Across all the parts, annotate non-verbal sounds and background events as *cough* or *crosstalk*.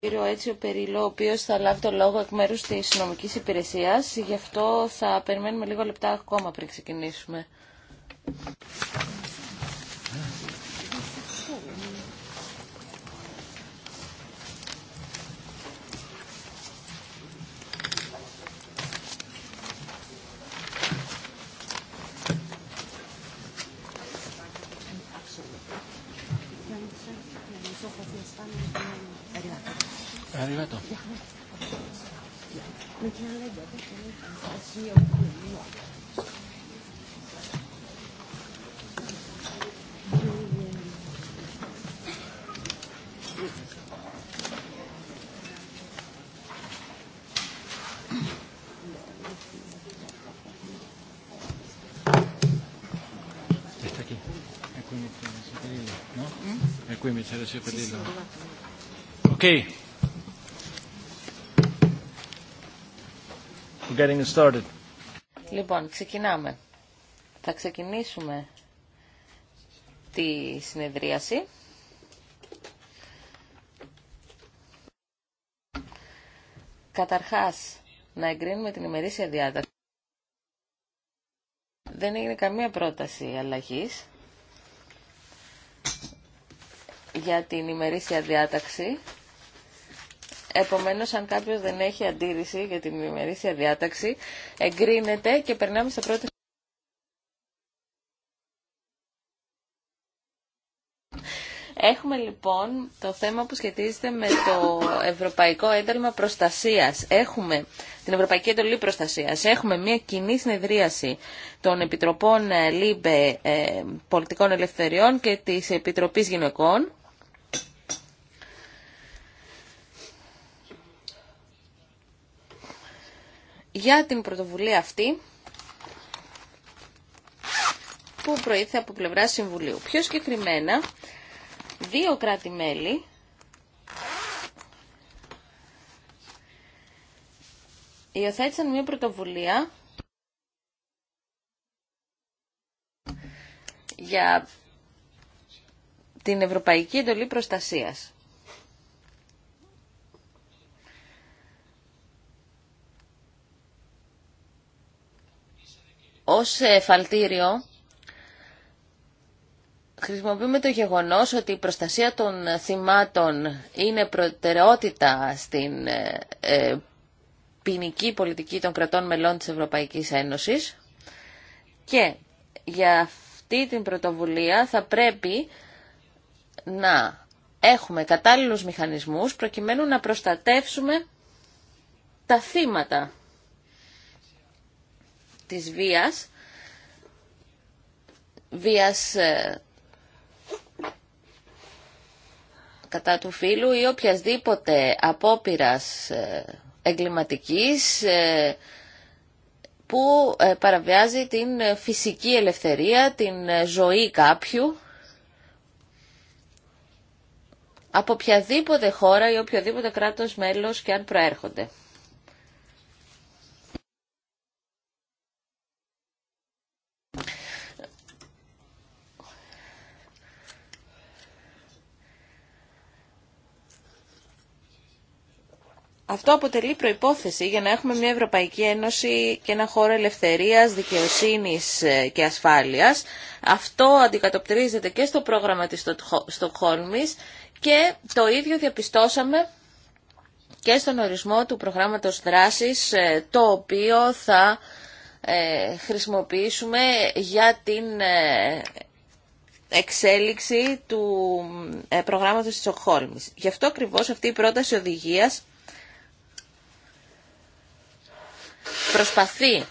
κύριο Έτσιο Περίλο, ο οποίο θα λάβει το λόγο εκ μέρου τη νομική υπηρεσία. Γι' αυτό θα περιμένουμε λίγο λεπτά ακόμα πριν ξεκινήσουμε. We're getting started. Λοιπόν, ξεκινάμε. Θα ξεκινήσουμε τη συνεδρίαση. Καταρχάς, να εγκρίνουμε την ημερήσια διάταξη. Δεν έγινε καμία πρόταση αλλαγής για την ημερήσια διάταξη. Επομένως, αν κάποιος δεν έχει αντίρρηση για την ημερήσια διάταξη, εγκρίνεται και περνάμε στο πρώτο Έχουμε λοιπόν το θέμα που σχετίζεται με το Ευρωπαϊκό Ένταλμα Προστασίας. Έχουμε την Ευρωπαϊκή Εντολή Προστασίας. Έχουμε μια κοινή συνεδρίαση των Επιτροπών ε, ΛΥΜΠΕ ε, Πολιτικών Ελευθεριών και της Επιτροπής Γυναικών. για την πρωτοβουλία αυτή που προήλθε από πλευρά Συμβουλίου. Πιο συγκεκριμένα, δύο κράτη-μέλη υιοθέτησαν μια πρωτοβουλία για την Ευρωπαϊκή Εντολή Προστασίας. ως εφαλτήριο χρησιμοποιούμε το γεγονός ότι η προστασία των θυμάτων είναι προτεραιότητα στην ε, ε, ποινική πολιτική των κρατών μελών της Ευρωπαϊκής Ένωσης και για αυτή την πρωτοβουλία θα πρέπει να έχουμε κατάλληλους μηχανισμούς προκειμένου να προστατεύσουμε τα θύματα της βίας, βίας ε, κατά του φίλου ή οποιασδήποτε απόπειρας ε, εγκληματικής ε, που παραβιάζει την φυσική ελευθερία, την ζωή κάποιου από οποιαδήποτε χώρα ή οποιοδήποτε κράτος μέλος και αν προέρχονται. Αυτό αποτελεί προϋπόθεση για να έχουμε μια Ευρωπαϊκή Ένωση και ένα χώρο ελευθερίας, δικαιοσύνης ε, και ασφάλειας. Αυτό αντικατοπτρίζεται και στο πρόγραμμα της Στοκχόλμης και το ίδιο διαπιστώσαμε και στον ορισμό του προγράμματος δράσης, ε, το οποίο θα ε, χρησιμοποιήσουμε για την εξέλιξη του προγράμματος της Στοκχόλμης. Γι' αυτό ακριβώς αυτή η πρόταση οδηγίας προσπαθεί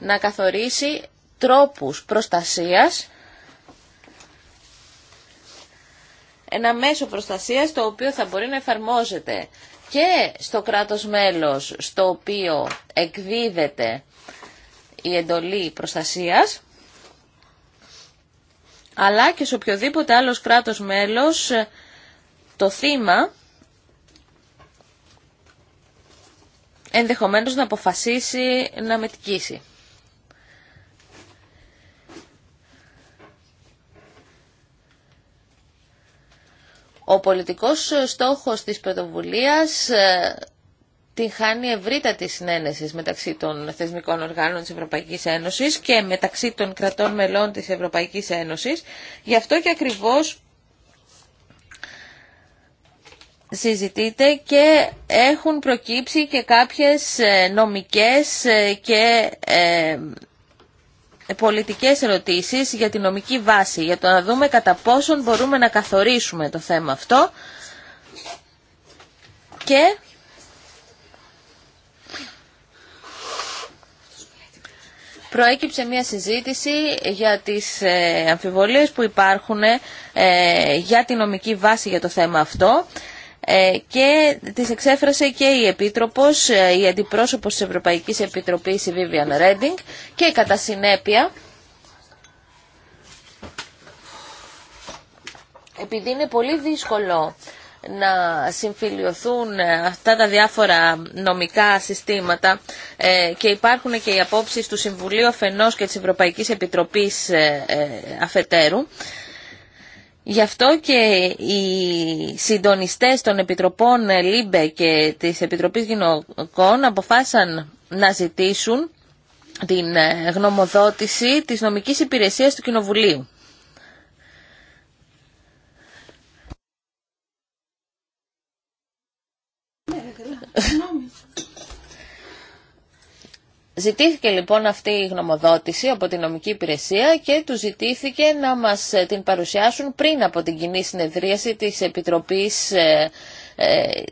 να καθορίσει τρόπους προστασίας ένα μέσο προστασίας το οποίο θα μπορεί να εφαρμόζεται και στο κράτος μέλος στο οποίο εκδίδεται η εντολή προστασίας αλλά και σε οποιοδήποτε άλλος κράτος μέλος το θύμα ενδεχομένως να αποφασίσει να μετικήσει. Ο πολιτικός στόχος της πρωτοβουλίας ε, την χάνει ευρύτατη συνένεση μεταξύ των θεσμικών οργάνων της Ευρωπαϊκής Ένωσης και μεταξύ των κρατών μελών της Ευρωπαϊκής Ένωσης. Γι' αυτό και ακριβώς Συζητείτε και έχουν προκύψει και κάποιες ε, νομικές ε, και ε, πολιτικές ερωτήσεις για τη νομική βάση, για το να δούμε κατά πόσον μπορούμε να καθορίσουμε το θέμα αυτό και προέκυψε μια συζήτηση για τις αμφιβολίες που υπάρχουν για τη νομική βάση για το θέμα αυτό. Ε, και τις εξέφρασε και η Επίτροπος, ε, η Αντιπρόσωπος της Ευρωπαϊκής Επιτροπής, η Vivian Redding και κατά συνέπεια επειδή είναι πολύ δύσκολο να συμφιλειωθούν ε, αυτά τα διάφορα νομικά συστήματα και υπάρχουν και οι απόψεις του Συμβουλίου Αφενός και της Ευρωπαϊκής Επιτροπής Αφετέρου. Γι' αυτό και οι συντονιστές των Επιτροπών ε, ΛΥΜΠΕ και της Επιτροπής Γυναικών αποφάσισαν να ζητήσουν την ε, γνωμοδότηση της νομικής υπηρεσίας του Κοινοβουλίου. Ναι, Ζητήθηκε λοιπόν αυτή η γνωμοδότηση από την νομική υπηρεσία και του ζητήθηκε να μας ε, την παρουσιάσουν πριν από την κοινή συνεδρίαση της Επιτροπής ε, ε,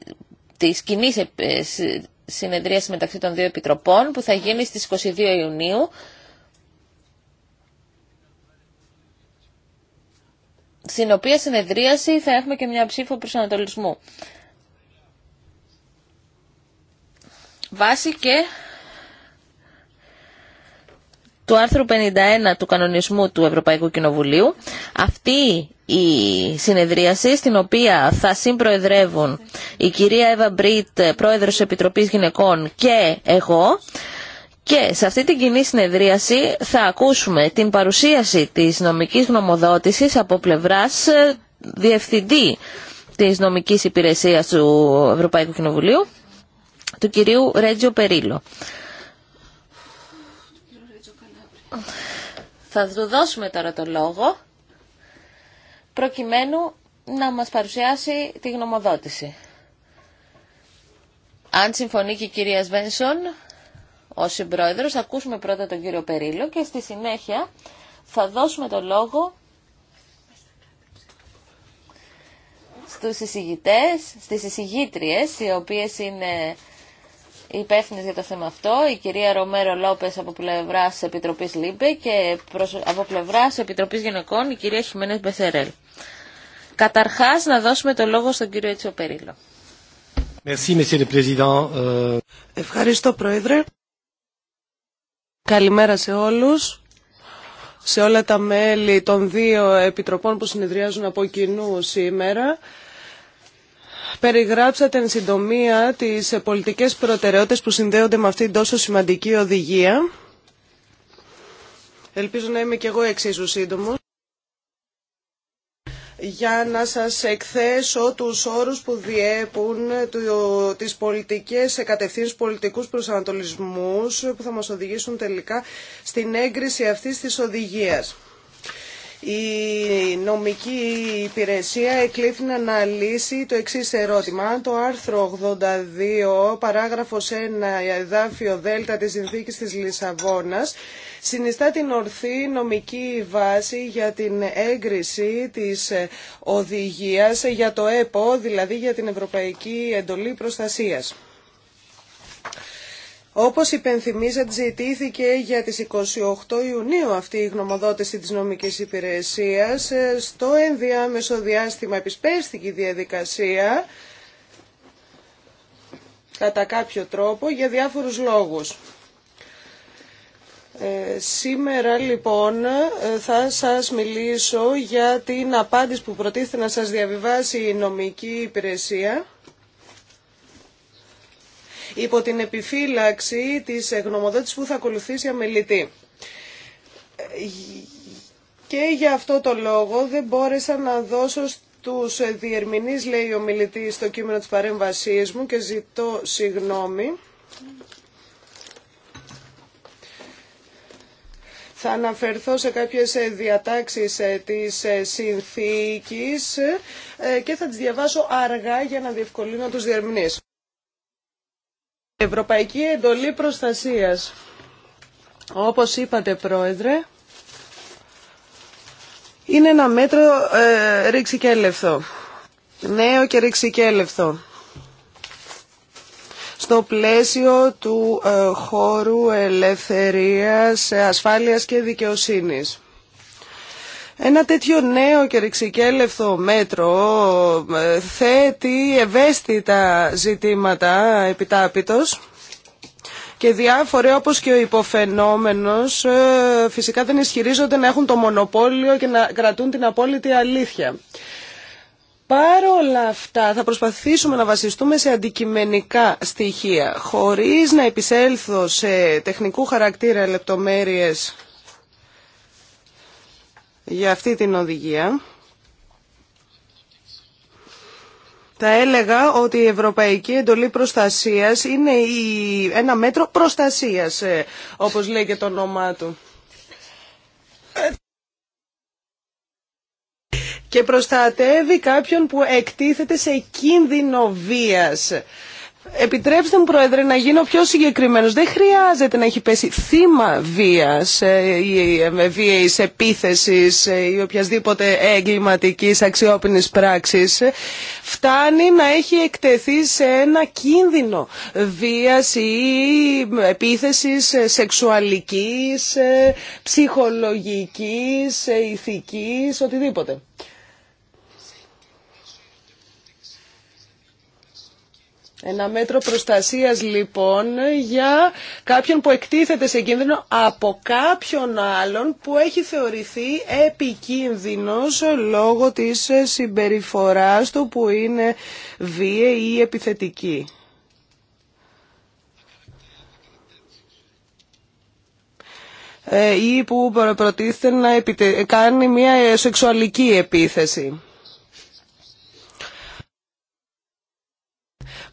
της κοινή συνεδρίασης μεταξύ των δύο επιτροπών που θα γίνει στις 22 Ιουνίου στην οποία συνεδρίαση θα έχουμε και μια ψήφο προσανατολισμού. Βάσει και του άρθρου 51 του κανονισμού του Ευρωπαϊκού Κοινοβουλίου. Αυτή η συνεδρίαση στην οποία θα συμπροεδρεύουν η κυρία Εύα Μπρίτ, πρόεδρος Επιτροπής Γυναικών και εγώ. Και σε αυτή την κοινή συνεδρίαση θα ακούσουμε την παρουσίαση της νομικής γνωμοδότησης από πλευράς ε, διευθυντή της νομικής υπηρεσίας του Ευρωπαϊκού Κοινοβουλίου, του κυρίου Ρέτζιο Περίλο. Θα του δώσουμε τώρα το λόγο προκειμένου να μας παρουσιάσει τη γνωμοδότηση. Αν συμφωνεί και η κυρία Σβένσον, ο συμπρόεδρος, θα ακούσουμε πρώτα τον κύριο Περίλο και στη συνέχεια θα δώσουμε το λόγο στους εισηγητές, στις εισηγήτριες, οι οποίες είναι υπεύθυνε για το θέμα αυτό, η κυρία Ρομέρο Λόπε από πλευρά Επιτροπή ΛΥΜΠΕ και από πλευρά Επιτροπή Γυναικών η κυρία Χιμένε Μπεθερέλ. Καταρχά, να δώσουμε το λόγο στον κύριο Έτσιο Περίλο. Ε, ευχαριστώ, Πρόεδρε. Καλημέρα σε όλους σε όλα τα μέλη των δύο επιτροπών που συνεδριάζουν από κοινού σήμερα περιγράψατε εν συντομία τις πολιτικές προτεραιότητες που συνδέονται με αυτήν τόσο σημαντική οδηγία. Ελπίζω να είμαι και εγώ εξίσου σύντομο για να σας εκθέσω τους όρους που διέπουν τις πολιτικές κατευθύνσεις πολιτικούς προσανατολισμούς που θα μας οδηγήσουν τελικά στην έγκριση αυτής της οδηγίας. Η νομική υπηρεσία εκλήθη να αναλύσει το εξή ερώτημα. Αν το άρθρο 82, παράγραφο 1, εδάφιο Δέλτα της Συνθήκης της Λισαβόνας, συνιστά την ορθή νομική βάση για την έγκριση της οδηγίας για το ΕΠΟ, δηλαδή για την Ευρωπαϊκή Εντολή Προστασίας. Όπως υπενθυμίζατε ζητήθηκε για τις 28 Ιουνίου αυτή η γνωμοδότηση της νομικής υπηρεσίας. Ε, στο ενδιάμεσο διάστημα επισπέστηκε η διαδικασία κατά κάποιο τρόπο για διάφορους λόγους. Ε, σήμερα λοιπόν ε, θα σας μιλήσω για την απάντηση που προτίθεται να σας διαβιβάσει η νομική υπηρεσία υπό την επιφύλαξη της γνωμοδότης που θα ακολουθήσει αμελητή. Και για αυτό το λόγο δεν μπόρεσα να δώσω στους διερμηνείς, λέει ο μιλητής, στο κείμενο της παρέμβασής μου και ζητώ συγγνώμη. Θα αναφερθώ σε κάποιες διατάξεις της συνθήκης και θα τις διαβάσω αργά για να διευκολύνω τους διερμηνείς. Ευρωπαϊκή Εντολή Προστασίας. Όπως είπατε πρόεδρε, είναι ένα μέτρο ε, Νέο και ρηξικέλευθο. Στο πλαίσιο του ε, χώρου ελευθερίας, ε, ασφάλειας και δικαιοσύνης. Ένα τέτοιο νέο και ρηξικέλευθο μέτρο ε, θέτει ευαίσθητα ζητήματα επιτάπητος και διάφοροι όπως και ο υποφαινόμενος ε, φυσικά δεν ισχυρίζονται να έχουν το μονοπόλιο και να κρατούν την απόλυτη αλήθεια. Παρ' όλα αυτά θα προσπαθήσουμε να βασιστούμε σε αντικειμενικά στοιχεία χωρίς να επισέλθω σε τεχνικού χαρακτήρα λεπτομέρειες για αυτή την οδηγία. Θα έλεγα ότι η Ευρωπαϊκή Εντολή Προστασίας είναι η... ένα μέτρο προστασίας, ε, όπως λέει και το όνομά του. Και προστατεύει κάποιον που εκτίθεται σε κίνδυνο βίας. Επιτρέψτε μου, Πρόεδρε, να γίνω πιο συγκεκριμένος. Δεν χρειάζεται να έχει πέσει θύμα βίας ή ε, ε, βίαιης επίθεσης ε, ή οποιασδήποτε εγκληματικής αξιόπινης πράξης. Φτάνει να έχει εκτεθεί σε ένα κίνδυνο βίας ή επίθεσης σεξουαλικής, ψυχολογικής, ηθικής, οτιδήποτε. Ένα μέτρο προστασίας λοιπόν για κάποιον που εκτίθεται σε κίνδυνο από κάποιον άλλον που έχει θεωρηθεί επικίνδυνος λόγω της συμπεριφοράς του που είναι βίαιη ή επιθετική. Ε, ή που προτίθεται να κάνει μια σεξουαλική επίθεση.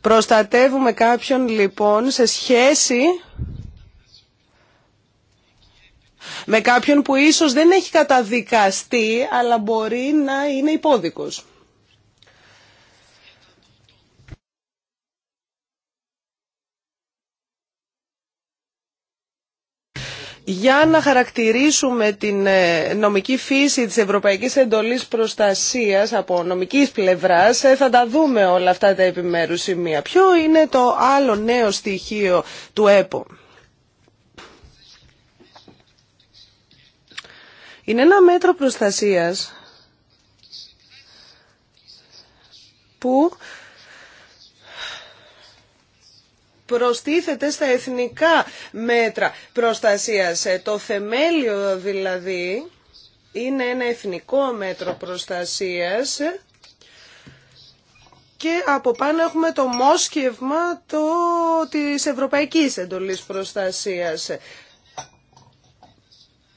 Προστατεύουμε κάποιον λοιπόν σε σχέση με κάποιον που ίσως δεν έχει καταδικαστεί αλλά μπορεί να είναι υπόδικος. για να χαρακτηρίσουμε την ε, νομική φύση της Ευρωπαϊκής Εντολής Προστασίας από νομικής πλευράς ε, θα τα δούμε όλα αυτά τα επιμέρους σημεία. Ποιο είναι το άλλο νέο στοιχείο του ΕΠΟ. Είναι ένα μέτρο προστασίας που προστίθεται στα εθνικά μέτρα προστασίας. Ε, το θεμέλιο δηλαδή είναι ένα εθνικό μέτρο προστασίας και από πάνω έχουμε το μόσχευμα το, της Ευρωπαϊκής Εντολής Προστασίας.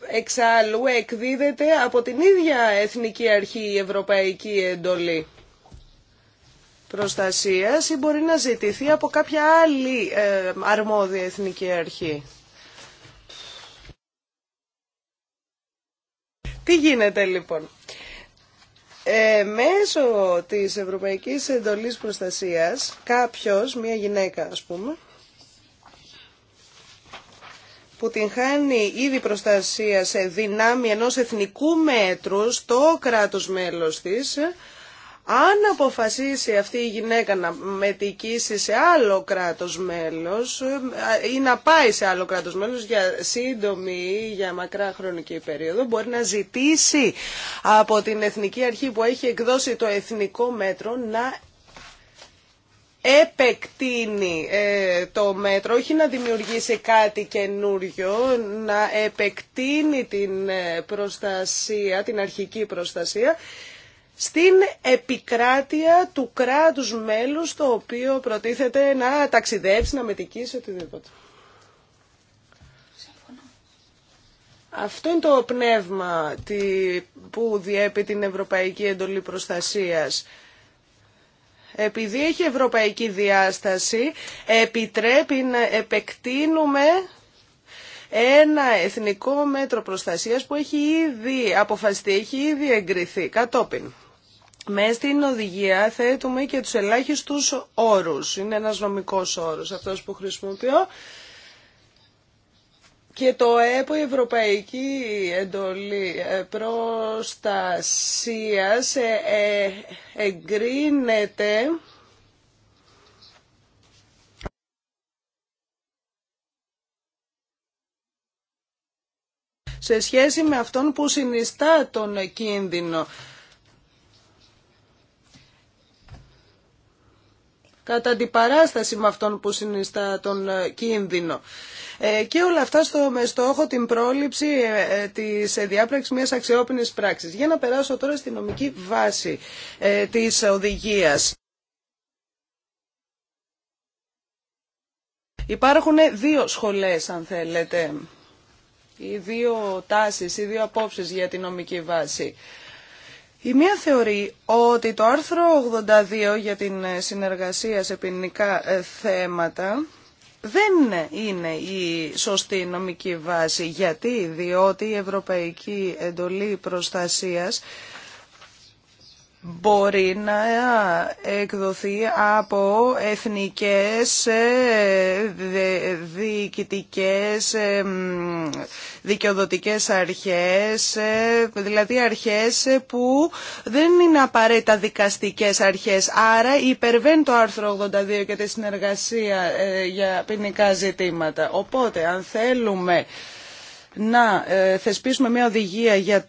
Εξάλλου εκδίδεται από την ίδια Εθνική Αρχή η Ευρωπαϊκή Εντολή προστασίας ή μπορεί να ζητηθεί από κάποια άλλη ε, αρμόδια εθνική αρχή. Τι γίνεται λοιπόν. Ε, μέσω της Ευρωπαϊκής Εντολής Προστασίας κάποιος, μια γυναίκα ας πούμε, που την χάνει ήδη προστασία σε δυνάμει ενός εθνικού μέτρου στο κράτος μέλος της, αν αποφασίσει αυτή η γυναίκα να μετικήσει σε άλλο κράτος μέλος ε, ή να πάει σε άλλο κράτος μέλος για σύντομη ή για μακρά χρονική περίοδο, μπορεί να ζητήσει από την Εθνική Αρχή που έχει εκδώσει το εθνικό μέτρο να επεκτείνει ε, το μέτρο, όχι να δημιουργήσει κάτι καινούριο, να επεκτείνει την ε, προστασία, την αρχική προστασία στην επικράτεια του κράτους μέλους το οποίο προτίθεται να ταξιδέψει, να μετικήσει, οτιδήποτε. Αυτό είναι το πνεύμα που διέπει την Ευρωπαϊκή Εντολή Προστασίας. Επειδή έχει ευρωπαϊκή διάσταση, επιτρέπει να επεκτείνουμε ένα εθνικό μέτρο προστασίας που έχει ήδη αποφασιστεί, έχει ήδη εγκριθεί κατόπιν. Με στην οδηγία θέτουμε και τους ελάχιστους όρους. Είναι ένας νομικός όρος αυτός που χρησιμοποιώ. Και το ΕΠΟ, Ευρωπαϊκή Εντολή Προστασίας, ε, ε, εγκρίνεται... σε σχέση με αυτόν που συνιστά τον κίνδυνο. κατά αντιπαράσταση με αυτόν που συνιστά τον ε, κίνδυνο. Ε, και όλα αυτά στο, με στόχο την πρόληψη ε, της διάπραξης μιας αξιόπινης πράξης. Για να περάσω τώρα στη νομική βάση της οδηγίας. Υπάρχουν δύο σχολές, αν θέλετε, οι δύο τάσεις, οι δύο απόψεις για τη νομική βάση. Η μία θεωρεί ότι το άρθρο 82 για την συνεργασία σε ποινικά ε, θέματα δεν είναι η σωστή νομική βάση. Γιατί, διότι η Ευρωπαϊκή Εντολή Προστασίας μπορεί να εκδοθεί από εθνικές ε, διοικητικές ε, δικαιοδοτικές αρχές, ε, δηλαδή αρχές που δεν είναι απαραίτητα δικαστικές αρχές. Άρα υπερβαίνει το άρθρο 82 και τη συνεργασία για ποινικά ζητήματα. Οπότε αν θέλουμε να θεσπίσουμε μια οδηγία για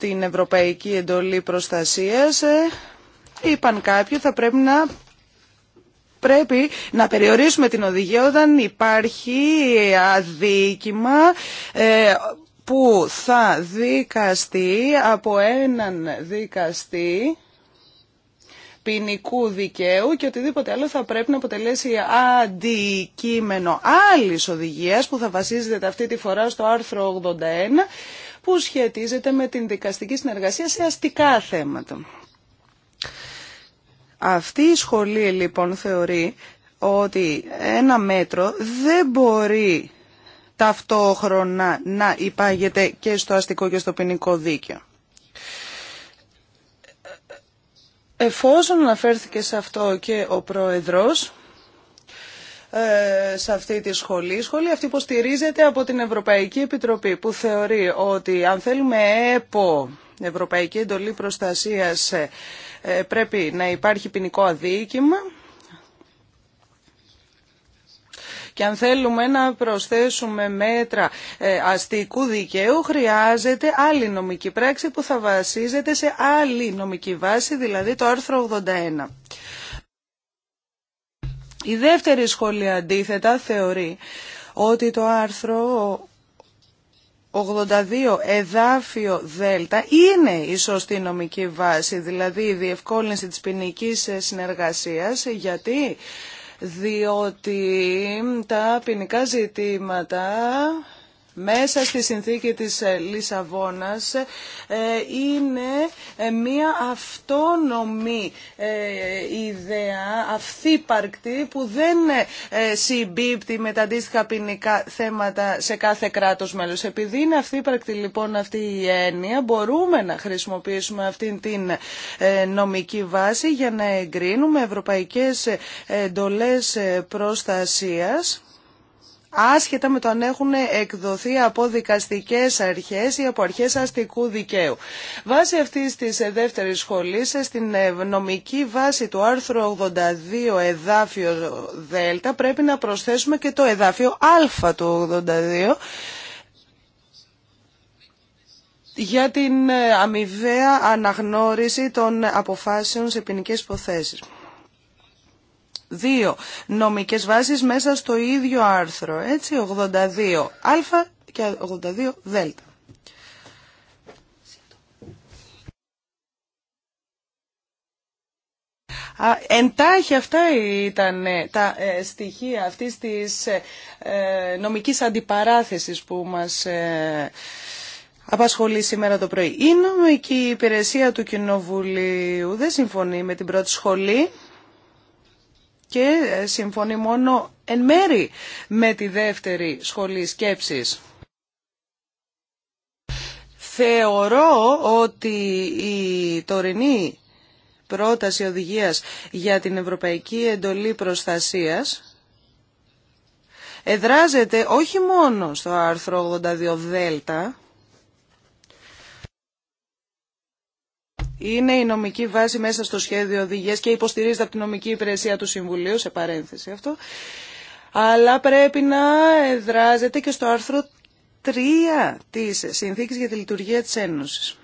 την Ευρωπαϊκή Εντολή Προστασίας, ε, είπαν κάποιοι θα πρέπει να πρέπει να περιορίσουμε την οδηγία όταν υπάρχει αδίκημα ε, που θα δικαστεί από έναν δικαστή ποινικού δικαίου και οτιδήποτε άλλο θα πρέπει να αποτελέσει αντικείμενο άλλης οδηγίας που θα βασίζεται αυτή τη φορά στο άρθρο 81 που σχετίζεται με την δικαστική συνεργασία σε αστικά θέματα. Αυτή η σχολή λοιπόν θεωρεί ότι ένα μέτρο δεν μπορεί ταυτόχρονα να υπάγεται και στο αστικό και στο ποινικό δίκαιο. Εφόσον αναφέρθηκε σε αυτό και ο Πρόεδρος, ε, σε αυτή τη σχολή. Η σχολή αυτή υποστηρίζεται από την Ευρωπαϊκή Επιτροπή που θεωρεί ότι αν θέλουμε ΕΠΟ, Ευρωπαϊκή Εντολή Προστασίας, ε, ε, πρέπει να υπάρχει ποινικό αδίκημα. Και αν θέλουμε να προσθέσουμε μέτρα αστικού δικαίου, χρειάζεται άλλη νομική πράξη που θα βασίζεται σε άλλη νομική βάση, δηλαδή το άρθρο 81. Η δεύτερη σχολή αντίθετα θεωρεί ότι το άρθρο 82 εδάφιο δέλτα είναι η σωστή νομική βάση, δηλαδή η διευκόλυνση της ποινική συνεργασίας, γιατί διότι τα ποινικά ζητήματα μέσα στη συνθήκη της ε, Λισαβόνας ε, είναι ε, μια αυτόνομη ιδέα αυθύπαρκτη που δεν συμπίπτει με τα αντίστοιχα ποινικά θέματα σε κάθε κράτος μέλος. Επειδή είναι αυθύπαρκτη λοιπόν αυτή η έννοια μπορούμε να χρησιμοποιήσουμε αυτήν την νομική βάση για να εγκρίνουμε ευρωπαϊκές εντολές προστασίας άσχετα με το αν έχουν εκδοθεί από δικαστικές αρχές ή από αρχές αστικού δικαίου. Βάσει αυτής της δεύτερης σχολής, στην νομική βάση του άρθρου 82 εδάφιο Δ, πρέπει να προσθέσουμε και το εδάφιο Α του 82, για την αμοιβαία αναγνώριση των αποφάσεων σε ποινικέ υποθέσεις δύο νομικές βάσεις μέσα στο ίδιο άρθρο, έτσι, 82α και 82 δέλτα. Εντάχει αυτά ήταν τα ε, στοιχεία αυτής της ε, ε, νομικής αντιπαράθεσης που μας απασχολεί σήμερα το πρωί. Η νομική υπηρεσία του Κοινοβουλίου δεν συμφωνεί με την πρώτη σχολή και ε, συμφωνεί μόνο εν μέρη με τη δεύτερη σχολή σκέψης. Θεωρώ ότι η τωρινή πρόταση οδηγίας για την Ευρωπαϊκή Εντολή Προστασίας εδράζεται όχι μόνο στο άρθρο 82 Δέλτα, είναι η νομική βάση μέσα στο σχέδιο οδηγία και υποστηρίζεται από την νομική υπηρεσία του Συμβουλίου, σε παρένθεση αυτό. Αλλά πρέπει να εδράζεται και στο άρθρο 3 τη συνθήκη για τη Λειτουργία της Ένωσης.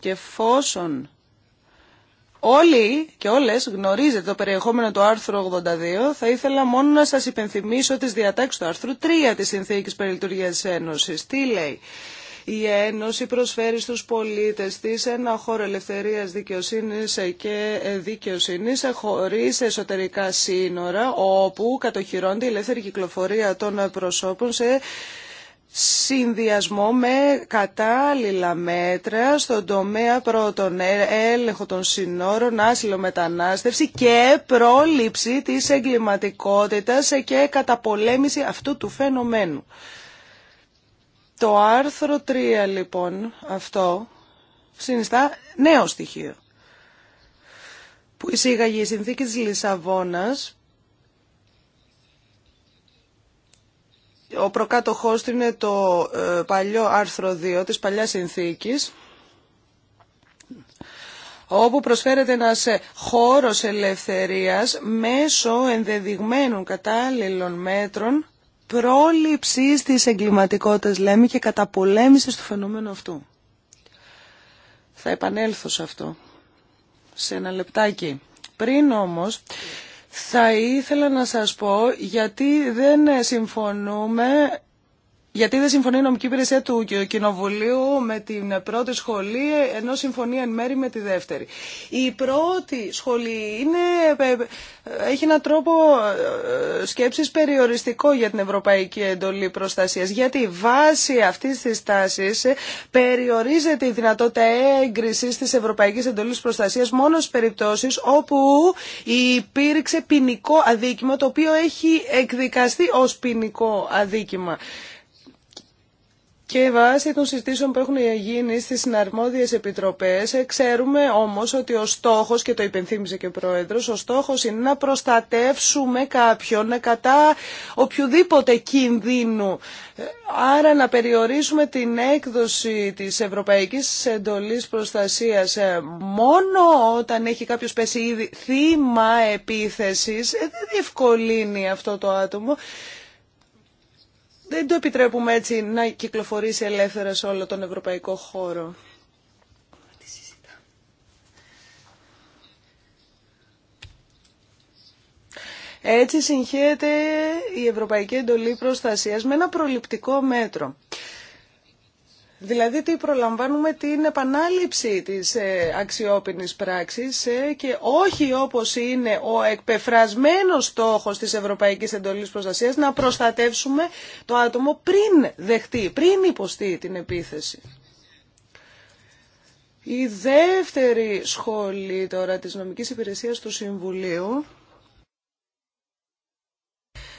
Και εφόσον Όλοι και όλες γνωρίζετε το περιεχόμενο του άρθρου 82. Θα ήθελα μόνο να σας υπενθυμίσω τις διατάξεις του άρθρου 3 της Συνθήκης Λειτουργία της Ένωσης. Τι λέει. Η Ένωση προσφέρει στους πολίτες της ένα χώρο ελευθερίας δικαιοσύνης και δικαιοσύνης χωρίς εσωτερικά σύνορα όπου κατοχυρώνται η ελεύθερη κυκλοφορία των προσώπων σε συνδυασμό με κατάλληλα μέτρα στον τομέα πρώτον ε, έλεγχο των συνόρων, άσυλο μετανάστευση και πρόληψη της εγκληματικότητας και καταπολέμηση αυτού του φαινομένου. Το άρθρο 3 λοιπόν αυτό συνιστά νέο στοιχείο που εισήγαγε η συνθήκη της Λισαβόνας Ο προκάτοχός του είναι το ε, παλιό άρθρο 2 της παλιάς συνθήκης όπου προσφέρεται ένας ε, χώρος ελευθερίας μέσω ενδεδειγμένων κατάλληλων μέτρων πρόληψης της εγκληματικότητας λέμε και καταπολέμησης του φαινομένου αυτού. Θα επανέλθω σε αυτό σε ένα λεπτάκι. Πριν όμως θα ήθελα να σας πω γιατί δεν συμφωνούμε γιατί δεν συμφωνεί η νομική υπηρεσία του Κοινοβουλίου με την πρώτη σχολή, ενώ συμφωνεί εν μέρη με τη δεύτερη. Η πρώτη σχολή είναι, ε, ε, έχει έναν τρόπο ε, σκέψης περιοριστικό για την Ευρωπαϊκή Εντολή Προστασίας. Γιατί βάσει αυτής της τάσης περιορίζεται η δυνατότητα έγκρισης της Ευρωπαϊκής Εντολής Προστασίας μόνο στις περιπτώσεις όπου υπήρξε ποινικό αδίκημα, το οποίο έχει εκδικαστεί ως ποινικό αδίκημα. Και βάσει των συζητήσεων που έχουν γίνει στι συναρμόδιε επιτροπές, ξέρουμε όμως ότι ο στόχος, και το υπενθύμησε και ο Πρόεδρος, ο στόχος είναι να προστατεύσουμε κάποιον κατά οποιοδήποτε κινδύνου. Άρα να περιορίσουμε την έκδοση της Ευρωπαϊκής Εντολής Προστασίας ε, μόνο όταν έχει κάποιος πέσει ήδη θύμα επίθεση ε, δεν διευκολύνει αυτό το άτομο. Δεν το επιτρέπουμε έτσι να κυκλοφορήσει ελεύθερα σε όλο τον ευρωπαϊκό χώρο. Έτσι συγχέεται η Ευρωπαϊκή Εντολή Προστασίας με ένα προληπτικό μέτρο. Δηλαδή τι προλαμβάνουμε την επανάληψη της ε, αξιόπινης πράξης ε, και όχι όπως είναι ο εκπεφρασμένος στόχος της Ευρωπαϊκής Εντολής Προστασίας να προστατεύσουμε το άτομο πριν δεχτεί, πριν υποστεί την επίθεση. Η δεύτερη σχόλη τώρα της νομικής υπηρεσίας του Συμβουλίου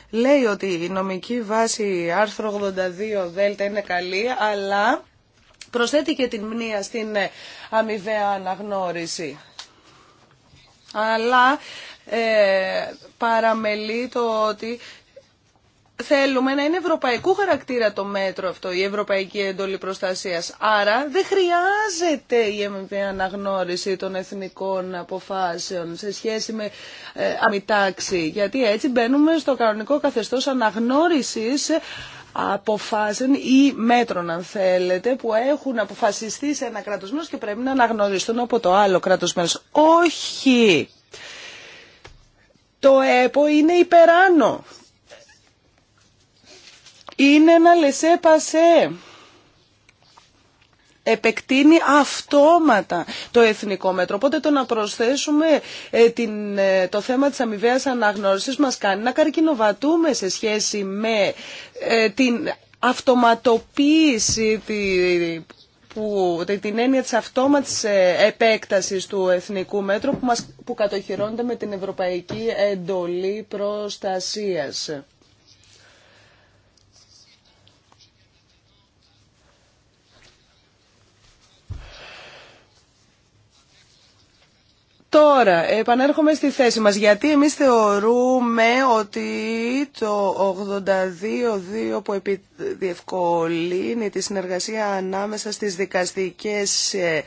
λέει ότι η νομική βάση άρθρο 82 δέλτα είναι καλή, αλλά προσθέτει και την μνήα στην ε, αμοιβαία αναγνώριση. Αλλά ε, παραμελεί το ότι θέλουμε να είναι ευρωπαϊκού χαρακτήρα το μέτρο αυτό, η Ευρωπαϊκή Εντολή Προστασίας. Άρα δεν χρειάζεται η αναγνώριση των εθνικών αποφάσεων σε σχέση με ε, γιατί έτσι μπαίνουμε στο κανονικό καθεστώς αναγνώρισης αποφάσεων ή μέτρων, αν θέλετε, που έχουν αποφασιστεί σε ένα κράτος και πρέπει να αναγνωριστούν από το άλλο κράτος Όχι! Το ΕΠΟ είναι υπεράνω. Είναι ένα λεσέ πασέ επεκτείνει αυτόματα το εθνικό μέτρο. Οπότε το να προσθέσουμε ε, την, ε, το θέμα της αμοιβαία αναγνώρισης μας κάνει να καρκινοβατούμε σε σχέση με ε, την αυτοματοποίηση που, την έννοια της αυτόματης επέκτασης του εθνικού μέτρου που, μας, που κατοχυρώνεται με την Ευρωπαϊκή Εντολή Προστασίας. Τώρα, επανέρχομαι στη θέση μας, γιατί εμείς θεωρούμε ότι το 82-2 που διευκολύνει τη συνεργασία ανάμεσα στις δικαστικές ε,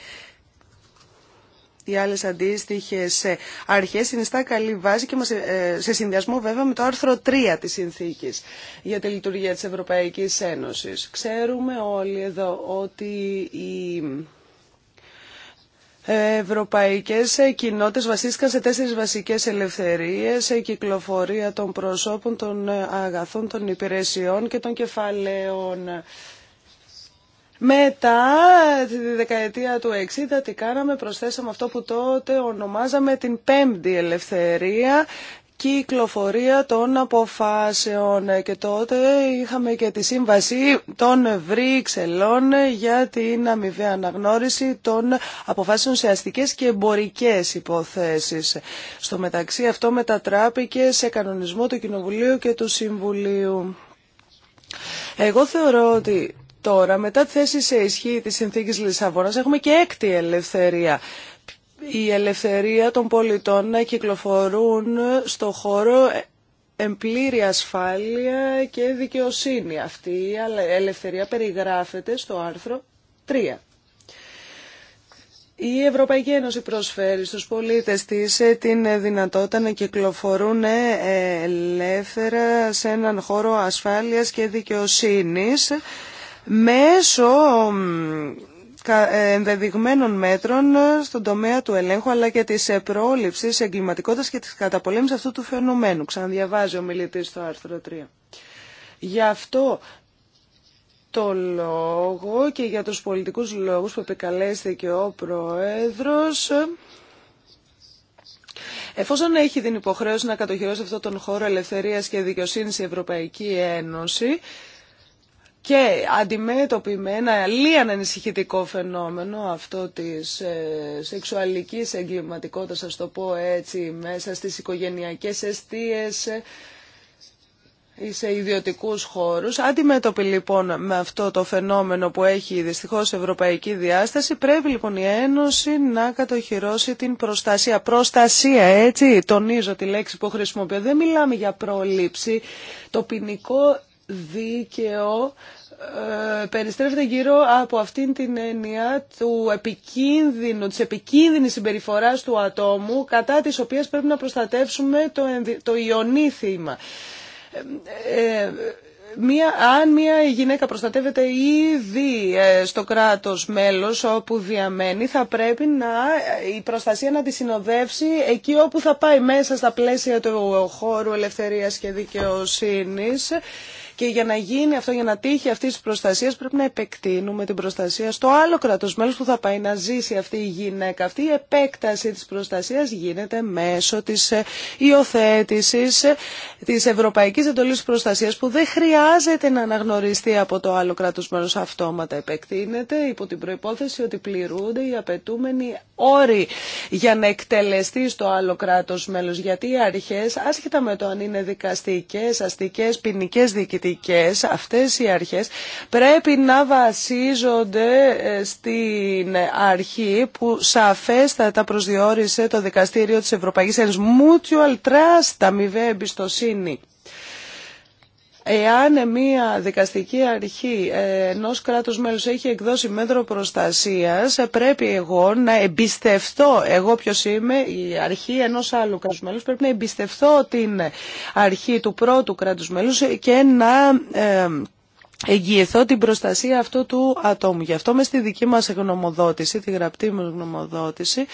οι άλλες αντίστοιχες ε, αρχές συνιστά καλή βάση και ε, σε συνδυασμό βέβαια με το άρθρο 3 της συνθήκης για τη λειτουργία της Ευρωπαϊκής Ένωσης. Ξέρουμε όλοι εδώ ότι η ευρωπαϊκές κοινότητες βασίστηκαν σε τέσσερις βασικές ελευθερίες, ε, κυκλοφορία των προσώπων, των αγαθών, των υπηρεσιών και των κεφαλαίων. Μετά τη δεκαετία του 60 τι κάναμε, προσθέσαμε αυτό που τότε ονομάζαμε την πέμπτη ελευθερία κυκλοφορία των αποφάσεων και τότε είχαμε και τη σύμβαση των Βρυξελών για την αμοιβή αναγνώριση των αποφάσεων σε αστικές και εμπορικές υποθέσεις. Στο μεταξύ αυτό μετατράπηκε σε κανονισμό του Κοινοβουλίου και του Συμβουλίου. Εγώ θεωρώ ότι τώρα μετά τη θέση σε ισχύ της συνθήκης Λισαβόνας έχουμε και έκτη ελευθερία η ελευθερία των πολιτών να κυκλοφορούν στο χώρο εμπλήρη ασφάλεια και δικαιοσύνη. Αυτή η ελευθερία περιγράφεται στο άρθρο 3. Η Ευρωπαϊκή Ένωση προσφέρει στους πολίτες της ε, την δυνατότητα να κυκλοφορούν ε, ελεύθερα σε έναν χώρο ασφάλειας και δικαιοσύνης μέσω ε, ενδεδειγμένων μέτρων ε, στον τομέα του ελέγχου αλλά και της ε, πρόληψης εγκληματικότητας και της καταπολέμησης αυτού του φαινομένου. Ξαναδιαβάζει ο μιλητής στο άρθρο 3. Γι' αυτό το λόγο και για τους πολιτικούς λόγους που επικαλέστηκε ο Πρόεδρος Εφόσον έχει την υποχρέωση να κατοχυρώσει αυτόν τον χώρο ελευθερίας και δικαιοσύνης η Ευρωπαϊκή Ένωση, και αντιμέτωποι με ένα λίγαν ανησυχητικό φαινόμενο αυτό της ε, σεξουαλικής εγκληματικότητας, ας το πω έτσι, μέσα στις οικογενειακές αιστείες ε, ή σε ιδιωτικούς χώρους. Αντιμέτωποι λοιπόν με αυτό το φαινόμενο που έχει δυστυχώς ευρωπαϊκή διάσταση, πρέπει λοιπόν η Ένωση να κατοχυρώσει την προστασία. Προστασία, προστασία. Προστασία, έτσι, λέξη που χρησιμοποιώ. Δεν μιλάμε για πρόληψη. Το ποινικό δίκαιο ε, περιστρέφεται γύρω από αυτήν την έννοια του επικίνδυνου, της επικίνδυνης συμπεριφοράς του ατόμου κατά της οποίας πρέπει να προστατεύσουμε το, το ιονή θύμα. Ε, ε, μια, αν μια γυναίκα προστατεύεται ήδη στο κράτος μέλος όπου διαμένει, θα πρέπει να, η προστασία να τη συνοδεύσει εκεί όπου θα πάει μέσα στα πλαίσια του χώρου ελευθερίας και δικαιοσύνης. Και για να γίνει αυτό, για να τύχει αυτή τη προστασία, πρέπει να επεκτείνουμε την προστασία στο άλλο κράτο μέλο που θα πάει να ζήσει αυτή η γυναίκα. Αυτή η επέκταση τη προστασία γίνεται μέσω τη ε, υιοθέτηση ε, τη Ευρωπαϊκή Εντολή Προστασία που δεν χρειάζεται να αναγνωριστεί από το άλλο κράτο μέλο αυτόματα. Επεκτείνεται υπό την προπόθεση ότι πληρούνται οι απαιτούμενοι όροι για να εκτελεστεί στο άλλο κράτο μέλο. Γιατί οι αρχέ, άσχετα με το αν είναι δικαστικέ, αστικέ, ποινικέ, διοικητικέ, πολιτικές, αυτές οι αρχές πρέπει να βασίζονται ε, στην αρχή που σαφέστατα προσδιορίσε το Δικαστήριο της Ευρωπαϊκής Ένωσης. Mutual trust, αμοιβαία εμπιστοσύνη. Εάν μια δικαστική αρχή ε, ενό κράτου μέλου έχει εκδώσει μέτρο προστασία, ε, πρέπει εγώ να εμπιστευτώ, εγώ ποιο είμαι, η αρχή ενό άλλου κράτου μέλου, πρέπει να εμπιστευτώ την αρχή του πρώτου κράτου μέλου και να ε, εγγυηθώ την προστασία αυτού του ατόμου. Γι' αυτό με στη δική μας γνωμοδότηση, τη γραπτή μου γνωμοδότηση,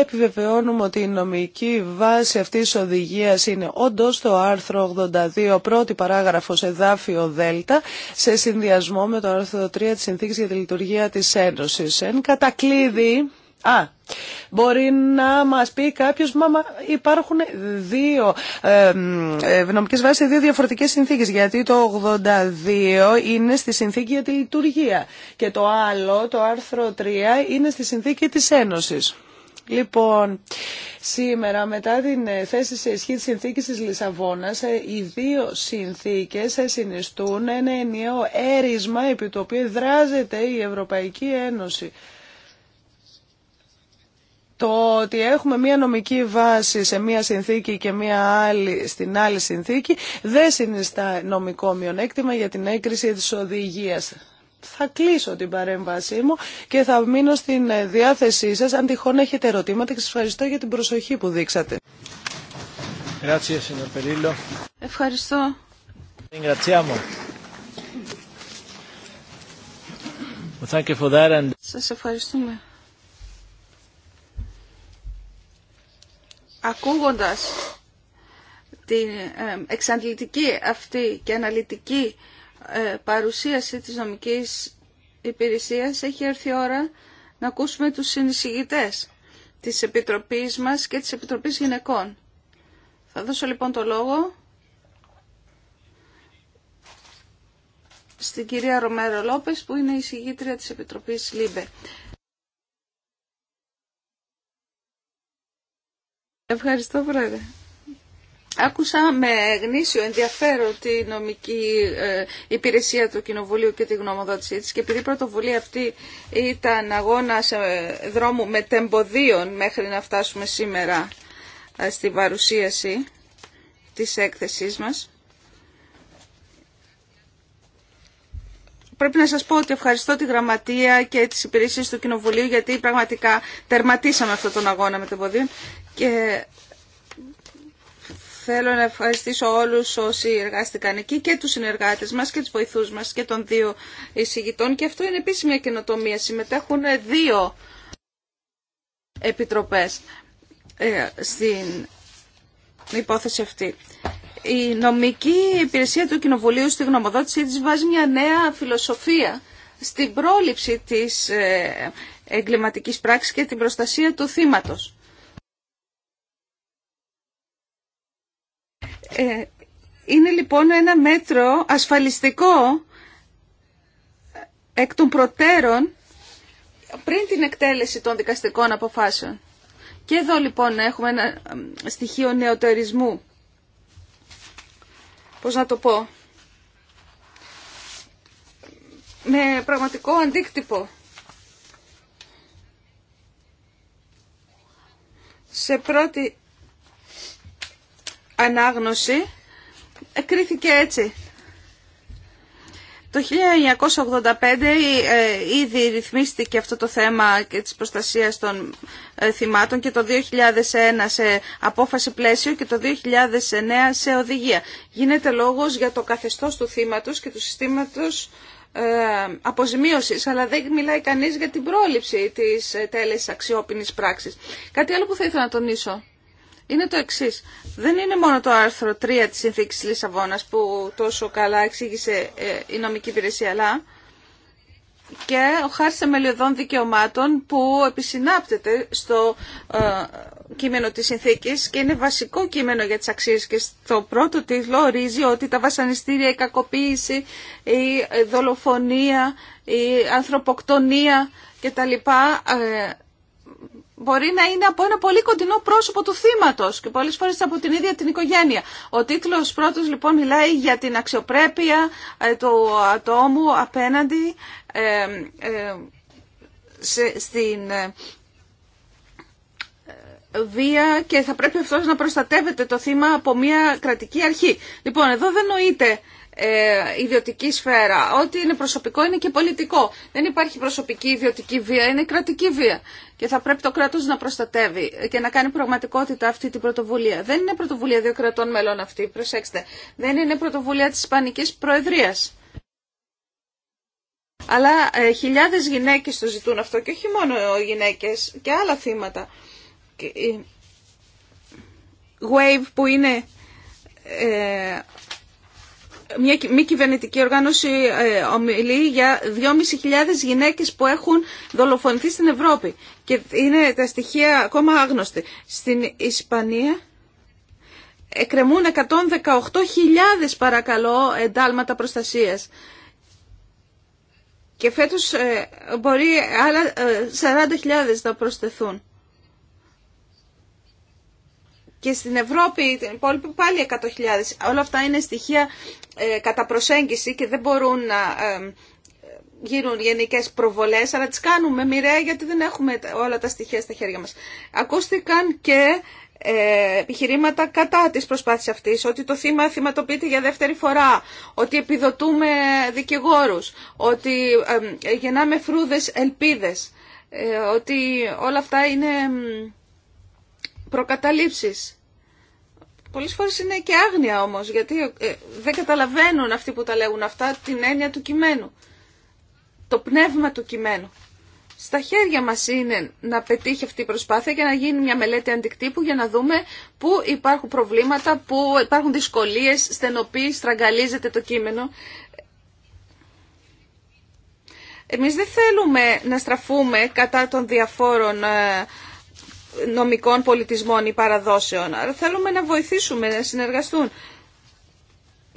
επιβεβαιώνουμε ότι η νομική βάση αυτής της οδηγίας είναι όντω το άρθρο 82 πρώτη παράγραφος εδάφιο δέλτα σε συνδυασμό με το άρθρο 3 της Συνθήκης για τη Λειτουργία της Ένωσης. Εν κατακλείδη, Α, μπορεί να μας πει κάποιος, μα υπάρχουν δύο ε, ε, δύο διαφορετικές συνθήκες, γιατί το 82 είναι στη συνθήκη για τη λειτουργία και το άλλο, το άρθρο 3, είναι στη συνθήκη της Ένωσης. Λοιπόν, σήμερα μετά την ε, θέση σε ισχύ της συνθήκης της Λισαβόνας, ε, οι δύο συνθήκες ε, συνιστούν ένα ενιαίο έρισμα επί το οποίο δράζεται η Ευρωπαϊκή Ένωση το ότι έχουμε μία νομική βάση σε μία συνθήκη και μία άλλη στην άλλη συνθήκη δεν συνιστά νομικό μειονέκτημα για την έγκριση της οδηγίας. Θα κλείσω την παρέμβασή μου και θα μείνω στην διάθεσή σας αν τυχόν έχετε ερωτήματα και σας ευχαριστώ για την προσοχή που δείξατε. Ευχαριστώ. Σας ευχαριστούμε. ακούγοντας την ε, εξαντλητική αυτή και αναλυτική ε, παρουσίαση της νομικής υπηρεσίας έχει έρθει η ώρα να ακούσουμε τους συνεισηγητές της Επιτροπής μας και της Επιτροπής Γυναικών. Θα δώσω λοιπόν το λόγο στην κυρία Ρομέρο Λόπες που είναι η συγγήτρια της Επιτροπής ΛΥΜΠΕ. Ευχαριστώ, Πρόεδρε. Άκουσα με γνήσιο ενδιαφέρον τη νομική ε, υπηρεσία του Κοινοβουλίου και τη γνωμοδότησή της και επειδή η πρωτοβουλία αυτή ήταν αγώνας ε, δρόμου με τεμποδίων μέχρι να φτάσουμε σήμερα ε, στην παρουσίαση της έκθεσής μας Πρέπει να σας πω ότι ευχαριστώ τη Γραμματεία και τις υπηρεσίες του Κοινοβουλίου γιατί πραγματικά τερματίσαμε αυτόν τον αγώνα με το εμποδίο. και θέλω να ευχαριστήσω όλους όσοι εργάστηκαν εκεί και τους συνεργάτες μας και τους βοηθούς μας και των δύο εισηγητών και αυτό είναι επίση μια καινοτομία. Συμμετέχουν δύο επιτροπές ε, στην υπόθεση αυτή η νομική υπηρεσία του Κοινοβουλίου στη γνωμοδότησή της βάζει μια νέα φιλοσοφία στην πρόληψη της ε, εγκληματικής πράξης και την προστασία του θύματος. Ε, είναι λοιπόν ένα μέτρο ασφαλιστικό εκ των προτέρων πριν την εκτέλεση των δικαστικών αποφάσεων. Και εδώ λοιπόν έχουμε ένα ε, στοιχείο νεοτερισμού πώς να το πω, με πραγματικό αντίκτυπο. Σε πρώτη ανάγνωση εκρίθηκε έτσι. Το 1985 ε, ήδη ρυθμίστηκε αυτό το θέμα και της προστασίας των ε, θυμάτων και το 2001 σε απόφαση πλαίσιο και το 2009 σε οδηγία. Γίνεται λόγος για το καθεστώς του θύματος και του συστήματος ε, αποζημίωσης, αλλά δεν μιλάει κανείς για την πρόληψη της τέλεσης αξιόπινης πράξης. Κάτι άλλο που θα ήθελα να τονίσω είναι το εξή. Δεν είναι μόνο το άρθρο 3 της Συνθήκης Λισαβόνας που τόσο καλά εξήγησε ε, η νομική υπηρεσία, αλλά και ο χάρτης θεμελιωδών δικαιωμάτων που επισυνάπτεται στο ε, κείμενο της συνθήκης και είναι βασικό κείμενο για τις αξίες και στο πρώτο τίτλο ορίζει ότι τα βασανιστήρια, η κακοποίηση, η δολοφονία, η ανθρωποκτονία κτλ μπορεί να είναι από ένα πολύ κοντινό πρόσωπο του θύματος και πολλές φορές από την ίδια την οικογένεια. Ο τίτλος πρώτος λοιπόν μιλάει για την αξιοπρέπεια ε, του ατόμου απέναντι ε, ε, στην βία και θα πρέπει αυτός να προστατεύεται το θύμα από μια κρατική αρχή. Λοιπόν, εδώ δεν νοείται ε, ιδιωτική σφαίρα. Ό,τι είναι προσωπικό είναι και πολιτικό. Δεν υπάρχει προσωπική ιδιωτική βία, είναι κρατική βία. Και θα πρέπει το κράτο να προστατεύει και να κάνει πραγματικότητα αυτή την πρωτοβουλία. Δεν είναι πρωτοβουλία δύο κρατών μελών αυτή, προσέξτε. Δεν είναι πρωτοβουλία τη Ισπανική Προεδρία. Αλλά ε, χιλιάδε γυναίκε το ζητούν αυτό και όχι μόνο γυναίκε και άλλα θύματα. Wave που είναι ε, μια μη κυβερνητική οργάνωση ε, ομιλεί για 2.500 γυναίκες που έχουν δολοφονηθεί στην Ευρώπη και είναι τα στοιχεία ακόμα άγνωστη. Στην Ισπανία εκκρεμούν 118.000 παρακαλώ εντάλματα προστασίας και φέτος ε, μπορεί άλλα 40.000 ε, να προσθεθούν. Και στην Ευρώπη, την υπόλοιπη πάλι 100.000. Όλα αυτά είναι στοιχεία ε, κατά προσέγγιση και δεν μπορούν να ε, γίνουν γενικέ προβολέ, αλλά τι κάνουμε μοιραία γιατί δεν έχουμε όλα τα στοιχεία στα χέρια μα. Ακούστηκαν και ε, επιχειρήματα κατά της προσπάθειας αυτή, ότι το θύμα θυματοποιείται για δεύτερη φορά, ότι επιδοτούμε δικηγόρου, ότι γεννάμε φρούδες ελπίδες, ότι όλα αυτά είναι προκαταλήψεις. Πολλέ φορές είναι και άγνοια όμως, γιατί ε, ε, δεν καταλαβαίνουν αυτοί που τα λέγουν αυτά την έννοια του κειμένου, το πνεύμα του κειμένου. Στα χέρια μας είναι να πετύχει αυτή η προσπάθεια και να γίνει μια μελέτη αντικτύπου για να δούμε πού υπάρχουν προβλήματα, πού υπάρχουν δυσκολίες, οποία στραγγαλίζεται το κείμενο. Εμείς δεν θέλουμε να στραφούμε κατά των διαφόρων ε, νομικών πολιτισμών ή παραδόσεων. θέλουμε να βοηθήσουμε, να συνεργαστούν.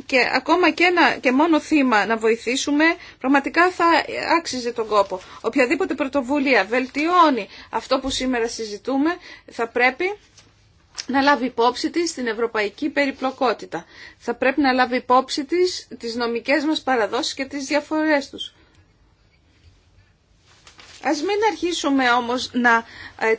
Και ακόμα και, ένα, και μόνο θύμα να βοηθήσουμε, πραγματικά θα άξιζε τον κόπο. Οποιαδήποτε πρωτοβουλία βελτιώνει αυτό που σήμερα συζητούμε, θα πρέπει να λάβει υπόψη της την ευρωπαϊκή περιπλοκότητα. Θα πρέπει να λάβει υπόψη της τις νομικές μας παραδόσεις και τις διαφορές τους. Ας μην αρχίσουμε όμως να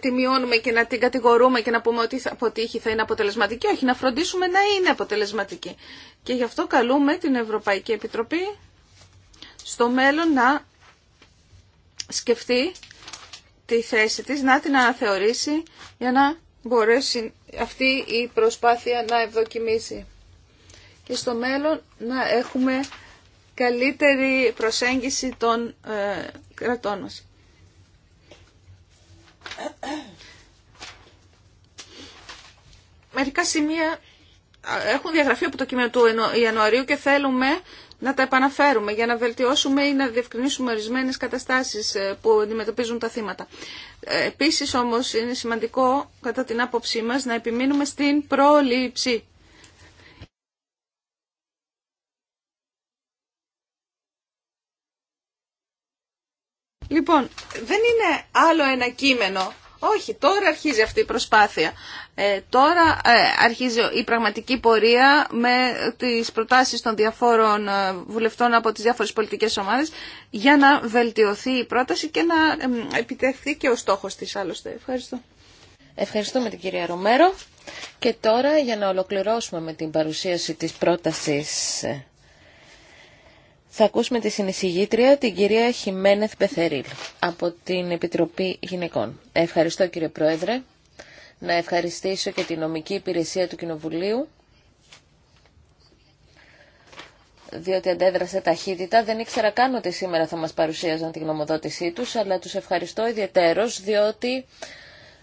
ε, μειώνουμε και να την κατηγορούμε και να πούμε ότι θα αποτύχει, θα είναι αποτελεσματική. Όχι, να φροντίσουμε να είναι αποτελεσματική. Και γι' αυτό καλούμε την Ευρωπαϊκή Επιτροπή στο μέλλον να σκεφτεί τη θέση της, να την αναθεωρήσει για να μπορέσει αυτή η προσπάθεια να ευδοκιμήσει. Και στο μέλλον να έχουμε καλύτερη προσέγγιση των ε, κρατών μας. Μερικά σημεία έχουν διαγραφεί από το κείμενο του Ιανουαρίου και θέλουμε να τα επαναφέρουμε για να βελτιώσουμε ή να διευκρινίσουμε ορισμένε καταστάσεις ε, που αντιμετωπίζουν τα θύματα. Ε, επίσης όμως είναι σημαντικό κατά την άποψή μα να επιμείνουμε στην πρόληψη Λοιπόν, δεν είναι άλλο ένα κείμενο. Όχι, τώρα αρχίζει αυτή η προσπάθεια. Ε, τώρα ε, αρχίζει η πραγματική πορεία με τις προτάσεις των διαφόρων ε, βουλευτών από τις διάφορες πολιτικές ομάδες για να βελτιωθεί η πρόταση και να ε, επιτευχθεί και ο στόχος της άλλωστε. Ευχαριστώ. Ευχαριστούμε την κυρία Ρομέρο. Και τώρα για να ολοκληρώσουμε με την παρουσίαση της πρότασης θα ακούσουμε τη συνεισηγήτρια, την κυρία Χιμένεθ Πεθερίλ, από την Επιτροπή Γυναικών. Ευχαριστώ κύριε Πρόεδρε. Να ευχαριστήσω και τη νομική υπηρεσία του Κοινοβουλίου, διότι αντέδρασε ταχύτητα. Δεν ήξερα καν ότι σήμερα θα μας παρουσίαζαν την γνωμοδότησή τους, αλλά τους ευχαριστώ ιδιαιτέρως, διότι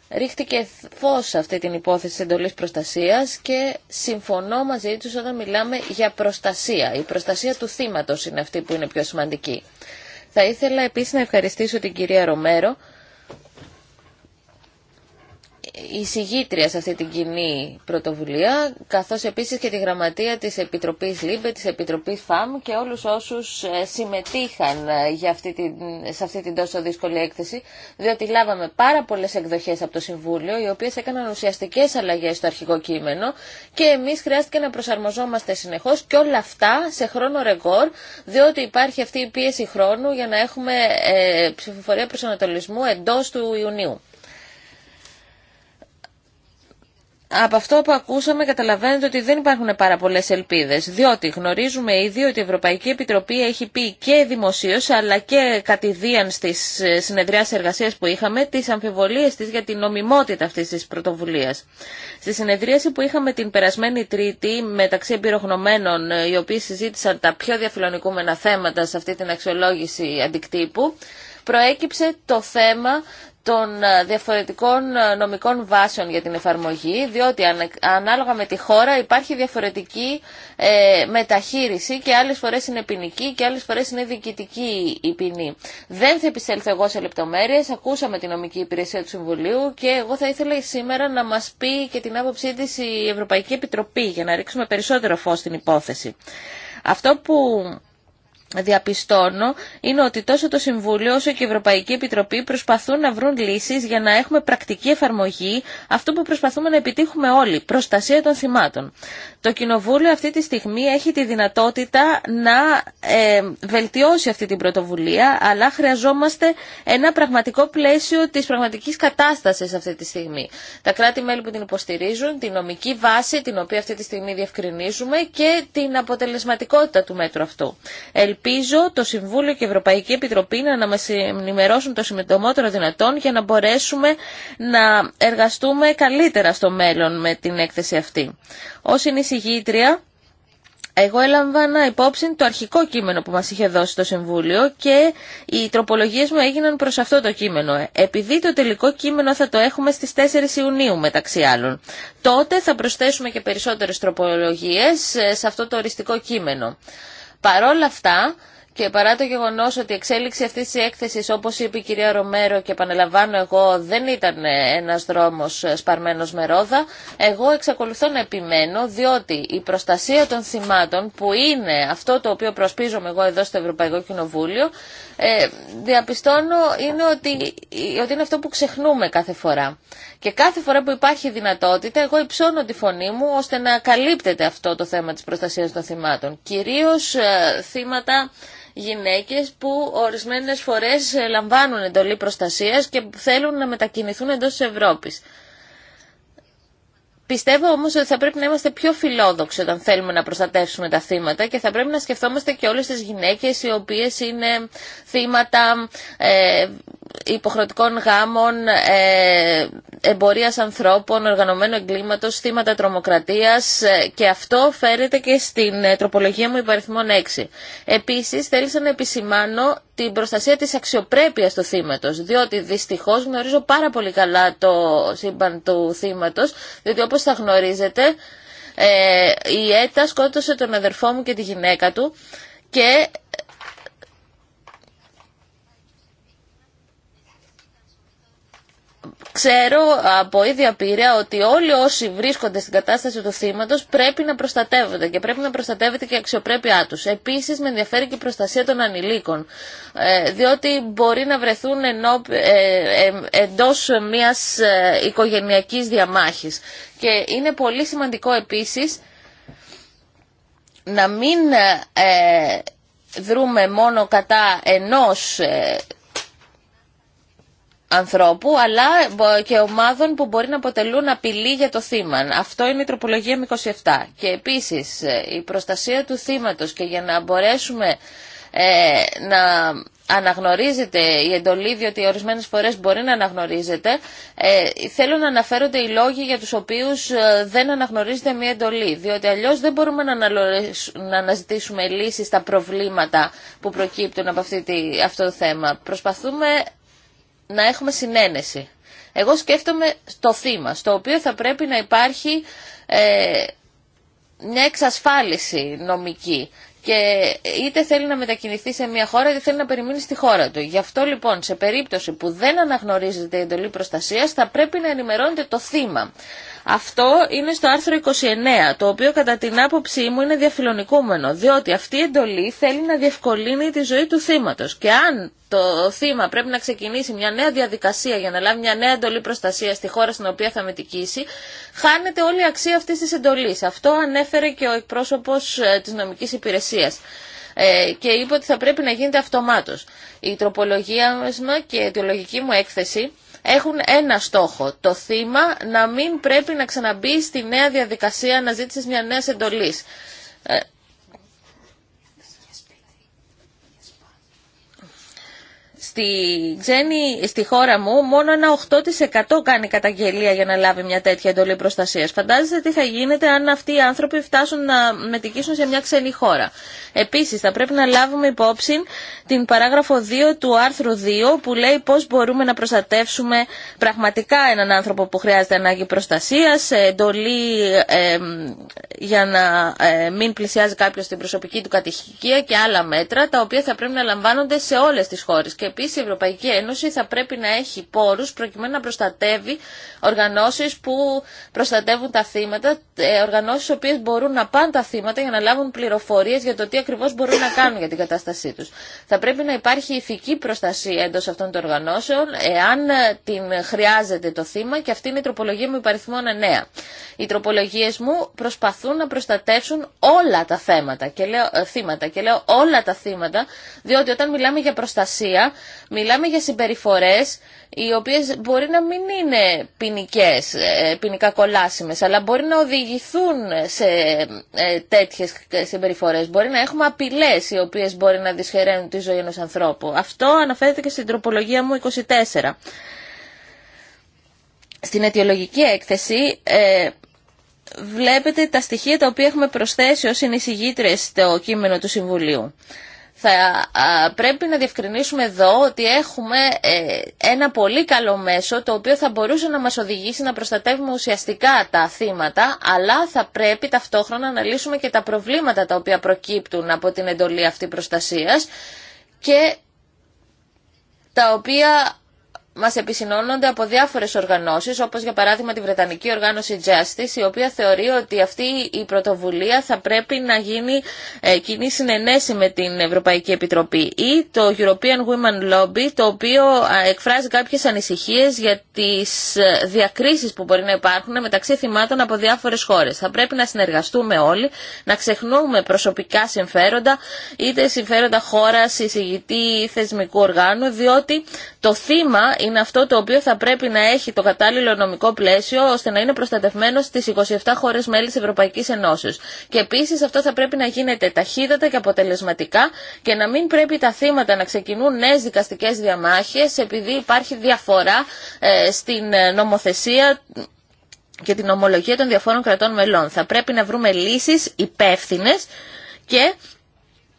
ρίχτηκε φως αυτή την υπόθεση εντολής προστασίας και συμφωνώ μαζί τους όταν μιλάμε για προστασία. Η προστασία του θύματος είναι αυτή που είναι πιο σημαντική. Θα ήθελα επίσης να ευχαριστήσω την κυρία Ρομέρο η συγγήτρια σε αυτή την κοινή πρωτοβουλία, καθώς επίσης και τη γραμματεία της Επιτροπής ΛΥΜΠΕ, της Επιτροπής ΦΑΜ και όλους όσους ε, συμμετείχαν ε, για αυτή την, σε αυτή την τόσο δύσκολη έκθεση, διότι λάβαμε πάρα πολλές εκδοχές από το Συμβούλιο, οι οποίες έκαναν ουσιαστικές αλλαγές στο αρχικό κείμενο και εμείς χρειάστηκε να προσαρμοζόμαστε συνεχώς και όλα αυτά σε χρόνο ρεκόρ, διότι υπάρχει αυτή η πίεση χρόνου για να έχουμε ε, ψηφοφορία προσανατολισμού εντός του Ιουνίου. από αυτό που ακούσαμε καταλαβαίνετε ότι δεν υπάρχουν πάρα πολλέ ελπίδε. Διότι γνωρίζουμε ήδη ότι η Ευρωπαϊκή Επιτροπή έχει πει και δημοσίω αλλά και κατηδίαν στι ε, συνεδριάσει εργασία που είχαμε τι αμφιβολίε τη για την νομιμότητα αυτή τη πρωτοβουλία. Στη συνεδρίαση που είχαμε την περασμένη Τρίτη μεταξύ εμπειρογνωμένων ε, οι οποίοι συζήτησαν τα πιο διαφιλονικούμενα θέματα σε αυτή την αξιολόγηση αντικτύπου, προέκυψε το θέμα των ε, διαφορετικών ε, νομικών βάσεων για την εφαρμογή, διότι ανάλογα με τη χώρα υπάρχει διαφορετική ε, μεταχείριση και άλλες φορές είναι ποινική και άλλες φορές είναι διοικητική η ποινή. Δεν θα επισέλθω εγώ σε λεπτομέρειες, ακούσαμε την νομική υπηρεσία του Συμβουλίου και εγώ θα ήθελα σήμερα να μας πει και την άποψή της η Ευρωπαϊκή Επιτροπή για να ρίξουμε περισσότερο φως στην υπόθεση. Αυτό που διαπιστώνω είναι ότι τόσο το Συμβούλιο όσο και η Ευρωπαϊκή Επιτροπή προσπαθούν να βρουν λύσεις για να έχουμε πρακτική εφαρμογή αυτού που προσπαθούμε να επιτύχουμε όλοι, προστασία των θυμάτων. Το Κοινοβούλιο αυτή τη στιγμή έχει τη δυνατότητα να ε, βελτιώσει αυτή την πρωτοβουλία, αλλά χρειαζόμαστε ένα πραγματικό πλαίσιο της πραγματικής κατάστασης αυτή τη στιγμή. Τα κράτη-μέλη που την υποστηρίζουν, τη νομική βάση, την οποία αυτή τη στιγμή διευκρινίζουμε και την αποτελεσματικότητα του μέτρου αυτού. Ελπίζω το Συμβούλιο και η Ευρωπαϊκή Επιτροπή να μας ενημερώσουν το συμμετομότερο δυνατόν για να μπορέσουμε να εργαστούμε καλύτερα στο μέλλον με την έκθεση αυτή. Ως εισηγήτρια, εγώ έλαμβανα υπόψη το αρχικό κείμενο που μας είχε δώσει το Συμβούλιο και οι τροπολογίες μου έγιναν προς αυτό το κείμενο. Επειδή το τελικό κείμενο θα το έχουμε στις 4 Ιουνίου μεταξύ άλλων, τότε θα προσθέσουμε και περισσότερες τροπολογίες ε, σε αυτό το οριστικό κείμενο. Παρόλα αυτά, και παρά το γεγονό ότι η εξέλιξη αυτή τη έκθεση, όπω είπε η κυρία Ρομέρο και επαναλαμβάνω εγώ, δεν ήταν ένα δρόμο σπαρμένο με ρόδα, εγώ εξακολουθώ να επιμένω διότι η προστασία των θυμάτων που είναι αυτό το οποίο προσπίζομαι εγώ εδώ στο Ευρωπαϊκό Κοινοβούλιο ε, διαπιστώνω είναι ότι, ότι είναι αυτό που ξεχνούμε κάθε φορά. Και κάθε φορά που υπάρχει δυνατότητα, εγώ υψώνω τη φωνή μου ώστε να καλύπτεται αυτό το θέμα της προστασίας των θυμάτων. Κυρίως ε, θύματα γυναίκες που ορισμένες φορές ε, λαμβάνουν εντολή προστασίας και θέλουν να μετακινηθούν εντός της Ευρώπης. Πιστεύω όμως ότι θα πρέπει να είμαστε πιο φιλόδοξοι όταν θέλουμε να προστατεύσουμε τα θύματα και θα πρέπει να σκεφτόμαστε και όλες τις γυναίκες οι οποίες είναι θύματα ε, υποχρεωτικών γάμων, ε, εμπορίας ανθρώπων, οργανωμένου εγκλήματος, θύματα τρομοκρατίας ε, και αυτό φέρεται και στην ε, τροπολογία μου υπαριθμών 6. Επίσης θέλησα να επισημάνω την προστασία της αξιοπρέπειας του θύματος, διότι δυστυχώς γνωρίζω πάρα πολύ καλά το σύμπαν του θύματος, διότι όπως θα γνωρίζετε, ε, η ΕΤΑ σκότωσε τον αδερφό μου και τη γυναίκα του και Ξέρω από ίδια πείρα ότι όλοι όσοι βρίσκονται στην κατάσταση του θύματος πρέπει να προστατεύονται και πρέπει να προστατεύεται και η αξιοπρέπειά τους. Επίσης με ενδιαφέρει και η προστασία των ανηλίκων, ε, διότι μπορεί να βρεθούν ενώ, ε, ε, εντός μιας οικογενειακής διαμάχης. Και είναι πολύ σημαντικό επίσης να μην δρούμε μόνο κατά ενός ανθρώπου, αλλά και ομάδων που μπορεί να αποτελούν απειλή για το θύμα. Αυτό είναι η τροπολογία 27. Και επίσης ε, η προστασία του θύματος και για να μπορέσουμε ε, να αναγνωρίζεται η εντολή, διότι ορισμένες φορές μπορεί να αναγνωρίζεται, ε, θέλω να αναφέρονται οι λόγοι για τους οποίους ε, δεν αναγνωρίζεται μια εντολή, διότι αλλιώς δεν μπορούμε να, να αναζητήσουμε λύσεις στα προβλήματα που προκύπτουν από αυτή τη, αυτό το θέμα. Προσπαθούμε να έχουμε συνένεση. Εγώ σκέφτομαι στο θύμα, στο οποίο θα πρέπει να υπάρχει ε, μια εξασφάλιση νομική και είτε θέλει να μετακινηθεί σε μια χώρα είτε θέλει να περιμείνει στη χώρα του. Γι' αυτό λοιπόν σε περίπτωση που δεν αναγνωρίζεται η εντολή προστασίας θα πρέπει να ενημερώνεται το θύμα. Αυτό είναι στο άρθρο 29, το οποίο κατά την άποψή μου είναι διαφιλονικούμενο, διότι αυτή η εντολή θέλει να διευκολύνει τη ζωή του θύματος. Και αν το θύμα πρέπει να ξεκινήσει μια νέα διαδικασία για να λάβει μια νέα εντολή προστασία στη χώρα στην οποία θα μετικήσει, χάνεται όλη η αξία αυτής της εντολής. Αυτό ανέφερε και ο εκπρόσωπος ε, της νομικής υπηρεσίας ε, και είπε ότι θα πρέπει να γίνεται αυτομάτως. Η τροπολογία και η αιτιολογική μου έκθεση έχουν ένα στόχο. Το θύμα να μην πρέπει να ξαναμπεί στη νέα διαδικασία αναζήτησης μια νέα εντολής. Ε, στη, ξένη, στη χώρα μου μόνο ένα 8% κάνει καταγγελία για να λάβει μια τέτοια εντολή προστασίας. Φαντάζεστε τι θα γίνεται αν αυτοί οι άνθρωποι φτάσουν να μετικήσουν σε μια ξένη χώρα. Επίσης θα πρέπει να λάβουμε υπόψη την παράγραφο 2 του άρθρου 2 που λέει πώς μπορούμε να προστατεύσουμε πραγματικά έναν άνθρωπο που χρειάζεται ανάγκη προστασίας, εντολή για να ε, μην πλησιάζει κάποιο την προσωπική του κατοικία και άλλα μέτρα τα οποία θα πρέπει να λαμβάνονται σε όλες τις χώρες η Ευρωπαϊκή Ένωση θα πρέπει να έχει πόρου προκειμένου να προστατεύει οργανώσει που προστατεύουν τα θύματα, ε, οργανώσει οι μπορούν να πάνε τα θύματα για να λάβουν πληροφορίε για το τι ακριβώ μπορούν να κάνουν για την κατάστασή του. Θα πρέπει να υπάρχει ηθική προστασία εντό αυτών των οργανώσεων, εάν ε, την χρειάζεται το θύμα και αυτή είναι η τροπολογία μου υπαριθμών 9. Οι τροπολογίε μου προσπαθούν να προστατεύσουν όλα τα θέματα και ε, θύματα και λέω όλα τα θύματα, διότι όταν μιλάμε για προστασία Μιλάμε για συμπεριφορές οι οποίες μπορεί να μην είναι ποινικές, ε, ποινικά κολάσιμες, αλλά μπορεί να οδηγηθούν σε ε, τέτοιες συμπεριφορές. Μπορεί να έχουμε απειλές οι οποίες μπορεί να δυσχεραίνουν τη ζωή ενός ανθρώπου. Αυτό αναφέρεται και στην τροπολογία μου 24. Στην αιτιολογική έκθεση ε, βλέπετε τα στοιχεία τα οποία έχουμε προσθέσει ως συνεισηγήτρες στο κείμενο του Συμβουλίου θα πρέπει να διευκρινίσουμε εδώ ότι έχουμε ε, ένα πολύ καλό μέσο το οποίο θα μπορούσε να μας οδηγήσει να προστατεύουμε ουσιαστικά τα θύματα αλλά θα πρέπει ταυτόχρονα να λύσουμε και τα προβλήματα τα οποία προκύπτουν από την εντολή αυτή προστασίας και τα οποία Μα επισυνώνονται από διάφορε οργανώσει, όπω για παράδειγμα τη Βρετανική Οργάνωση Justice, η οποία θεωρεί ότι αυτή η πρωτοβουλία θα πρέπει να γίνει ε, κοινή συνενέση με την Ευρωπαϊκή Επιτροπή ή το European Women Lobby, το οποίο εκφράζει κάποιε ανησυχίε για τις ε, διακρίσει που μπορεί να υπάρχουν μεταξύ θυμάτων από διάφορε χώρε. Θα πρέπει να συνεργαστούμε όλοι, να ξεχνούμε προσωπικά συμφέροντα, είτε συμφέροντα χώρα, συζητητή ή θεσμικού οργάνου, διότι το θύμα είναι αυτό το οποίο θα πρέπει να έχει το κατάλληλο νομικό πλαίσιο ώστε να είναι προστατευμένο στι 27 χώρε μέλη τη Ευρωπαϊκή Ενώσεω. Και επίση αυτό θα πρέπει να γίνεται ταχύτατα και αποτελεσματικά και να μην πρέπει τα θύματα να ξεκινούν νέε δικαστικέ διαμάχε επειδή υπάρχει διαφορά ε, στην ε, νομοθεσία και την ομολογία των διαφόρων κρατών μελών. Θα πρέπει να βρούμε λύσει υπεύθυνε και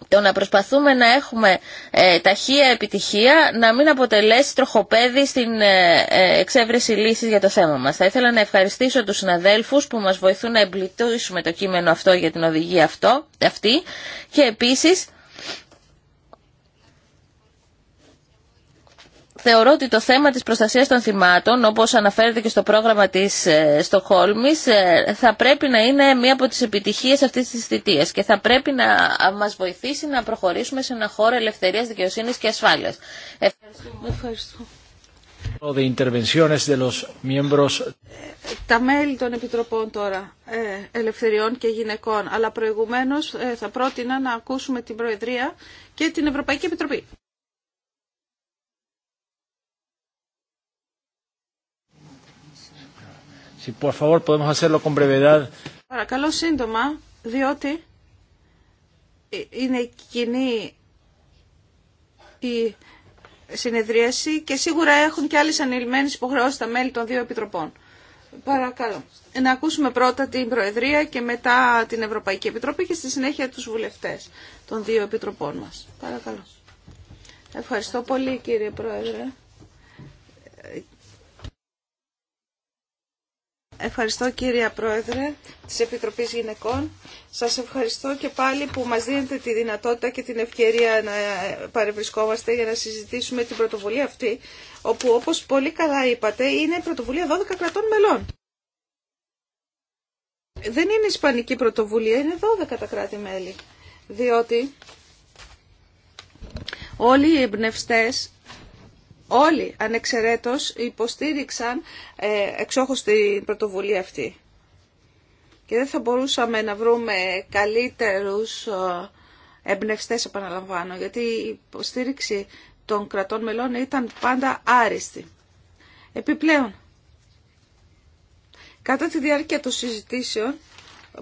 το να προσπαθούμε να έχουμε ε, ταχεία επιτυχία να μην αποτελέσει τροχοπέδι στην ε, ε, εξέβρεση λύσης για το θέμα μας. Θα ήθελα να ευχαριστήσω τους συναδέλφους που μας βοηθούν να εμπληκτούσουμε το κείμενο αυτό για την οδηγία αυτό, αυτή και επίσης θεωρώ ότι το θέμα της προστασίας των θυμάτων, όπως αναφέρεται και στο πρόγραμμα της ε, Στοχόλμης, ε, θα πρέπει να είναι μία από τις επιτυχίες αυτής της θητείας και θα πρέπει να μας βοηθήσει να προχωρήσουμε σε ένα χώρο ελευθερίας, δικαιοσύνης και ασφάλειας. Ευχαριστώ. Τα μέλη των Επιτροπών τώρα, ε, Ελευθεριών και Γυναικών, αλλά προηγουμένως θα πρότεινα να ακούσουμε την Προεδρία και την Ευρωπαϊκή Επιτροπή. Παρακαλώ σύντομα, διότι ε, είναι κοινή η συνεδρίαση και σίγουρα έχουν και άλλες ανηλυμένες υποχρεώσεις τα μέλη των δύο επιτροπών. Παρακαλώ. Να ακούσουμε πρώτα την Προεδρία και μετά την Ευρωπαϊκή Επιτροπή και στη συνέχεια τους βουλευτές των δύο επιτροπών μας. Παρακαλώ. Ευχαριστώ πολύ κύριε Πρόεδρε. Ευχαριστώ κύρια Πρόεδρε της Επιτροπής Γυναικών. Σας ευχαριστώ και πάλι που μας δίνετε τη δυνατότητα και την ευκαιρία να παρευρισκόμαστε για να συζητήσουμε την πρωτοβουλία αυτή, όπου όπως πολύ καλά είπατε είναι πρωτοβουλία 12 κρατών μελών. Δεν είναι ισπανική πρωτοβουλία, είναι 12 τα κράτη-μέλη, διότι όλοι οι εμπνευστές όλοι ανεξαιρέτως υποστήριξαν ε, εξόχως την πρωτοβουλία αυτή. Και δεν θα μπορούσαμε να βρούμε καλύτερους ε, εμπνευστές, επαναλαμβάνω, γιατί η υποστήριξη των κρατών μελών ήταν πάντα άριστη. Επιπλέον, κατά τη διάρκεια των συζητήσεων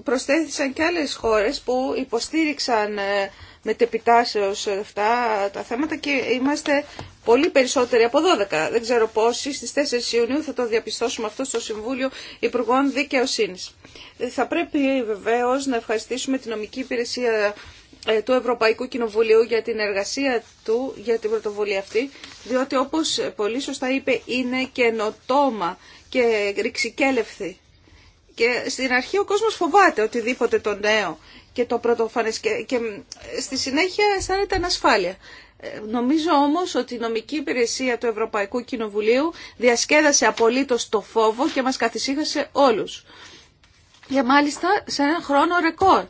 προσθέθησαν και άλλες χώρες που υποστήριξαν ε, με τεπιτάσεως αυτά τα θέματα και είμαστε πολύ περισσότεροι από 12. Δεν ξέρω πόσοι. Στις 4 Ιουνίου θα το διαπιστώσουμε αυτό στο Συμβούλιο Υπουργών Δικαιοσύνης. Θα πρέπει βεβαίως να ευχαριστήσουμε την νομική υπηρεσία ε, του Ευρωπαϊκού Κοινοβουλίου για την εργασία του για την πρωτοβουλία αυτή, διότι όπως πολύ σωστά είπε είναι καινοτόμα και ρηξικέλευθη. Και στην αρχή ο κόσμος φοβάται οτιδήποτε το νέο και το πρωτοφανές και, και στη συνέχεια αισθάνεται ανασφάλεια. Ε, νομίζω όμως ότι η νομική υπηρεσία του Ευρωπαϊκού Κοινοβουλίου διασκέδασε απολύτως το φόβο και μας καθησύχασε όλους. Και μάλιστα σε έναν χρόνο ρεκόρ.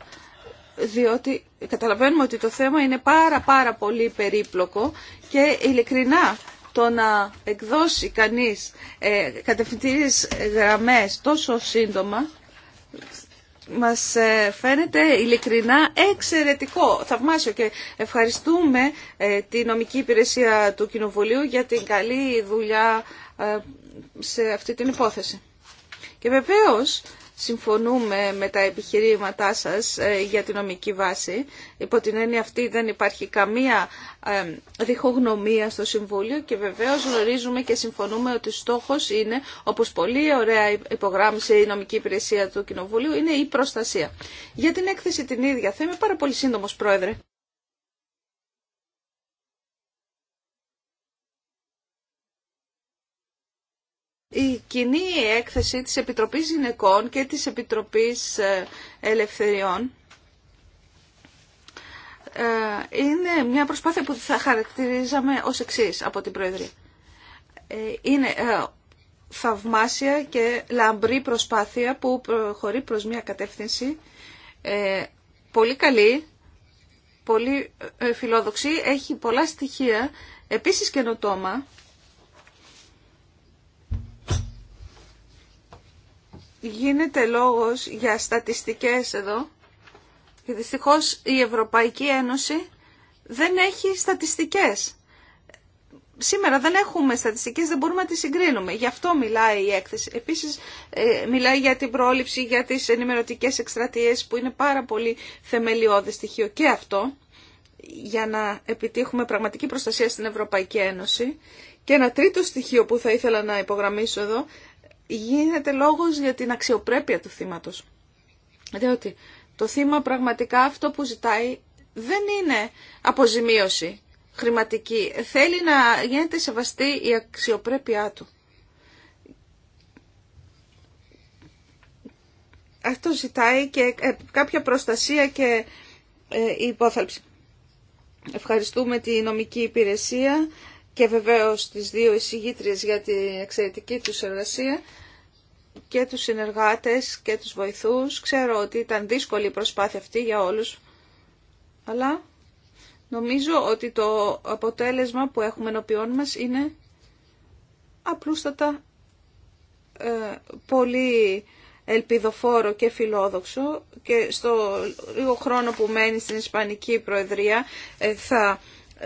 Διότι καταλαβαίνουμε ότι το θέμα είναι πάρα πάρα πολύ περίπλοκο και ειλικρινά το να εκδώσει κανείς ε, κατευθυντήριες γραμμές τόσο σύντομα μας ε, φαίνεται ειλικρινά εξαιρετικό, θαυμάσιο και ευχαριστούμε ε, τη νομική υπηρεσία του Κοινοβουλίου για την καλή δουλειά ε, σε αυτή την υπόθεση. Και βεβαίως συμφωνούμε με τα επιχειρήματά σας ε, για τη νομική βάση. Υπό την έννοια αυτή δεν υπάρχει καμία ε, διχογνωμία στο Συμβούλιο και βεβαίως γνωρίζουμε και συμφωνούμε ότι στόχος είναι, όπως πολύ ωραία υπογράμμισε η νομική υπηρεσία του Κοινοβουλίου, είναι η προστασία. Για την έκθεση την ίδια θα είμαι πάρα πολύ σύντομος, Πρόεδρε. η κοινή έκθεση της Επιτροπής Γυναικών και της Επιτροπής ε, Ελευθεριών ε, είναι μια προσπάθεια που θα χαρακτηρίζαμε ως εξής από την Προεδρία. Ε, είναι θαυμάσια και λαμπρή προσπάθεια που προχωρεί προς μια κατεύθυνση πολύ καλή, πολύ φιλόδοξη, έχει πολλά στοιχεία, επίσης καινοτόμα, γίνεται λόγος για στατιστικές εδώ και δυστυχώς η Ευρωπαϊκή Ένωση δεν έχει στατιστικές. Σήμερα δεν έχουμε στατιστικές, δεν μπορούμε να τις συγκρίνουμε. Γι' αυτό μιλάει η έκθεση. Επίσης ε, μιλάει για την πρόληψη, για τις ενημερωτικές εκστρατείες που είναι πάρα πολύ θεμελιώδη στοιχείο και αυτό για να επιτύχουμε πραγματική προστασία στην Ευρωπαϊκή Ένωση. Και ένα τρίτο στοιχείο που θα ήθελα να υπογραμμίσω εδώ γίνεται λόγος για την αξιοπρέπεια του θύματος. Διότι το θύμα πραγματικά αυτό που ζητάει δεν είναι αποζημίωση χρηματική. Θέλει να γίνεται σεβαστή η αξιοπρέπειά του. Αυτό ζητάει και ε, κάποια προστασία και υποθέση. Ε, υπόθαλψη. Ευχαριστούμε τη νομική υπηρεσία και βεβαίως τις δύο εισηγήτριες για την εξαιρετική τους εργασία και τους συνεργάτες και τους βοηθούς. Ξέρω ότι ήταν δύσκολη η προσπάθεια αυτή για όλους, αλλά νομίζω ότι το αποτέλεσμα που έχουμε ενώπιόν μας είναι απλούστατα ε, πολύ ελπιδοφόρο και φιλόδοξο και στο λίγο χρόνο που μένει στην Ισπανική Προεδρία ε, θα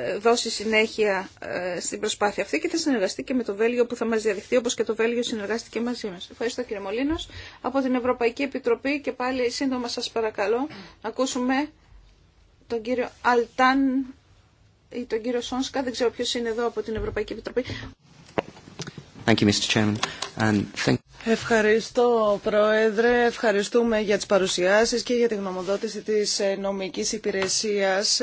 ε, δώσει συνέχεια ε, στην προσπάθεια αυτή και θα συνεργαστεί και με το Βέλγιο που θα μας διαδειχθεί όπως και το Βέλγιο συνεργάστηκε μαζί μας. Ευχαριστώ κύριε Μολίνος. Από την Ευρωπαϊκή Επιτροπή και πάλι σύντομα σας παρακαλώ να ακούσουμε τον κύριο Αλτάν ή τον κύριο Σόνσκα, δεν ξέρω ποιος είναι εδώ από την Ευρωπαϊκή Επιτροπή. Thank you, Mr. Chairman. And thank... Ευχαριστώ Πρόεδρε, ευχαριστούμε για τις παρουσιάσεις και για τη γνωμοδότηση της νομικής υπηρεσίας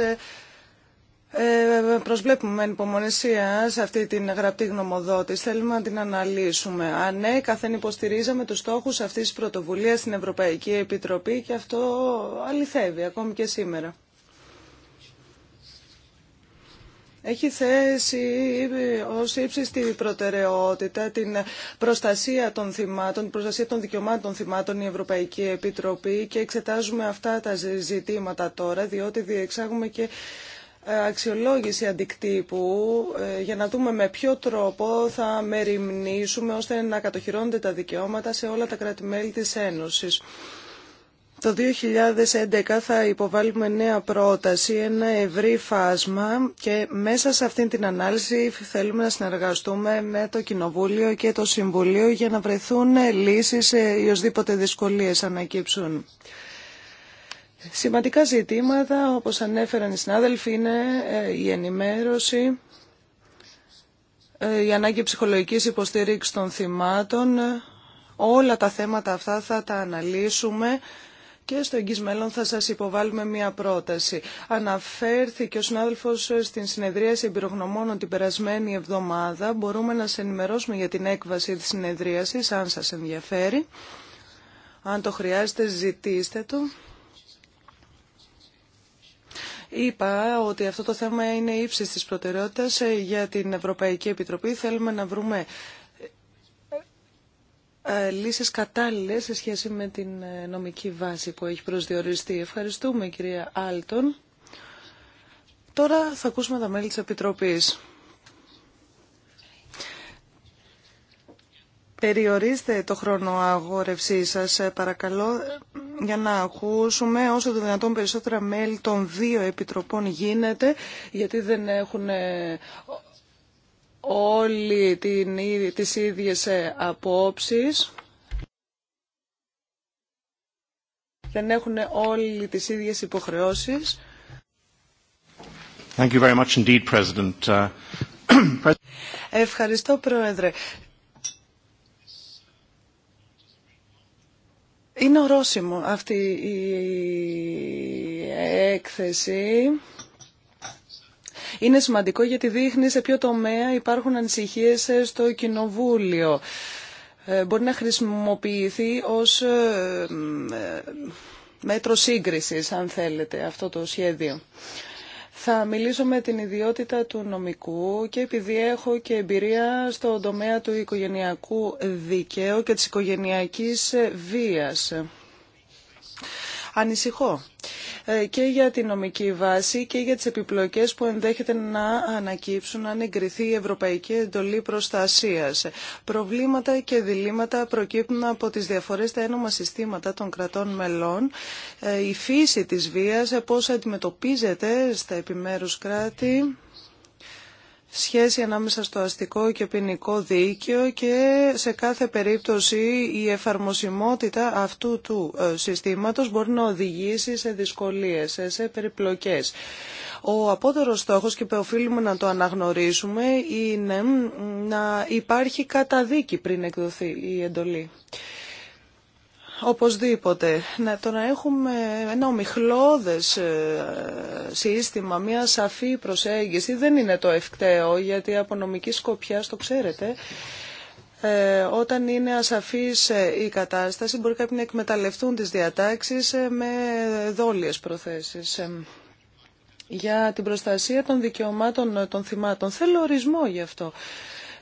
ε, προσβλέπουμε με υπομονησία σε αυτή την γραπτή γνωμοδότηση. Θέλουμε να την αναλύσουμε. Ανέκαθεν ναι, υποστηρίζαμε τους στόχους αυτής της πρωτοβουλίας στην Ευρωπαϊκή Επιτροπή και αυτό αληθεύει ακόμη και σήμερα. Έχει θέσει ω ύψιστη προτεραιότητα την προστασία των θυμάτων, την προστασία των δικαιωμάτων των θυμάτων η Ευρωπαϊκή Επιτροπή και εξετάζουμε αυτά τα ζητήματα τώρα, διότι διεξάγουμε και αξιολόγηση αντικτύπου ε, για να δούμε με ποιο τρόπο θα μεριμνήσουμε ώστε να κατοχυρώνονται τα δικαιώματα σε όλα τα κράτη-μέλη της Ένωσης. Το 2011 θα υποβάλουμε νέα πρόταση, ένα ευρύ φάσμα και μέσα σε αυτή την ανάλυση θέλουμε να συνεργαστούμε με το Κοινοβούλιο και το Συμβουλίο για να βρεθούν λύσεις σε οσδήποτε δυσκολίες ανακύψουν. Σημαντικά ζητήματα, όπως ανέφεραν οι συνάδελφοι, είναι ε, η ενημέρωση, ε, η ανάγκη ψυχολογικής υποστήριξης των θυμάτων. Όλα τα θέματα αυτά θα τα αναλύσουμε και στο εγγύς μέλλον θα σας υποβάλουμε μία πρόταση. Αναφέρθηκε ο συνάδελφος ε, στην συνεδρίαση εμπειρογνωμών την περασμένη εβδομάδα. Μπορούμε να σε ενημερώσουμε για την έκβαση της συνεδρίασης, αν σας ενδιαφέρει. Αν το χρειάζεται, ζητήστε το. Είπα ότι αυτό το θέμα είναι ύψη της προτεραιότητα για την Ευρωπαϊκή Επιτροπή. Θέλουμε να βρούμε ε, λύσεις κατάλληλες σε σχέση με την ε, νομική βάση που έχει προσδιοριστεί. Ευχαριστούμε κυρία Άλτον. Τώρα θα ακούσουμε τα μέλη της Επιτροπής. Περιορίστε το χρόνο αγόρευσή σας, ε, παρακαλώ, για να ακούσουμε όσο το δυνατόν περισσότερα μέλη των δύο επιτροπών γίνεται, γιατί δεν έχουν ε, όλοι την, τις ίδιες ε, απόψεις. Δεν έχουν όλοι τις ίδιες υποχρεώσεις. Thank you very much indeed, President. Uh, *clears throat* Ευχαριστώ, Πρόεδρε. Είναι ορόσημο αυτή η έκθεση. Είναι σημαντικό γιατί δείχνει σε ποιο τομέα υπάρχουν ανησυχίες στο Κοινοβούλιο. Ε, μπορεί να χρησιμοποιηθεί ως ε, ε, μέτρο σύγκρισης, αν θέλετε, αυτό το σχέδιο. Θα μιλήσω με την ιδιότητα του νομικού και επειδή έχω και εμπειρία στον τομέα του οικογενειακού δικαίου και της οικογενειακής βίας. Ανησυχώ ε, και για τη νομική βάση και για τις επιπλοκές που ενδέχεται να ανακύψουν αν εγκριθεί η Ευρωπαϊκή Εντολή Προστασίας. Προβλήματα και διλήμματα προκύπτουν από τις διαφορές στα ένωμα συστήματα των κρατών μελών, ε, η φύση της βίας, πώς αντιμετωπίζεται στα επιμέρους κράτη σχέση ανάμεσα στο αστικό και ποινικό δίκαιο και σε κάθε περίπτωση η εφαρμοσιμότητα αυτού του ε, συστήματος μπορεί να οδηγήσει σε δυσκολίες, σε περιπλοκές. Ο απότερος στόχος και οφείλουμε να το αναγνωρίσουμε είναι να υπάρχει καταδίκη πριν εκδοθεί η εντολή. Οπωσδήποτε. να το να έχουμε ένα ομιχλώδες ε, σύστημα, μια σαφή προσέγγιση δεν είναι το ευκταίο, γιατί από νομική σκοπιά, το ξέρετε, ε, όταν είναι ασαφής ε, η κατάσταση μπορεί κάποιοι να εκμεταλλευτούν τις διατάξεις με δόλιες προθέσεις. Για την προστασία των δικαιωμάτων των θυμάτων θέλω ορισμό γι' αυτό.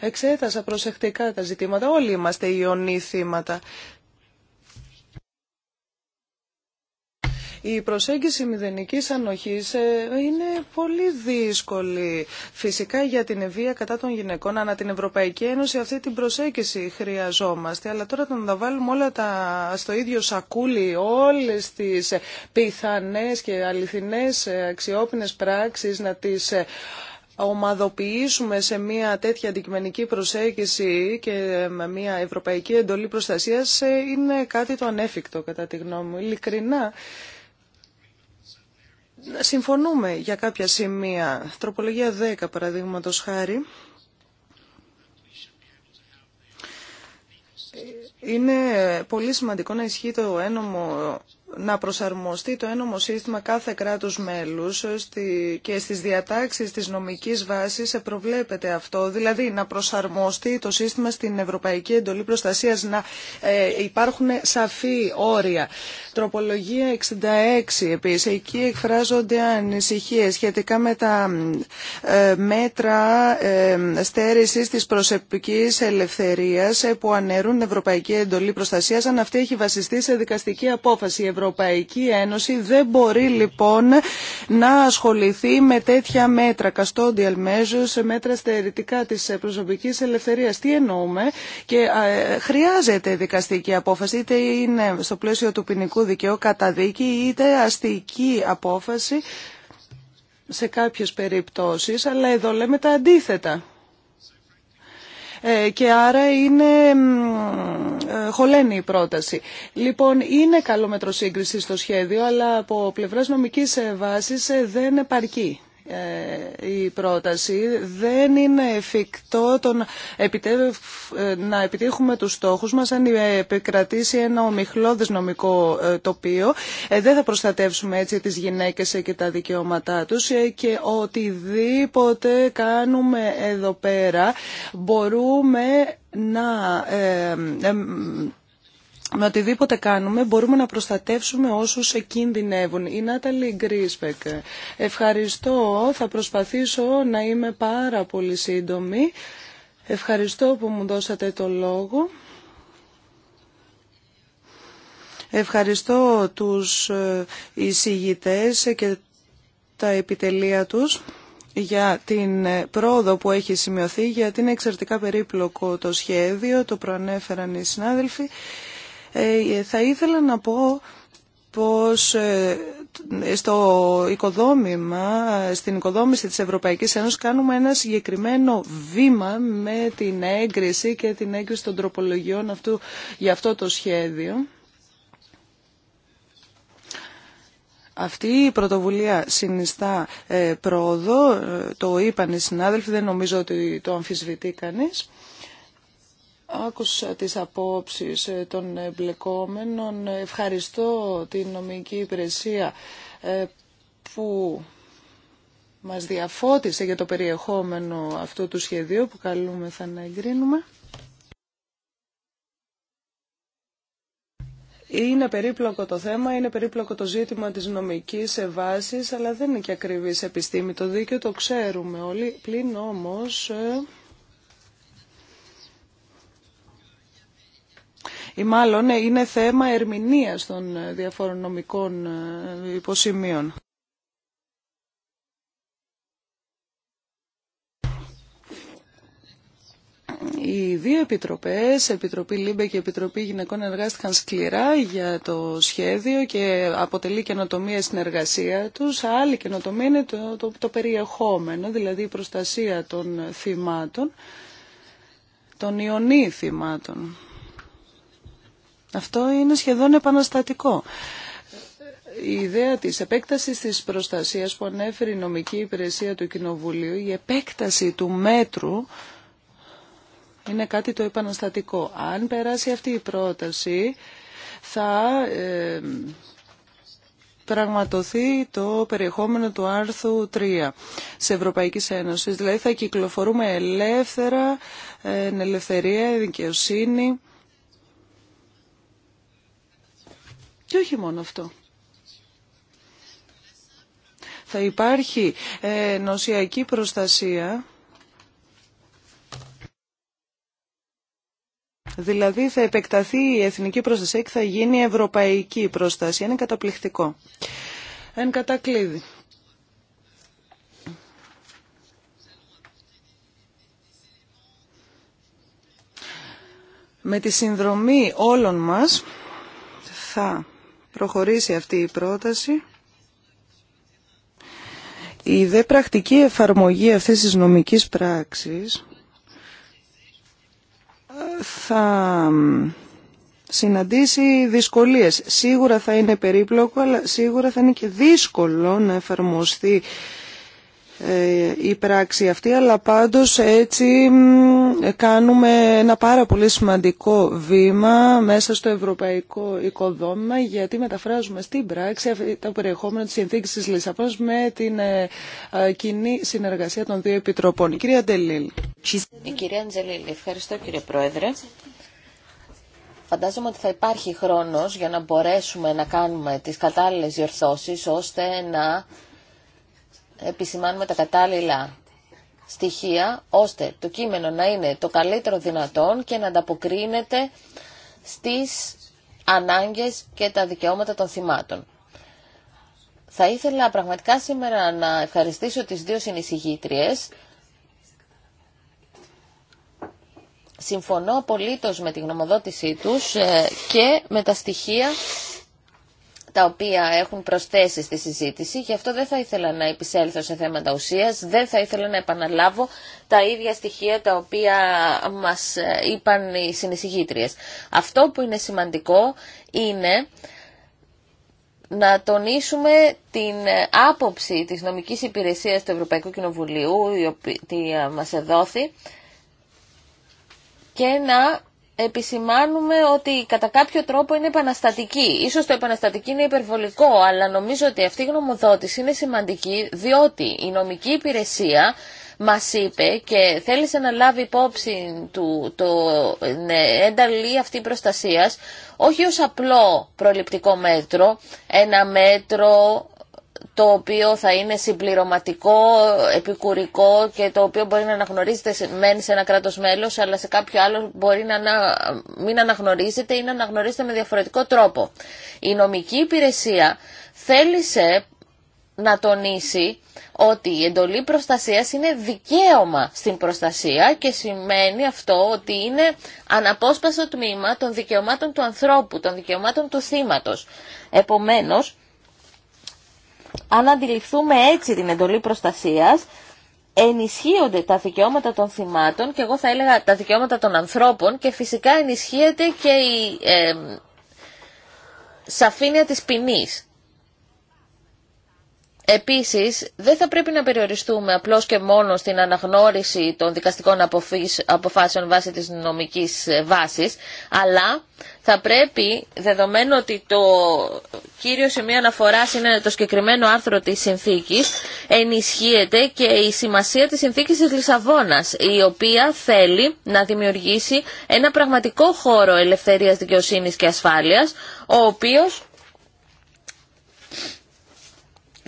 Εξέτασα προσεκτικά τα ζητήματα. Όλοι είμαστε ιονοί θύματα. Η προσέγγιση μηδενικής ανοχής ε, είναι πολύ δύσκολη. Φυσικά για την ευεία κατά των γυναικών, ανά την Ευρωπαϊκή Ένωση αυτή την προσέγγιση χρειαζόμαστε. Αλλά τώρα να τα βάλουμε όλα τα στο ίδιο σακούλι, όλες τις πιθανές και αληθινές ε, αξιόπινες πράξεις να τις ε, ομαδοποιήσουμε σε μια τέτοια αντικειμενική προσέγγιση και με μια ευρωπαϊκή εντολή προστασίας είναι κάτι το ανέφικτο κατά τη γνώμη μου. Ειλικρινά συμφωνούμε για κάποια σημεία. Τροπολογία 10 παραδείγματο χάρη. Ε, είναι πολύ σημαντικό να ισχύει το ένομο να προσαρμοστεί το ένομο σύστημα κάθε κράτους μέλους και στις διατάξεις της νομικής βάσης προβλέπεται αυτό, δηλαδή να προσαρμοστεί το σύστημα στην Ευρωπαϊκή Εντολή Προστασίας, να ε, υπάρχουν σαφή όρια. Τροπολογία 66 επίσης, εκεί εκφράζονται ανησυχίες σχετικά με τα ε, μέτρα ε, στέρησης της προσεπικής ελευθερίας που αναιρούν Ευρωπαϊκή Εντολή Προστασίας, αν αυτή έχει βασιστεί σε δικαστική απόφαση. Ευρωπαϊκή Ένωση δεν μπορεί λοιπόν να ασχοληθεί με τέτοια μέτρα, custodial measures, μέτρα στερητικά της προσωπικής ελευθερίας. Τι εννοούμε και χρειάζεται δικαστική απόφαση, είτε είναι στο πλαίσιο του ποινικού δικαίου καταδίκη, είτε αστική απόφαση σε κάποιες περιπτώσεις, αλλά εδώ λέμε τα αντίθετα. Ε, και άρα είναι ε, χωλένη η πρόταση. Λοιπόν, είναι καλό μετροσύγκριση στο σχέδιο, αλλά από πλευράς νομικής ε, βάσης δεν επαρκεί. Ε, η πρόταση. Δεν είναι εφικτό τον ε, να επιτύχουμε τους στόχους μας αν επικρατήσει ένα ομιχλώδες νομικό ε, τοπίο. Δεν θα προστατεύσουμε έτσι τις γυναίκες και τα δικαιώματά τους και οτιδήποτε κάνουμε εδώ πέρα μπορούμε να με οτιδήποτε κάνουμε μπορούμε να προστατεύσουμε όσους κινδυνεύουν. Η Νάταλη Γκρίσπεκ. Ευχαριστώ. Θα προσπαθήσω να είμαι πάρα πολύ σύντομη. Ευχαριστώ που μου δώσατε το λόγο. Ευχαριστώ τους ε, εισηγητές και τα επιτελεία τους για την ε, πρόοδο που έχει σημειωθεί, γιατί είναι εξαιρετικά περίπλοκο το σχέδιο, το προανέφεραν οι συνάδελφοι. Ε, θα ήθελα να πω πως ε, στο οικοδόμημα, στην οικοδόμηση της Ευρωπαϊκής Ένωσης κάνουμε ένα συγκεκριμένο βήμα με την έγκριση και την έγκριση των τροπολογιών αυτού, για αυτό το σχέδιο. Αυτή η πρωτοβουλία συνιστά ε, πρόοδο, το είπαν οι συνάδελφοι, δεν νομίζω ότι το αμφισβητεί κανείς άκουσα τις απόψεις ε, των εμπλεκόμενων. Ευχαριστώ την νομική υπηρεσία ε, που μας διαφώτισε για το περιεχόμενο αυτού του σχεδίου που καλούμε θα να εγκρίνουμε. Είναι περίπλοκο το θέμα, είναι περίπλοκο το ζήτημα της νομικής βάσης, αλλά δεν είναι και ακριβής επιστήμη. Το δίκαιο το ξέρουμε όλοι, πλην όμως ε, ή μάλλον είναι θέμα ερμηνείας των διαφόρων νομικών ε, υποσημείων. Οι δύο επιτροπές, Επιτροπή Λίμπε και Επιτροπή Γυναικών, εργάστηκαν σκληρά για το σχέδιο και αποτελεί καινοτομία στην εργασία τους. Άλλη καινοτομία είναι το, το, το περιεχόμενο, δηλαδή η προστασία των θυμάτων, των ιονή θυμάτων. Αυτό είναι σχεδόν επαναστατικό. Η ιδέα της επέκτασης της προστασίας που ανέφερε η νομική υπηρεσία του Κοινοβουλίου, η επέκταση του μέτρου είναι κάτι το επαναστατικό. Αν περάσει αυτή η πρόταση θα ε, πραγματοθεί το περιεχόμενο του άρθρου 3 σε Ευρωπαϊκή Ένωσης. Δηλαδή θα κυκλοφορούμε ελεύθερα, ε, ελευθερία, δικαιοσύνη. Και όχι μόνο αυτό. Θα υπάρχει ε, νοσιακή προστασία Δηλαδή θα επεκταθεί η εθνική προστασία και θα γίνει η ευρωπαϊκή προστασία. Είναι καταπληκτικό. Εν κατακλείδη. Με τη συνδρομή όλων μας θα προχωρήσει αυτή η πρόταση. Η δε πρακτική εφαρμογή αυτής της νομικής πράξης ε, θα συναντήσει δυσκολίες. Σίγουρα θα είναι περίπλοκο, αλλά σίγουρα θα είναι και δύσκολο να εφαρμοστεί ε, η πράξη αυτή, αλλά πάντως έτσι κάνουμε ένα πάρα πολύ σημαντικό βήμα μέσα στο ευρωπαϊκό οικοδόμημα γιατί μεταφράζουμε στην πράξη τα περιεχόμενα της συνθήκης της με την ε, ε, κοινή συνεργασία των δύο επιτροπών. κυρία Ντελήλ. Η κυρία Ντζελίλη, ευχαριστώ κύριε Πρόεδρε. Φαντάζομαι ότι θα υπάρχει χρόνος για να μπορέσουμε να κάνουμε τις κατάλληλες διορθώσεις ώστε να επισημάνουμε τα κατάλληλα στοιχεία, ώστε το κείμενο να είναι το καλύτερο δυνατόν και να ανταποκρίνεται στις ανάγκες και τα δικαιώματα των θυμάτων. Θα ήθελα πραγματικά σήμερα να ευχαριστήσω τις δύο συνεισηγήτριες. Συμφωνώ απολύτως με τη γνωμοδότησή τους ε, και με τα στοιχεία τα οποία έχουν προσθέσει στη συζήτηση. Γι' αυτό δεν θα ήθελα να επισέλθω σε θέματα ουσίας, δεν θα ήθελα να επαναλάβω τα ίδια στοιχεία τα οποία μας είπαν οι συνεισηγήτριες. Αυτό που είναι σημαντικό είναι να τονίσουμε την άποψη της νομικής υπηρεσίας του Ευρωπαϊκού Κοινοβουλίου, η οποία μας εδόθη, και να επισημάνουμε ότι κατά κάποιο τρόπο είναι επαναστατική. Ίσως το επαναστατική είναι υπερβολικό, αλλά νομίζω ότι αυτή η γνωμοδότηση είναι σημαντική, διότι η νομική υπηρεσία μας είπε και θέλησε να λάβει υπόψη του το ναι, ένταλή αυτή προστασίας όχι ως απλό προληπτικό μέτρο, ένα μέτρο το οποίο θα είναι συμπληρωματικό, επικουρικό και το οποίο μπορεί να αναγνωρίζεται μεν σε ένα κράτος μέλος, αλλά σε κάποιο άλλο μπορεί να μην αναγνωρίζεται ή να αναγνωρίζεται με διαφορετικό τρόπο. Η νομική υπηρεσία θέλησε να τονίσει ότι η εντολή προστασίας είναι δικαίωμα στην προστασία και σημαίνει αυτό ότι είναι αναπόσπαστο τμήμα των δικαιωμάτων του ανθρώπου, των δικαιωμάτων του θύματος. Επομένως, αν αντιληφθούμε έτσι την εντολή προστασίας, ενισχύονται τα δικαιώματα των θυμάτων και εγώ θα έλεγα τα δικαιώματα των ανθρώπων και φυσικά ενισχύεται και η ε, σαφήνεια της ποινή. Επίσης, δεν θα πρέπει να περιοριστούμε απλώς και μόνο στην αναγνώριση των δικαστικών αποφάσεων βάσει της νομικής ε, βάσης, αλλά θα πρέπει, δεδομένου ότι το κύριο σημείο αναφοράς είναι το συγκεκριμένο άρθρο της συνθήκης, ενισχύεται και η σημασία της συνθήκης της Λισαβόνας, η οποία θέλει να δημιουργήσει ένα πραγματικό χώρο ελευθερίας δικαιοσύνης και ασφάλειας, ο οποίος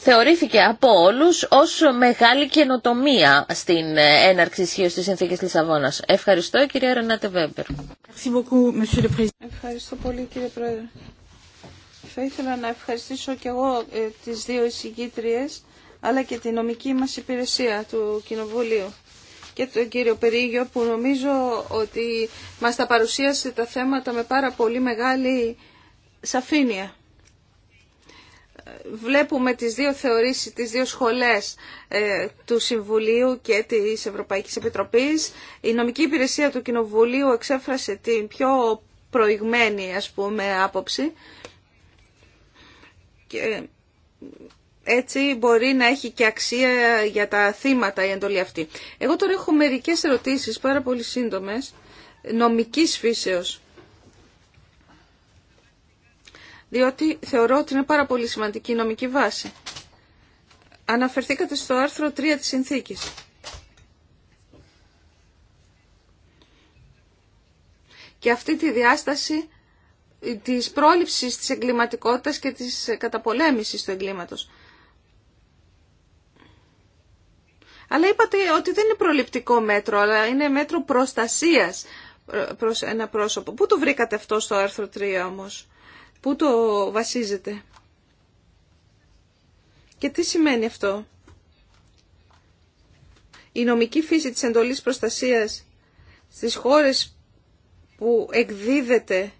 θεωρήθηκε από όλους ως μεγάλη καινοτομία στην ε, έναρξη ισχύω της συνθήκη Λισαβόνα. Ευχαριστώ κυρία Ρενάτε Βέμπερ. Ευχαριστώ πολύ κύριε Πρόεδρε. Θα ήθελα να ευχαριστήσω και εγώ ε, τις δύο εισηγήτριε, αλλά και τη νομική μας υπηρεσία του Κοινοβουλίου και τον κύριο Περίγιο που νομίζω ότι μας τα παρουσίασε τα θέματα με πάρα πολύ μεγάλη σαφήνεια βλέπουμε τις δύο θεωρήσεις, τις δύο σχολές ε, του Συμβουλίου και της Ευρωπαϊκής Επιτροπής. Η νομική υπηρεσία του Κοινοβουλίου εξέφρασε την πιο προηγμένη ας πούμε άποψη και έτσι μπορεί να έχει και αξία για τα θύματα η εντολή αυτή. Εγώ τώρα έχω μερικές ερωτήσεις πάρα πολύ σύντομες νομικής φύσεως διότι θεωρώ ότι είναι πάρα πολύ σημαντική η νομική βάση. Αναφερθήκατε στο άρθρο 3 της συνθήκης. Και αυτή τη διάσταση της πρόληψης της εγκληματικότητας και της καταπολέμησης του εγκλήματος. Αλλά είπατε ότι δεν είναι προληπτικό μέτρο, αλλά είναι μέτρο προστασίας προς ένα πρόσωπο. Πού το βρήκατε αυτό στο άρθρο 3 όμως. Πού το βασίζεται. Και τι σημαίνει αυτό. Η νομική φύση της εντολής προστασίας στις χώρες που εκδίδεται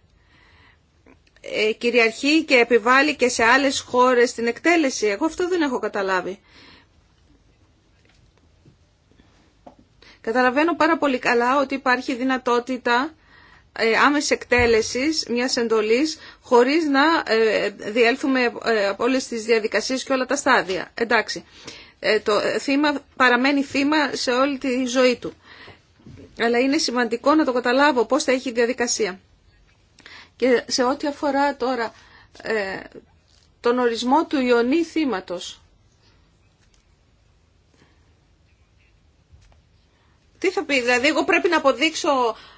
ε, κυριαρχεί και επιβάλλει και σε άλλες χώρες την εκτέλεση. Εγώ αυτό δεν έχω καταλάβει. Καταλαβαίνω πάρα πολύ καλά ότι υπάρχει δυνατότητα ε, άμεση εκτέλεση μια εντολή χωρίς να ε, διέλθουμε ε, από όλε τι διαδικασίε και όλα τα στάδια. Εντάξει, το θύμα παραμένει θύμα σε όλη τη ζωή του. Αλλά είναι σημαντικό να το καταλάβω πώς θα έχει η διαδικασία. Και σε ό,τι αφορά τώρα τον ορισμό του ιονή θύματος, Τι θα πει, δηλαδή εγώ πρέπει να αποδείξω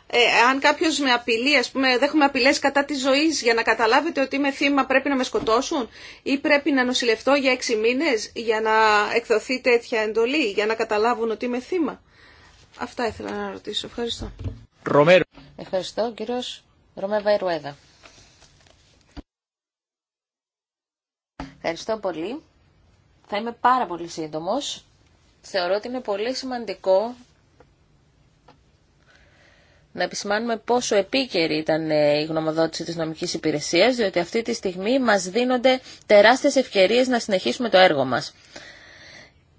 ε, αν κάποιος με απειλεί, ας πούμε δέχομαι απειλές κατά της ζωής για να καταλάβετε ότι είμαι θύμα πρέπει να με σκοτώσουν ή πρέπει να νοσηλευτώ για έξι μήνες για να εκδοθεί τέτοια εντολή, για να καταλάβουν ότι είμαι θύμα. Αυτά ήθελα να ρωτήσω. Ευχαριστώ. Ρομέρο. Ευχαριστώ κύριος Ρωμέβα Ιρουέδα. Ευχαριστώ πολύ. Θα είμαι πάρα πολύ σύντομος. Θεωρώ ότι είναι πολύ σημαντικό να επισημάνουμε πόσο επίκαιρη ήταν ε, η γνωμοδότηση της νομικής υπηρεσίας, διότι αυτή τη στιγμή μας δίνονται τεράστιες ευκαιρίες να συνεχίσουμε το έργο μας.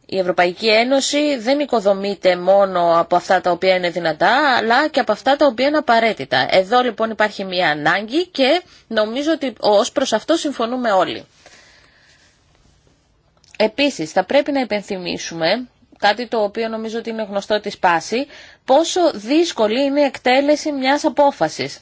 Η Ευρωπαϊκή Ένωση δεν οικοδομείται μόνο από αυτά τα οποία είναι δυνατά, αλλά και από αυτά τα οποία είναι απαραίτητα. Εδώ λοιπόν υπάρχει μια ανάγκη και νομίζω ότι ως προς αυτό συμφωνούμε όλοι. Επίσης, θα πρέπει να υπενθυμίσουμε κάτι το οποίο νομίζω ότι είναι γνωστό της πάση, πόσο δύσκολη είναι η εκτέλεση μιας απόφασης.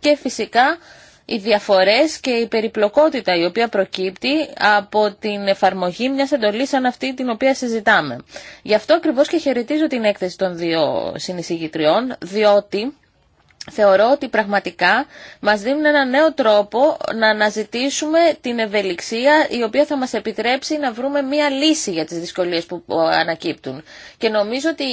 Και φυσικά οι διαφορές και η περιπλοκότητα η οποία προκύπτει από την εφαρμογή μιας εντολής σαν αυτή την οποία συζητάμε. Γι' αυτό ακριβώς και χαιρετίζω την έκθεση των δύο συνεισηγητριών, διότι θεωρώ ότι πραγματικά μας δίνουν ένα νέο τρόπο να αναζητήσουμε την ευελιξία η οποία θα μας επιτρέψει να βρούμε μία λύση για τις δυσκολίες που ανακύπτουν. Και νομίζω ότι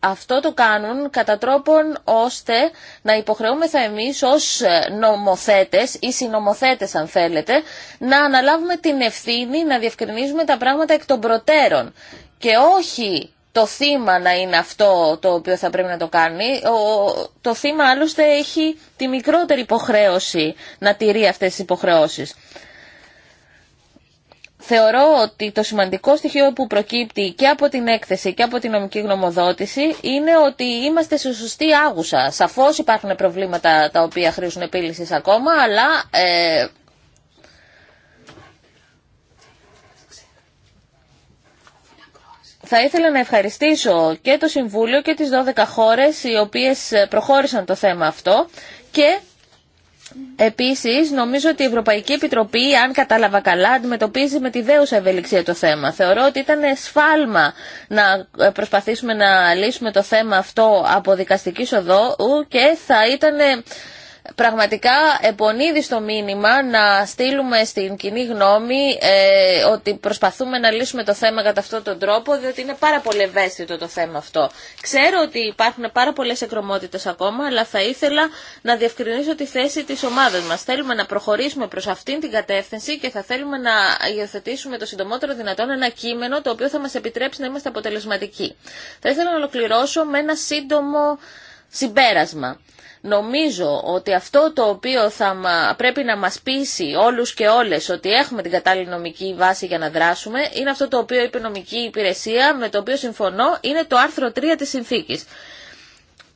αυτό το κάνουν κατά τρόπον ώστε να υποχρεούμεθα εμείς ως ε, νομοθέτες ή συνομοθέτες αν θέλετε να αναλάβουμε την ευθύνη να διευκρινίζουμε τα πράγματα εκ των προτέρων και όχι το θύμα να είναι αυτό το οποίο θα πρέπει να το κάνει. Το θύμα άλλωστε έχει τη μικρότερη υποχρέωση να τηρεί αυτές τις υποχρεώσεις. Θεωρώ ότι το σημαντικό στοιχείο που προκύπτει και από την έκθεση και από την νομική γνωμοδότηση είναι ότι είμαστε σε σωστή άγουσα. Σαφώς υπάρχουν προβλήματα τα οποία χρήσουν επίλυσης ακόμα, αλλά ε, θα ήθελα να ευχαριστήσω και το Συμβούλιο και τις 12 χώρες οι οποίες προχώρησαν το θέμα αυτό και Επίσης, νομίζω ότι η Ευρωπαϊκή Επιτροπή, αν κατάλαβα καλά, αντιμετωπίζει με τη δέουσα ευελιξία το θέμα. Θεωρώ ότι ήταν σφάλμα να προσπαθήσουμε να λύσουμε το θέμα αυτό από δικαστική οδό και θα ήταν πραγματικά επονίδει στο μήνυμα να στείλουμε στην κοινή γνώμη ε, ότι προσπαθούμε να λύσουμε το θέμα κατά αυτόν τον τρόπο, διότι είναι πάρα πολύ ευαίσθητο το θέμα αυτό. Ξέρω ότι υπάρχουν πάρα πολλέ εκκρομότητε ακόμα, αλλά θα ήθελα να διευκρινίσω τη θέση τη ομάδα μα. Θέλουμε να προχωρήσουμε προ αυτήν την κατεύθυνση και θα θέλουμε να υιοθετήσουμε το συντομότερο δυνατόν ένα κείμενο το οποίο θα μα επιτρέψει να είμαστε αποτελεσματικοί. Θα ήθελα να ολοκληρώσω με ένα σύντομο συμπέρασμα. Νομίζω ότι αυτό το οποίο θα πρέπει να μας πείσει όλους και όλες ότι έχουμε την κατάλληλη νομική βάση για να δράσουμε είναι αυτό το οποίο είπε η νομική υπηρεσία με το οποίο συμφωνώ είναι το άρθρο 3 της συνθήκης.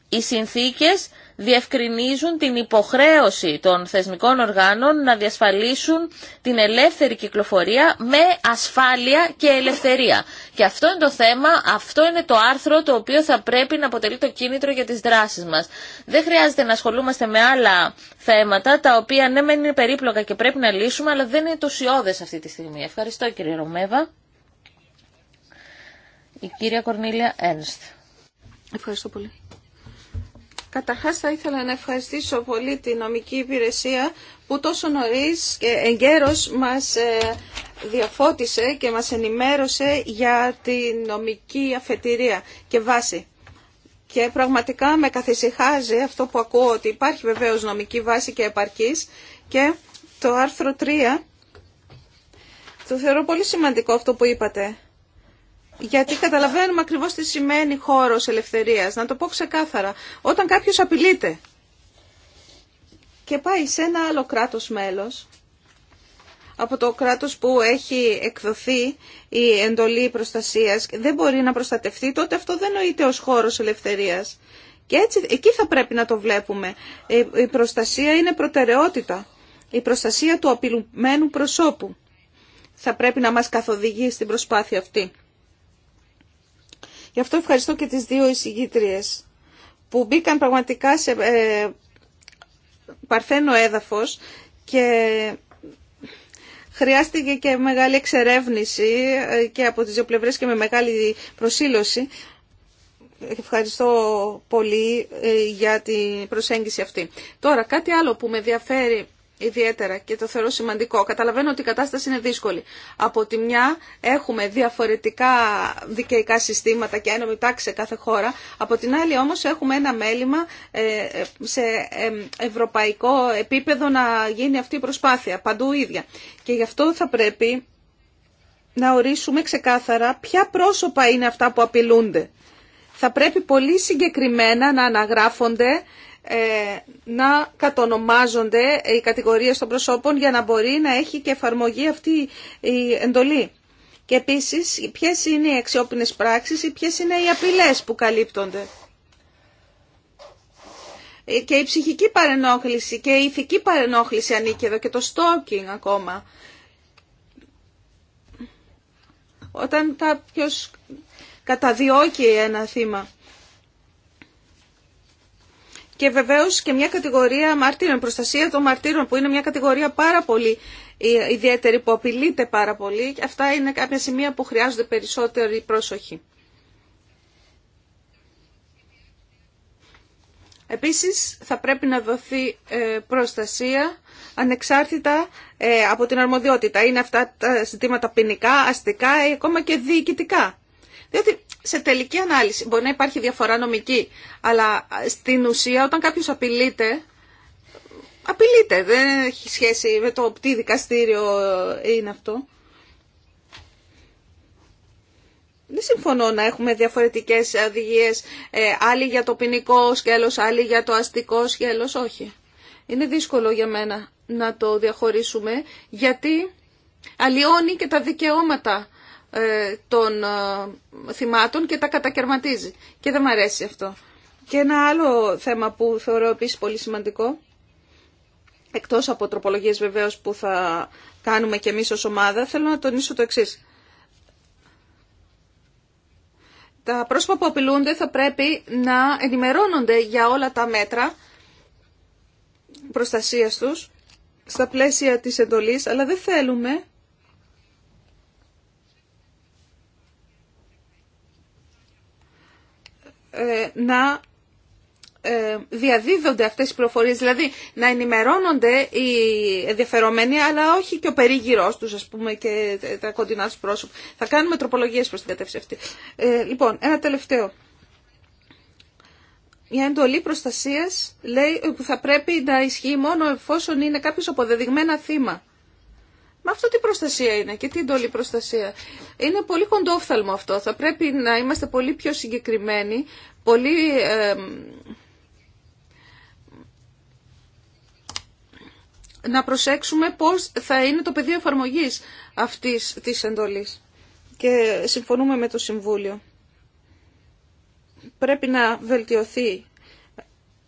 Οι συνθήκες διευκρινίζουν την υποχρέωση των θεσμικών οργάνων να διασφαλίσουν την ελεύθερη κυκλοφορία με ασφάλεια και ελευθερία. Και αυτό είναι το θέμα, αυτό είναι το άρθρο το οποίο θα πρέπει να αποτελεί το κίνητρο για τις δράσεις μας. Δεν χρειάζεται να ασχολούμαστε με άλλα θέματα, τα οποία ναι είναι περίπλοκα και πρέπει να λύσουμε, αλλά δεν είναι τοσιώδες αυτή τη στιγμή. Ευχαριστώ κύριε Ρωμέβα. Η κυρία Κορνίλια Ένστ. Ευχαριστώ πολύ. Καταρχά θα ήθελα να ευχαριστήσω πολύ τη νομική υπηρεσία που τόσο νωρίς και εγκαίρως μας ε, διαφώτισε και μας ενημέρωσε για τη νομική αφετηρία και βάση. Και πραγματικά με καθησυχάζει αυτό που ακούω ότι υπάρχει βεβαίως νομική βάση και επαρκής και το άρθρο 3 το θεωρώ πολύ σημαντικό αυτό που είπατε γιατί καταλαβαίνουμε ακριβώ τι σημαίνει χώρο ελευθερία. Να το πω ξεκάθαρα. Όταν κάποιο απειλείται και πάει σε ένα άλλο κράτο μέλος, από το κράτο που έχει εκδοθεί η εντολή προστασίας δεν μπορεί να προστατευτεί, τότε αυτό δεν νοείται ω χώρο ελευθερία. Και έτσι, εκεί θα πρέπει να το βλέπουμε. Ε, η προστασία είναι προτεραιότητα. Η προστασία του απειλουμένου προσώπου θα πρέπει να μας καθοδηγεί στην προσπάθεια αυτή. Γι' αυτό ευχαριστώ και τις δύο εισηγήτριες που μπήκαν πραγματικά σε ε, παρθένο έδαφος και χρειάστηκε και μεγάλη εξερεύνηση ε, και από τις δύο πλευρές και με μεγάλη προσήλωση. Ευχαριστώ πολύ ε, για την προσέγγιση αυτή. Τώρα, κάτι άλλο που με ενδιαφέρει ιδιαίτερα και το θεωρώ σημαντικό. Καταλαβαίνω ότι η κατάσταση είναι δύσκολη. Από τη μια έχουμε διαφορετικά δικαιικά συστήματα και ένωμη τάξη σε κάθε χώρα. Από την άλλη όμως έχουμε ένα μέλημα ε, σε ε, ευρωπαϊκό επίπεδο να γίνει αυτή η προσπάθεια. Παντού ίδια. Και γι' αυτό θα πρέπει να ορίσουμε ξεκάθαρα ποια πρόσωπα είναι αυτά που απειλούνται. Θα πρέπει πολύ συγκεκριμένα να αναγράφονται ε, να κατονομάζονται οι κατηγορίες των προσώπων για να μπορεί να έχει και εφαρμογή αυτή η εντολή. Και επίσης ποιες είναι οι αξιόπινες πράξεις ή ποιες είναι οι απειλές που καλύπτονται. Ε, και η ψυχική παρενόχληση και η ηθική παρενόχληση ανήκει εδώ και το stalking ακόμα. Όταν κάποιος καταδιώκει ένα θύμα και βεβαίως και μια κατηγορία μαρτύρων, προστασία των μαρτύρων που είναι μια κατηγορία πάρα πολύ ε, ιδιαίτερη που απειλείται πάρα πολύ. Αυτά είναι κάποια σημεία που χρειάζονται περισσότερη πρόσοχη. Επίσης θα πρέπει να δοθεί ε, προστασία ανεξάρτητα ε, από την αρμοδιότητα. Είναι αυτά τα ζητήματα ποινικά, αστικά ή ακόμα και διοικητικά. Διότι σε τελική ανάλυση μπορεί να υπάρχει διαφορά νομική, αλλά στην ουσία όταν κάποιος απειλείται, απειλείται, δεν έχει σχέση με το τι δικαστήριο είναι αυτό. Δεν συμφωνώ να έχουμε διαφορετικές οδηγίες, ε, άλλοι για το ποινικό σκέλος, άλλοι για το αστικό σκέλος, όχι. Είναι δύσκολο για μένα να το διαχωρίσουμε, γιατί αλλοιώνει και τα δικαιώματα ε, των ε, θυμάτων και τα κατακαιρματίζει. Και δεν μου αρέσει αυτό. Και ένα άλλο θέμα που θεωρώ επίσης πολύ σημαντικό, εκτός από τροπολογίες βεβαίως που θα κάνουμε και εμείς ως ομάδα, θέλω να τονίσω το εξής. Τα πρόσωπα που απειλούνται θα πρέπει να ενημερώνονται για όλα τα μέτρα προστασίας τους στα πλαίσια της εντολής, αλλά δεν θέλουμε Ε, να ε, διαδίδονται αυτές οι πληροφορίες, δηλαδή να ενημερώνονται οι ενδιαφερομένοι, αλλά όχι και ο περίγυρός τους, ας πούμε, και τα κοντινά τους πρόσωπα. Θα κάνουμε τροπολογίες προς την κατεύθυνση αυτή. Ε, λοιπόν, ένα τελευταίο. Η εντολή προστασίας λέει που θα πρέπει να ισχύει μόνο εφόσον είναι κάποιος αποδεδειγμένα θύμα. Μα αυτό τι προστασία είναι και τι εντολή προστασία. Είναι πολύ κοντόφθαλμο αυτό. Θα πρέπει να είμαστε πολύ πιο συγκεκριμένοι, πολύ να προσέξουμε πώς θα είναι το πεδίο εφαρμογής αυτής της εντολής. Και συμφωνούμε με το Συμβούλιο. Πρέπει να βελτιωθεί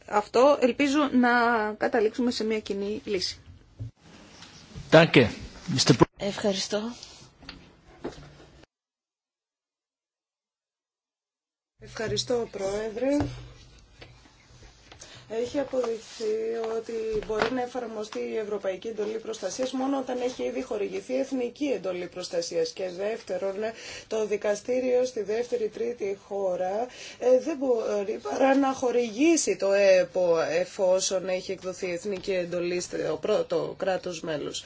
αυτό. Ελπίζω να καταλήξουμε σε μια κοινή λύση. Danke. Ευχαριστώ. Ευχαριστώ, Πρόεδρε. Έχει αποδειχθεί ότι μπορεί να εφαρμοστεί η Ευρωπαϊκή Εντολή Προστασίας μόνο όταν έχει ήδη χορηγηθεί η Εθνική Εντολή Προστασίας. Και δεύτερον, το δικαστήριο στη δεύτερη-τρίτη χώρα ε, δεν μπορεί παρά να χορηγήσει το ΕΠΟ εφόσον έχει εκδοθεί η Εθνική Εντολή στο πρώτο κράτος μέλος.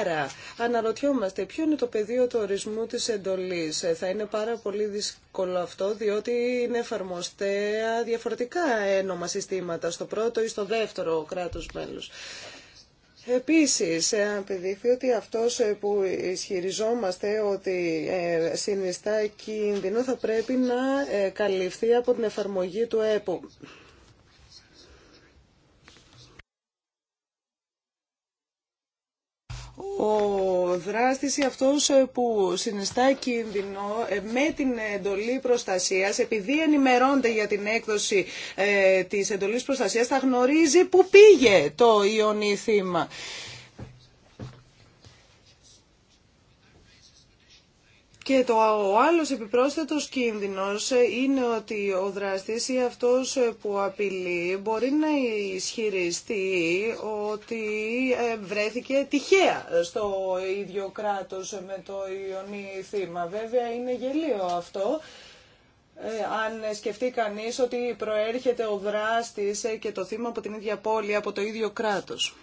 Άρα αναρωτιόμαστε ποιο είναι το πεδίο του ορισμού της εντολής. Ε, θα είναι πάρα πολύ δύσκολο αυτό διότι είναι εφαρμοστέα διαφορετικά ένομα συστήματα στο πρώτο ή στο δεύτερο κράτος μέλος. Επίσης, ε, απεδείχθη ότι αυτός ε, που ισχυριζόμαστε ότι συνιστά κίνδυνο θα πρέπει να καλυφθεί από την εφαρμογή του ΕΠΟ. ο δράστης αυτός ε, που συνιστά κίνδυνο ε, με την εντολή προστασίας επειδή ενημερώνεται για την έκδοση ε, της εντολής προστασίας θα γνωρίζει που πήγε το ιονή θύμα. Και το, ο άλλος επιπρόσθετος κίνδυνος ε, είναι ότι ο δραστής ή αυτός ε, που απειλεί μπορεί να ισχυριστεί ότι ε, βρέθηκε τυχαία στο ίδιο κράτος με το Ιωνί θύμα. Βέβαια είναι γελίο αυτό. αν σκεφτεί κανείς ότι προέρχεται ο δράστης και το θύμα από την ίδια πόλη, από το ίδιο κράτος.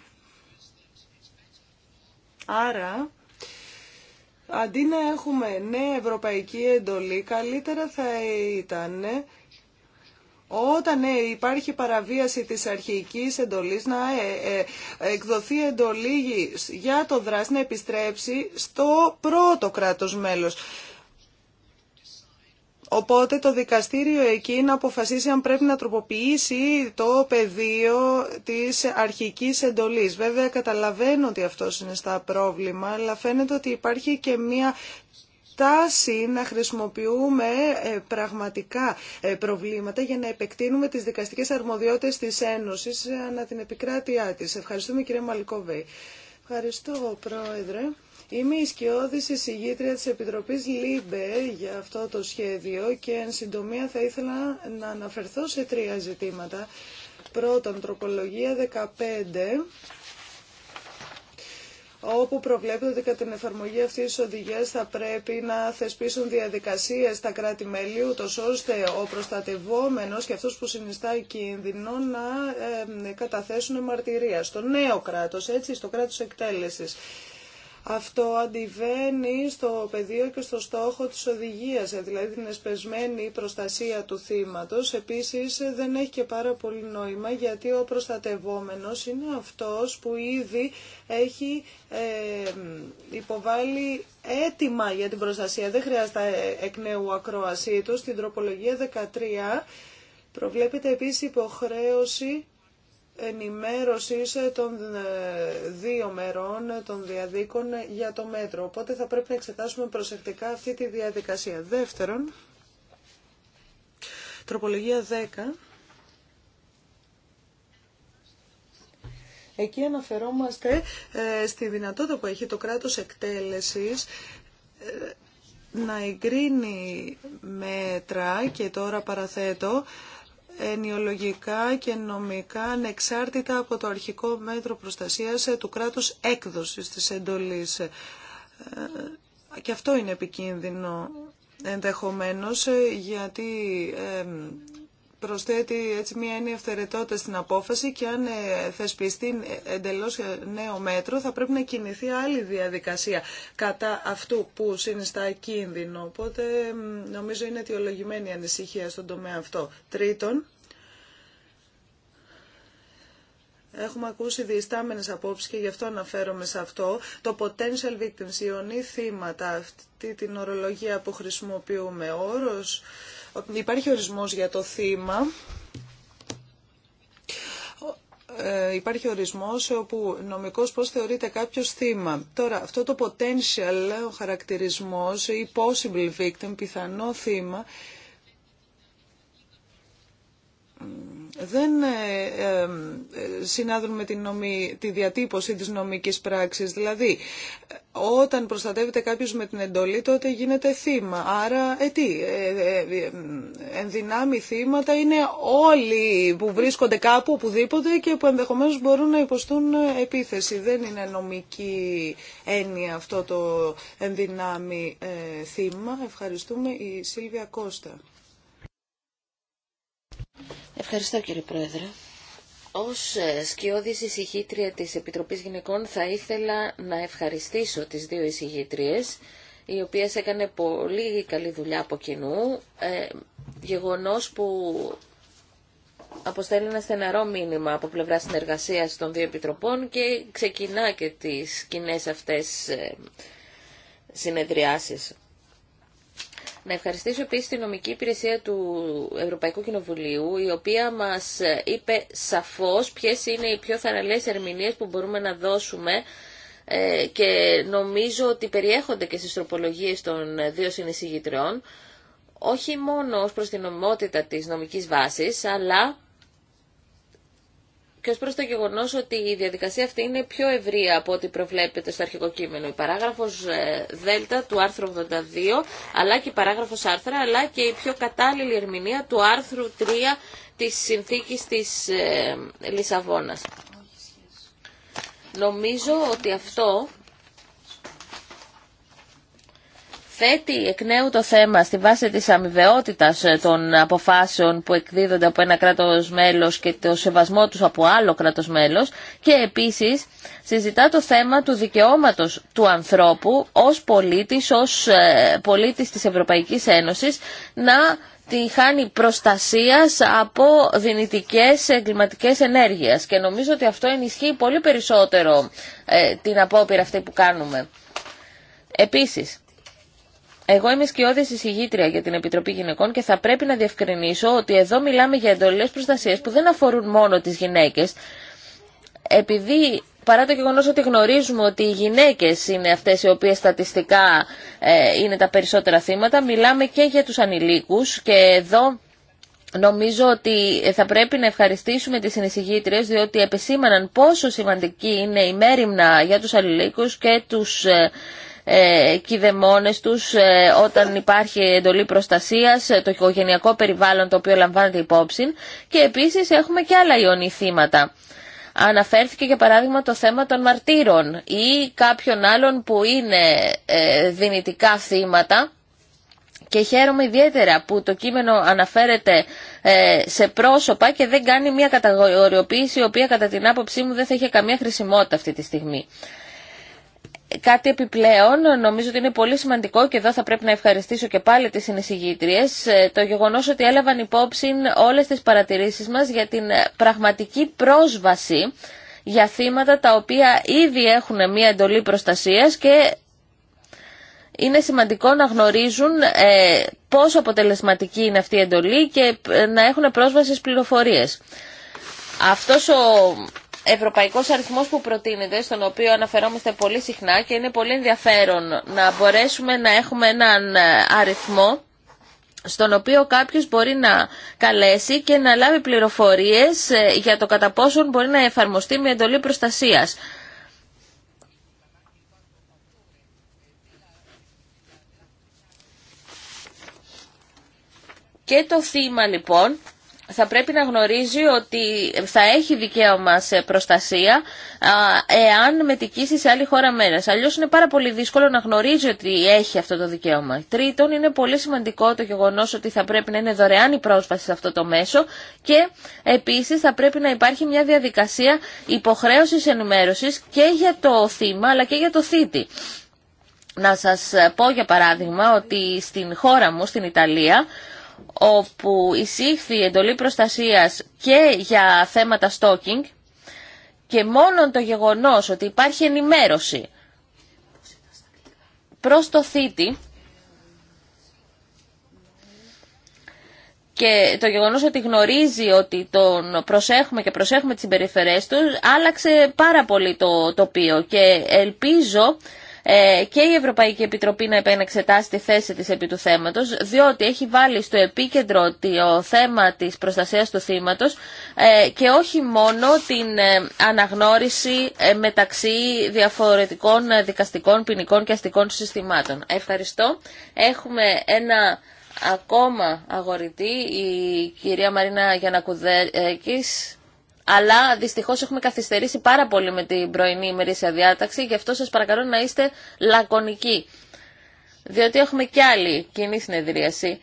Άρα, Αντί να έχουμε νέα ευρωπαϊκή εντολή, καλύτερα θα ήταν όταν ε, υπάρχει παραβίαση της αρχικής εντολής να ε, ε, εκδοθεί εντολή για το δράση να επιστρέψει στο πρώτο κράτος μέλος. Οπότε το δικαστήριο εκεί να αποφασίσει αν πρέπει να τροποποιήσει το πεδίο της αρχικής εντολής. Βέβαια καταλαβαίνω ότι αυτό είναι στα πρόβλημα, αλλά φαίνεται ότι υπάρχει και μία τάση να χρησιμοποιούμε ε, πραγματικά ε, προβλήματα για να επεκτείνουμε τις δικαστικές αρμοδιότητες της Ένωσης ε, ανά την επικράτειά της. Ευχαριστούμε κύριε Μαλικόβεϊ. Ευχαριστώ πρόεδρε. Είμαι η σκιώδης εισηγήτρια της Επιτροπής ΛΥΜΠΕ για αυτό το σχέδιο και εν συντομία θα ήθελα να αναφερθώ σε τρία ζητήματα. Πρώτον, τροπολογία 15 όπου προβλέπεται ότι κατά την εφαρμογή αυτής της οδηγίας θα πρέπει να θεσπίσουν διαδικασίες στα κράτη-μέλη, ούτως ώστε ο προστατευόμενος και αυτός που συνιστά κίνδυνο να καταθέσουν μαρτυρία στο νέο κράτος, έτσι, στο κράτος εκτέλεσης. Αυτό αντιβαίνει στο πεδίο και στο στόχο της οδηγίας, ε, δηλαδή την εσπεσμένη προστασία του θύματος. Επίσης ε, δεν έχει και πάρα πολύ νόημα γιατί ο προστατευόμενος είναι αυτός που ήδη έχει ε, υποβάλει έτοιμα για την προστασία. Δεν χρειάζεται εκ νέου ακροασή Στην τροπολογία 13 προβλέπεται επίσης υποχρέωση Ενημέρωση των ε, δύο μερών των διαδίκων για το μέτρο. Οπότε θα πρέπει να εξετάσουμε προσεκτικά αυτή τη διαδικασία. Δεύτερον, τροπολογία 10. Εκεί αναφερόμαστε ε, στη δυνατότητα που έχει το κράτος εκτέλεσης ε, να εγκρίνει μέτρα, και τώρα παραθέτω, ενιολογικά και νομικά ανεξάρτητα από το αρχικό μέτρο προστασίας ε, του κράτους έκδοσης της εντολής. Ε, και αυτό είναι επικίνδυνο ενδεχομένως ε, γιατί προσθέτει έτσι μία έννοια ευθερετότητα στην απόφαση και αν ε, θεσπιστεί ε, εντελώ ε, νέο μέτρο θα πρέπει να κινηθεί άλλη διαδικασία κατά αυτού που συνιστά κίνδυνο. Οπότε νομίζω είναι αιτιολογημένη η ανησυχία στον τομέα αυτό. Τρίτον, Έχουμε ακούσει διεστάμενες απόψεις και γι' αυτό αναφέρομαι σε αυτό. Το potential victims, οι θύματα, αυτή την ορολογία που χρησιμοποιούμε. όρο. Υπάρχει ορισμός για το θύμα. Ε, υπάρχει ορισμός όπου νομικός πώς θεωρείται κάποιο θύμα. Τώρα, αυτό το potential, ο χαρακτηρισμός ή possible victim, πιθανό θύμα, δεν ε, ε, συνάδουν με την νομή, τη διατύπωση της νομικής πράξης. Δηλαδή, όταν προστατεύεται κάποιος με την εντολή, τότε γίνεται θύμα. Άρα, ε, τι, ενδυνάμει θύματα είναι όλοι που βρίσκονται κάπου, οπουδήποτε και που ενδεχομένως μπορούν να υποστούν επίθεση. Δεν είναι νομική έννοια αυτό το ενδυνάμει θύμα. Ευχαριστούμε η Σίλβια Κώστα. Ευχαριστώ κύριε Πρόεδρε. Ως ε, σκιώδης εισηγήτρια της Επιτροπής Γυναικών θα ήθελα να ευχαριστήσω τις δύο εισηγήτριες οι οποίες έκανε πολύ καλή δουλειά από κοινού, ε, γεγονός που αποστέλει ένα στεναρό μήνυμα από πλευρά συνεργασίας των δύο επιτροπών και ξεκινά και τις κοινέ αυτές ε, συνεδριάσεις. Να ευχαριστήσω επίσης την νομική υπηρεσία του Ευρωπαϊκού Κοινοβουλίου, η οποία μας είπε σαφώς ποιες είναι οι πιο θαραλές ερμηνείες που μπορούμε να δώσουμε ε, και νομίζω ότι περιέχονται και στις τροπολογίες των δύο συνεισηγητριών, όχι μόνο ως προς την νομιμότητα της νομικής βάσης, αλλά και ω προ το γεγονό ότι η διαδικασία αυτή είναι πιο ευρεία από ό,τι προβλέπεται στο αρχικό κείμενο. Η παράγραφο ε, Δ του άρθρου 82, αλλά και η παράγραφο άρθρα, αλλά και η πιο κατάλληλη ερμηνεία του άρθρου 3 τη συνθήκη τη ε, Λισαβόνα. Νομίζω ότι αυτό θέτει εκ νέου το θέμα στη βάση της αμοιβαιότητας ε, των αποφάσεων που εκδίδονται από ένα κράτος μέλος και το σεβασμό τους από άλλο κράτος μέλος και επίσης συζητά το θέμα του δικαιώματος του ανθρώπου ως πολίτης, ως ε, πολίτης της Ευρωπαϊκής Ένωσης να τη χάνει προστασίας από δυνητικές εγκληματικές ενέργειες και νομίζω ότι αυτό ενισχύει πολύ περισσότερο ε, την απόπειρα αυτή που κάνουμε. Επίσης, εγώ είμαι σκιώδη εισηγήτρια για την Επιτροπή Γυναικών και θα πρέπει να διευκρινίσω ότι εδώ μιλάμε για εντολέ προστασία που δεν αφορούν μόνο τι γυναίκε, Επειδή παρά το γεγονό ότι γνωρίζουμε ότι οι γυναίκε είναι αυτέ οι οποίε στατιστικά ε, είναι τα περισσότερα θύματα, μιλάμε και για του ανηλίκου και εδώ. Νομίζω ότι θα πρέπει να ευχαριστήσουμε τις συνεισηγήτριες διότι επισήμαναν πόσο σημαντική είναι η μέρημνα για τους αλληλίκους και τους ε, ε, δαιμόνες τους ε, όταν υπάρχει εντολή προστασίας, ε, το οικογενειακό περιβάλλον το οποίο λαμβάνεται υπόψη και επίσης έχουμε και άλλα ιονή θύματα. Αναφέρθηκε για παράδειγμα το θέμα των μαρτύρων ή κάποιων άλλων που είναι δυνητικά θύματα και χαίρομαι ιδιαίτερα που το κείμενο αναφέρεται σε πρόσωπα και δεν κάνει μια καταγοριοποίηση η οποία κατά την άποψή μου δεν θα είχε καμία χρησιμότητα αυτή τη στιγμή κάτι επιπλέον, νομίζω ότι είναι πολύ σημαντικό και εδώ θα πρέπει να ευχαριστήσω και πάλι τις συνεισηγήτριες, ε, το γεγονός ότι έλαβαν υπόψη όλες τις παρατηρήσεις μας για την πραγματική πρόσβαση για θύματα τα οποία ήδη έχουν μία εντολή προστασίας και είναι σημαντικό να γνωρίζουν ε, πόσο αποτελεσματική είναι αυτή η εντολή και ε, να έχουν πρόσβαση στις πληροφορίες. Αυτός ο ευρωπαϊκός αριθμός που προτείνεται, στον οποίο αναφερόμαστε πολύ συχνά και είναι πολύ ενδιαφέρον να μπορέσουμε να έχουμε έναν ε, αριθμό στον οποίο κάποιος μπορεί να καλέσει και να λάβει πληροφορίες ε, για το κατά πόσον μπορεί να εφαρμοστεί μια εντολή προστασίας. Και το θύμα λοιπόν θα πρέπει να γνωρίζει ότι θα έχει δικαίωμα σε προστασία εάν μετικήσει σε άλλη χώρα μέρα. Αλλιώ είναι πάρα πολύ δύσκολο να γνωρίζει ότι έχει αυτό το δικαίωμα. Τρίτον, είναι πολύ σημαντικό το γεγονό ότι θα πρέπει να είναι δωρεάν η πρόσβαση σε αυτό το μέσο και επίση θα πρέπει να υπάρχει μια διαδικασία υποχρέωση ενημέρωση και για το θύμα αλλά και για το θήτη. Να σας πω για παράδειγμα ότι στην χώρα μου, στην Ιταλία, όπου εισήχθη η εντολή προστασίας και για θέματα stalking και μόνο το γεγονός ότι υπάρχει ενημέρωση προς το θήτη και το γεγονός ότι γνωρίζει ότι τον προσέχουμε και προσέχουμε τις συμπεριφερές του άλλαξε πάρα πολύ το τοπίο και ελπίζω ε, και η Ευρωπαϊκή Επιτροπή να επανεξετάσει τη θέση της επί του θέματος, διότι έχει βάλει στο επίκεντρο το θέμα της προστασίας του θύματος ε, και όχι μόνο την ε, αναγνώριση μεταξύ διαφορετικών δικαστικών, ποινικών και αστικών συστημάτων. Ευχαριστώ. Έχουμε ένα ακόμα αγορητή, η κυρία Μαρίνα Γιανακουδέκης αλλά δυστυχώς έχουμε καθυστερήσει πάρα πολύ με την πρωινή ημερήσια διάταξη, γι' αυτό σας παρακαλώ να είστε λακωνικοί, διότι έχουμε κι άλλη κοινή συνεδρίαση.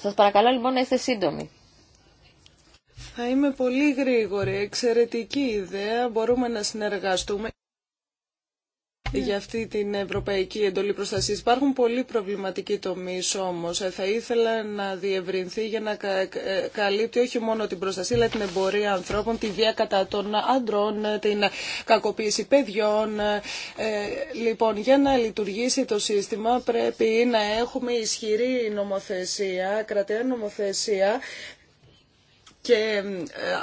Σας παρακαλώ λοιπόν να είστε σύντομοι. Θα είμαι πολύ γρήγορη, εξαιρετική ιδέα, μπορούμε να συνεργαστούμε. Ναι. για αυτή την Ευρωπαϊκή Εντολή Προστασίας. Υπάρχουν πολλοί προβληματικοί τομείς όμως. Ε, θα ήθελα να διευρυνθεί για να ε, καλύπτει όχι μόνο την προστασία αλλά την εμπορία ανθρώπων, τη βία κατά των αντρών, ε, την κακοποίηση παιδιών. Λοιπόν, για να λειτουργήσει το σύστημα πρέπει να έχουμε ισχυρή νομοθεσία, κρατέα νομοθεσία και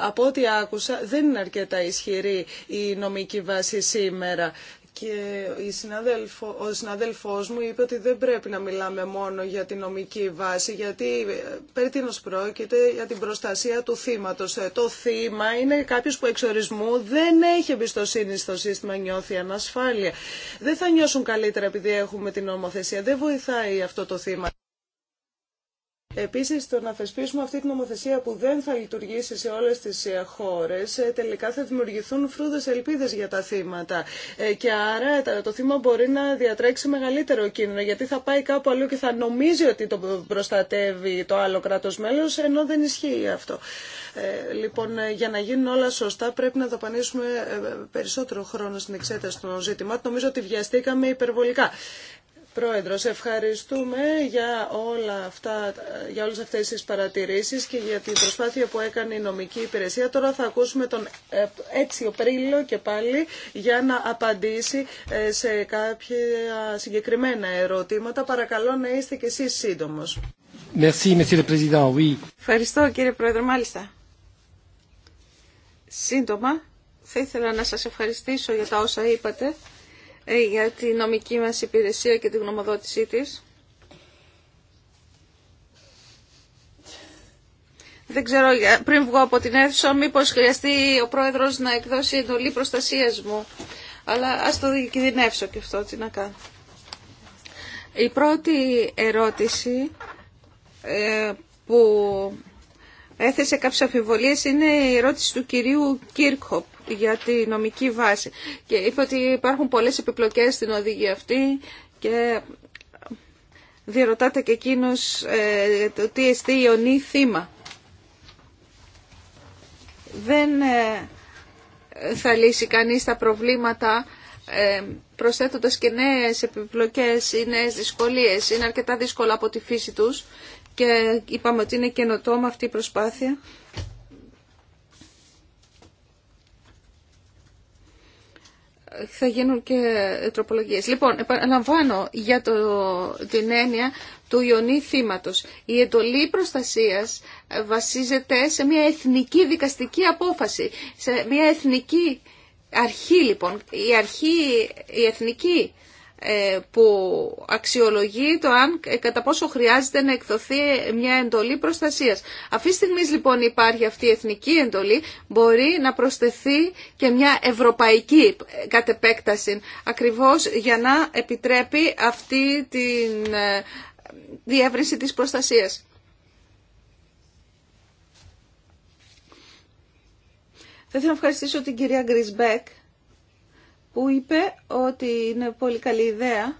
από ό,τι άκουσα δεν είναι αρκετά ισχυρή η νομική βάση σήμερα και η συναδέλφο, ο συναδέλφός μου είπε ότι δεν πρέπει να μιλάμε μόνο για την νομική βάση, γιατί ε, περί τίνος πρόκειται για την προστασία του θύματος. Ε, το θύμα είναι κάποιος που ορισμού δεν έχει εμπιστοσύνη στο σύστημα, νιώθει ανασφάλεια. Δεν θα νιώσουν καλύτερα επειδή έχουμε την νομοθεσία. Δεν βοηθάει αυτό το θύμα. Επίση, το να θεσπίσουμε αυτή την νομοθεσία που δεν θα λειτουργήσει σε όλε τι ε, χώρε, ε, τελικά θα δημιουργηθούν φρούδε ελπίδε για τα θύματα. Ε, και άρα το θύμα μπορεί να διατρέξει μεγαλύτερο κίνδυνο, γιατί θα πάει κάπου αλλού και θα νομίζει ότι το προστατεύει το άλλο κράτος μέλος, ενώ δεν ισχύει αυτό. Λοιπόν, για να γίνουν όλα σωστά πρέπει να δαπανίσουμε περισσότερο χρόνο στην εξέταση των ζήτημάτων. Νομίζω ότι βιαστήκαμε υπερβολικά. Πρόεδρος, ευχαριστούμε για, όλα αυτά, για όλες αυτές τις παρατηρήσεις και για την προσπάθεια που έκανε η νομική υπηρεσία. Τώρα θα ακούσουμε τον 6ο ε, Πρίλο και πάλι για να απαντήσει ε, σε κάποια συγκεκριμένα ερωτήματα. Παρακαλώ να είστε και εσείς σύντομος. Ευχαριστώ κύριε Πρόεδρο, μάλιστα. Σύντομα, θα ήθελα να σας ευχαριστήσω για τα όσα είπατε. Ε, για τη νομική μας υπηρεσία και τη γνωμοδότησή της. Δεν ξέρω, πριν βγω από την αίθουσα, μήπως χρειαστεί ο πρόεδρος να εκδώσει εντολή προστασίας μου. Αλλά ας το κινδυνεύσω και αυτό, τι να κάνω. Η πρώτη ερώτηση ε, που έθεσε κάποιες αφιβολίες είναι η ερώτηση του κυρίου Κίρκοπ για τη νομική βάση. Και είπε ότι υπάρχουν πολλές επιπλοκές στην οδηγία αυτή και διερωτάται και εκείνος ε, το τι εστί ιονή θύμα. Δεν ε, θα λύσει κανείς τα προβλήματα ε, προσθέτοντας και νέες επιπλοκές ή νέες δυσκολίες. Είναι αρκετά δύσκολα από τη φύση τους και είπαμε ότι είναι καινοτόμα αυτή η προσπάθεια. θα γίνουν και τροπολογίες. Λοιπόν, επαναλαμβάνω για το, την έννοια του Ιωνί θύματος. Η εντολή προστασίας βασίζεται σε μια εθνική δικαστική απόφαση, σε μια εθνική αρχή λοιπόν. Η αρχή, η εθνική ε, που αξιολογεί το αν ε, κατά πόσο χρειάζεται να εκδοθεί μια εντολή προστασίας. Αυτή τη στιγμή λοιπόν υπάρχει αυτή η εθνική εντολή, μπορεί να προσθεθεί και μια ευρωπαϊκή ε, κατ' επέκταση, ακριβώς για να επιτρέπει αυτή τη διεύρυνση της προστασίας. Θα ήθελα να ευχαριστήσω την κυρία Γκρισμπέκ που είπε ότι είναι πολύ καλή ιδέα.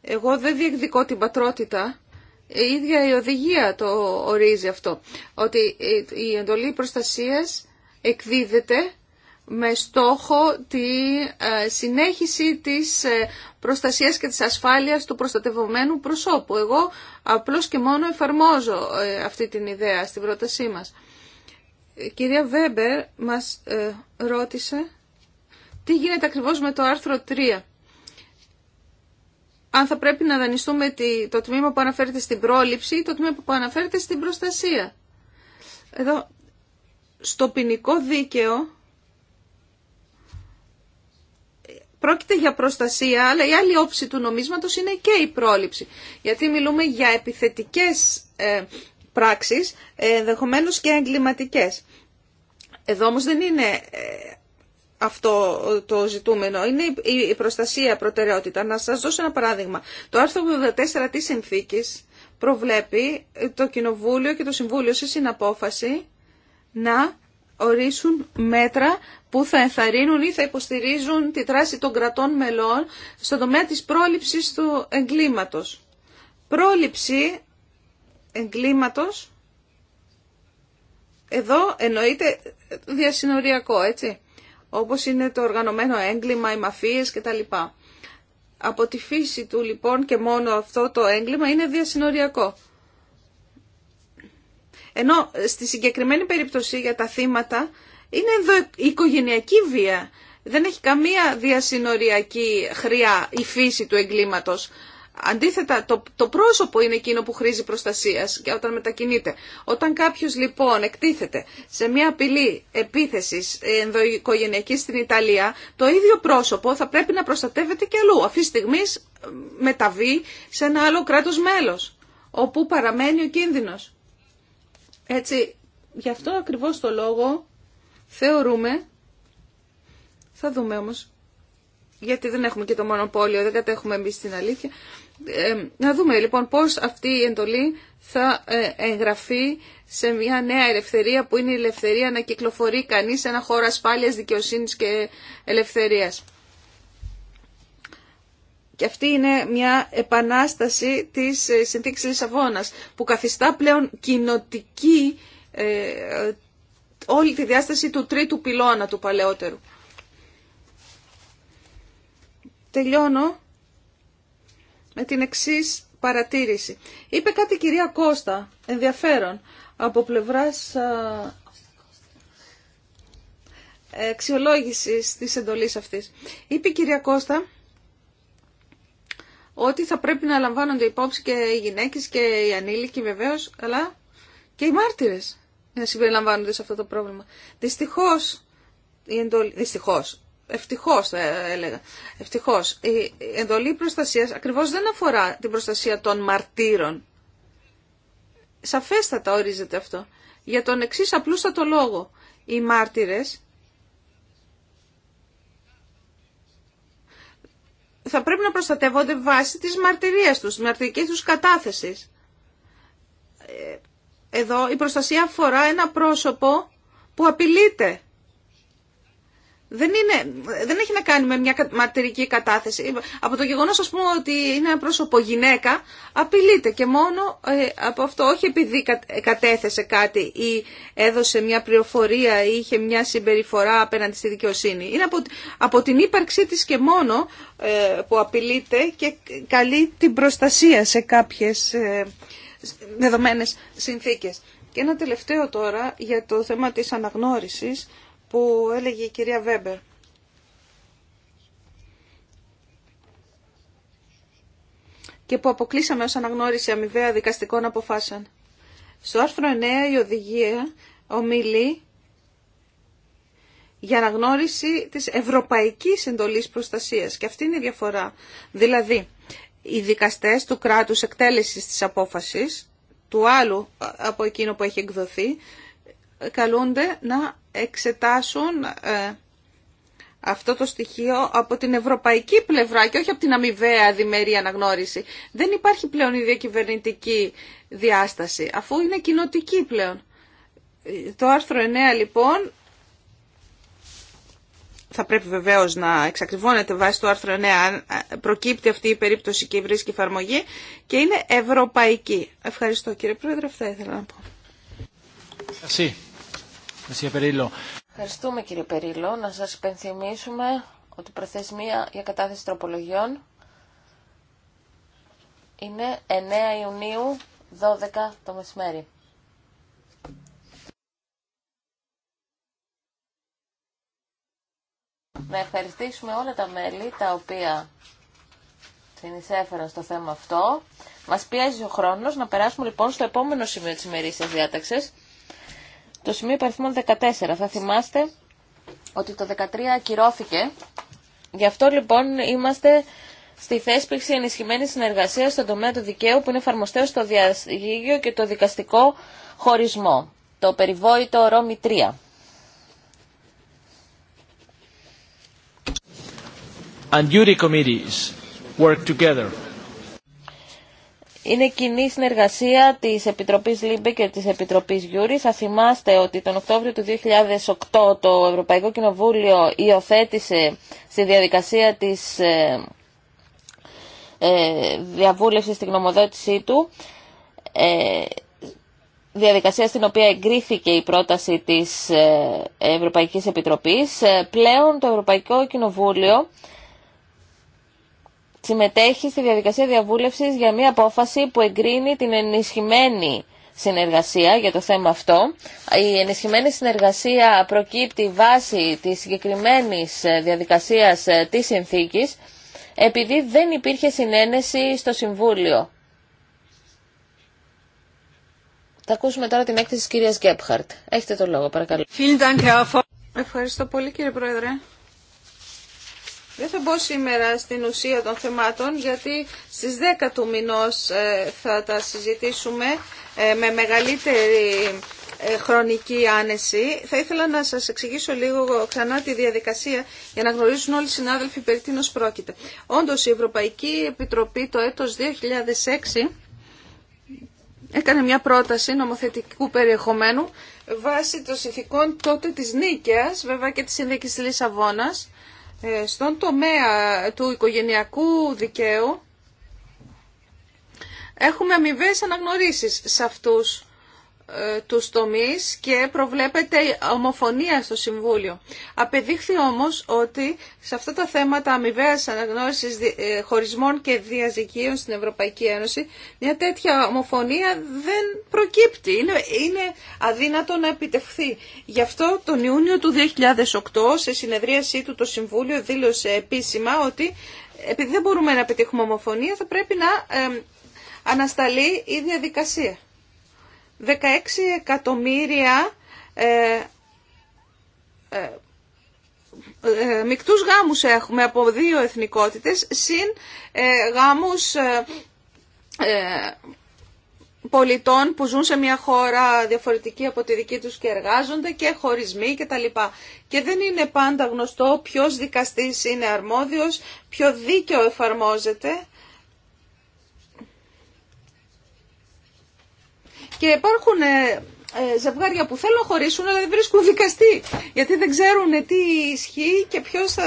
Εγώ δεν διεκδικώ την πατρότητα. Η ίδια η οδηγία το ορίζει αυτό. Ότι η εντολή προστασίας εκδίδεται με στόχο τη ε, συνέχιση της ε, προστασίας και της ασφάλειας του προστατευομένου προσώπου. Εγώ απλώς και μόνο εφαρμόζω ε, αυτή την ιδέα στην πρότασή μας. Η κυρία Βέμπερ μας ρώτησε τι γίνεται ακριβώς με το άρθρο 3. Αν θα πρέπει να δανειστούμε το τμήμα που αναφέρεται στην πρόληψη ή το τμήμα που αναφέρεται στην προστασία. Εδώ, στο ποινικό δίκαιο, πρόκειται για προστασία, αλλά η άλλη όψη του νομίσματος είναι και η πρόληψη. Γιατί μιλούμε για επιθετικές ε, πράξεις, ε, ενδεχομένω και εγκληματικές. Εδώ όμως δεν είναι ε, αυτό το ζητούμενο. Είναι η προστασία προτεραιότητα. Να σας δώσω ένα παράδειγμα. Το άρθρο 84 της συνθήκης προβλέπει το Κοινοβούλιο και το Συμβούλιο σε συναπόφαση να ορίσουν μέτρα που θα ενθαρρύνουν ή θα υποστηρίζουν τη τράση των κρατών μελών στον τομέα της πρόληψης του εγκλήματος. Πρόληψη εγκλήματος εδώ εννοείται διασυνοριακό, έτσι όπως είναι το οργανωμένο έγκλημα, οι μαφίες κτλ. Από τη φύση του λοιπόν και μόνο αυτό το έγκλημα είναι διασυνοριακό. Ενώ στη συγκεκριμένη περίπτωση για τα θύματα είναι εδώ οικογενειακή βία. Δεν έχει καμία διασυνοριακή χρειά η φύση του εγκλήματος. Αντίθετα, το, το πρόσωπο είναι εκείνο που χρήζει προστασίας και όταν μετακινείται. Όταν κάποιο λοιπόν εκτίθεται σε μια απειλή επίθεση ενδοοικογενειακή στην Ιταλία, το ίδιο πρόσωπο θα πρέπει να προστατεύεται και αλλού. Αυτή τη στιγμή ε, μεταβεί σε ένα άλλο κράτος μέλος, όπου παραμένει ο κίνδυνος. Έτσι, γι' αυτό ακριβώ το λόγο θεωρούμε, θα δούμε όμω, γιατί δεν έχουμε και το μονοπόλιο, δεν κατέχουμε εμεί την αλήθεια, ε, να δούμε λοιπόν πώς αυτή η εντολή θα ε, εγγραφεί σε μια νέα ελευθερία που είναι η ελευθερία να κυκλοφορεί κανείς σε ένα χώρο ασφάλειας, δικαιοσύνης και ελευθερίας. Και αυτή είναι μια επανάσταση της ε, συνθήκης Λισαβόνας που καθιστά πλέον κοινοτική όλη τη διάσταση του τρίτου πυλώνα του παλαιότερου. Τελειώνω με την εξής παρατήρηση. Είπε κάτι η κυρία Κώστα, ενδιαφέρον, από πλευράς αξιολόγηση της εντολής αυτής. Είπε η κυρία Κώστα ότι θα πρέπει να λαμβάνονται υπόψη και οι γυναίκες και οι ανήλικοι βεβαίως, αλλά και οι μάρτυρες να συμπεριλαμβάνονται σε αυτό το πρόβλημα. Δυστυχώς, η εντολή, δυστυχώς, Ευτυχώς θα έλεγα. Ευτυχώς. Η εντολή προστασία ακριβώς δεν αφορά την προστασία των μαρτύρων. Σαφέστατα ορίζεται αυτό. Για τον εξής απλούστατο λόγο. Οι μάρτυρες θα πρέπει να προστατεύονται βάσει της μαρτυρίας τους, της μαρτυρικής τους κατάθεσης. Ε, εδώ η προστασία αφορά ένα πρόσωπο που απειλείται δεν, είναι, δεν έχει να κάνει με μια μαρτυρική κατάθεση. Από το γεγονός ας πούμε ότι είναι ένα πρόσωπο γυναίκα απειλείται και μόνο ε, από αυτό όχι επειδή κατέθεσε κάτι ή έδωσε μια πληροφορία ή είχε μια συμπεριφορά απέναντι στη δικαιοσύνη. Είναι από, από την ύπαρξή της και μόνο ε, που απειλείται και καλεί την προστασία σε κάποιες ε, δεδομένες συνθήκες. Και ένα τελευταίο τώρα για το θέμα της αναγνώρισης που έλεγε η κυρία Βέμπερ. και που αποκλείσαμε ως αναγνώριση αμοιβαία δικαστικών αποφάσεων. Στο άρθρο 9 η οδηγία ομιλεί για αναγνώριση της ευρωπαϊκής εντολής προστασίας και αυτή είναι η διαφορά. Δηλαδή, οι δικαστές του κράτους εκτέλεσης της απόφασης του άλλου ε, από εκείνο που έχει εκδοθεί καλούνται να εξετάσουν ε, αυτό το στοιχείο από την ευρωπαϊκή πλευρά και όχι από την αμοιβαία διμερή αναγνώριση. Δεν υπάρχει πλέον η διακυβερνητική διάσταση, αφού είναι κοινοτική πλέον. Το άρθρο 9 λοιπόν θα πρέπει βεβαίως να εξακριβώνεται βάσει το άρθρο 9 αν ε, προκύπτει αυτή η περίπτωση και βρίσκει εφαρμογή και είναι ευρωπαϊκή. Ευχαριστώ κύριε Πρόεδρε, αυτά ήθελα να πω. Ευχαριστούμε κύριε Περίλο. Να σας υπενθυμίσουμε ότι η προθεσμία για κατάθεση τροπολογιών είναι 9 Ιουνίου 12 το μεσημέρι. Να ευχαριστήσουμε όλα τα μέλη τα οποία συνεισέφεραν στο θέμα αυτό. Μας πιέζει ο χρόνος να περάσουμε λοιπόν στο επόμενο σημείο της ημερήσιας διάταξης. Το σημείο υπαριθμών 14. Θα θυμάστε ότι το 13 ακυρώθηκε. Γι' αυτό λοιπόν είμαστε στη θέσπιξη ενισχυμένη συνεργασία στον τομέα του δικαίου που είναι εφαρμοστέο στο διαγύγιο και το δικαστικό χωρισμό. Το περιβόητο Ρώμη 3. And jury committees work together είναι κοινή συνεργασία της Επιτροπής ΛΥΜΠΕ και της Επιτροπής Γιούρη. Θα θυμάστε ότι τον Οκτώβριο του 2008 το Ευρωπαϊκό Κοινοβούλιο υιοθέτησε στη διαδικασία της ε, ε, διαβούλευσης στην γνωμοδότησή του ε, διαδικασία στην οποία εγκρίθηκε η πρόταση της Ευρωπαϊκής Επιτροπής. Πλέον το Ευρωπαϊκό Κοινοβούλιο συμμετέχει στη διαδικασία διαβούλευσης για μια απόφαση που εγκρίνει την ενισχυμένη συνεργασία για το θέμα αυτό. Η ενισχυμένη συνεργασία προκύπτει βάσει της συγκεκριμένης διαδικασίας της συνθήκης επειδή δεν υπήρχε συνένεση στο Συμβούλιο. Θα ακούσουμε τώρα την έκθεση της κυρίας Γκέπχαρτ. Έχετε το λόγο, παρακαλώ. Ευχαριστώ πολύ κύριε Πρόεδρε. Δεν θα μπω σήμερα στην ουσία των θεμάτων γιατί στις 10 του μηνός ε, θα τα συζητήσουμε ε, με μεγαλύτερη ε, χρονική άνεση. Θα ήθελα να σας εξηγήσω λίγο ξανά τη διαδικασία για να γνωρίζουν όλοι οι συνάδελφοι περί τίνος πρόκειται. Όντως η Ευρωπαϊκή Επιτροπή το έτος 2006 έκανε μια πρόταση νομοθετικού περιεχομένου βάσει των συνθηκών τότε της Νίκαιας, βέβαια και της Συνδίκης της Λισαβόνας, ε, στον τομέα του οικογενειακού δικαίου έχουμε αμοιβέ αναγνωρίσεις σε αυτούς ε, τους τομείς και προβλέπεται ομοφωνία στο Συμβούλιο. Απεδείχθη όμως ότι σε αυτά τα θέματα αμοιβαία αναγνώρισης ε, χωρισμών και διαζυγίων στην Ευρωπαϊκή Ένωση μια τέτοια ομοφωνία δεν προκύπτει. Είναι, είναι αδύνατο να επιτευχθεί. Γι' αυτό τον Ιούνιο του 2008 σε συνεδρίασή του το Συμβούλιο δήλωσε επίσημα ότι επειδή δεν μπορούμε να πετύχουμε ομοφωνία θα πρέπει να ε, ανασταλεί η διαδικασία. 16 εκατομμύρια ε, ε, ε μικτούς γάμους έχουμε από δύο εθνικότητες συν ε, γάμους ε, ε, πολιτών που ζουν σε μια χώρα διαφορετική από τη δική τους και εργάζονται και χωρισμοί και τα Και δεν είναι πάντα γνωστό ποιος δικαστής είναι αρμόδιος, ποιο δίκαιο εφαρμόζεται Και υπάρχουν ε, ε, ζευγάρια που θέλουν να χωρίσουν αλλά δεν βρίσκουν δικαστή γιατί δεν ξέρουν τι ισχύει και ποιος θα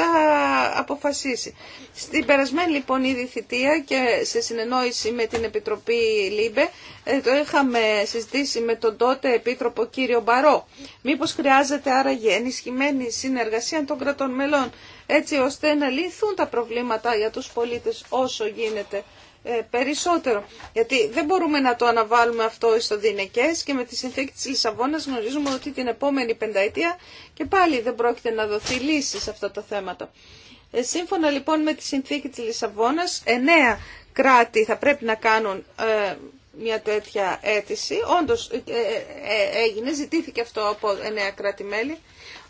αποφασίσει. Στην περασμένη λοιπόν η θητεία και σε συνεννόηση με την Επιτροπή ΛΥΜΠΕ ε, το είχαμε συζητήσει με τον τότε Επίτροπο κύριο Μπαρό. Μήπως χρειάζεται άραγε ενισχυμένη συνεργασία των κρατών μελών έτσι ώστε να λυθούν τα προβλήματα για τους πολίτες όσο γίνεται ε, περισσότερο. Γιατί δεν μπορούμε να το αναβάλουμε αυτό στο δινεκές και με τη συνθήκη της Λισαβόνας γνωρίζουμε ότι την επόμενη πενταετία και πάλι δεν πρόκειται να δοθεί λύση σε αυτά τα θέματα. Ε, σύμφωνα λοιπόν με τη συνθήκη της Λισαβόνας, εννέα κράτη θα πρέπει να κάνουν ε, μια τέτοια αίτηση. Όντως έγινε, ζητήθηκε αυτό από εννέα κράτη-μέλη.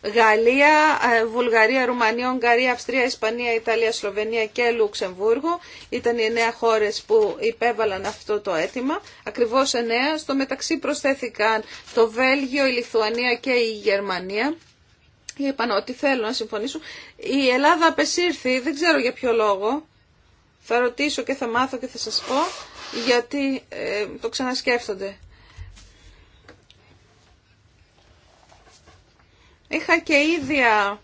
Γαλλία, ε, Βουλγαρία, Ρουμανία, Ουγγαρία, Αυστρία, Ισπανία, Ιταλία, Σλοβενία και Λουξεμβούργο. Ήταν οι εννέα χώρες που υπέβαλαν αυτό το αίτημα. Ακριβώς εννέα. Στο μεταξύ προσθέθηκαν το Βέλγιο, η Λιθουανία και η Γερμανία. Είπαν ότι θέλω να συμφωνήσουν. Η Ελλάδα απεσύρθη, δεν ξέρω για ποιο λόγο. Θα ρωτήσω και θα μάθω και θα σα πω γιατί ε, το ξανασκέφτονται. Είχα και ίδια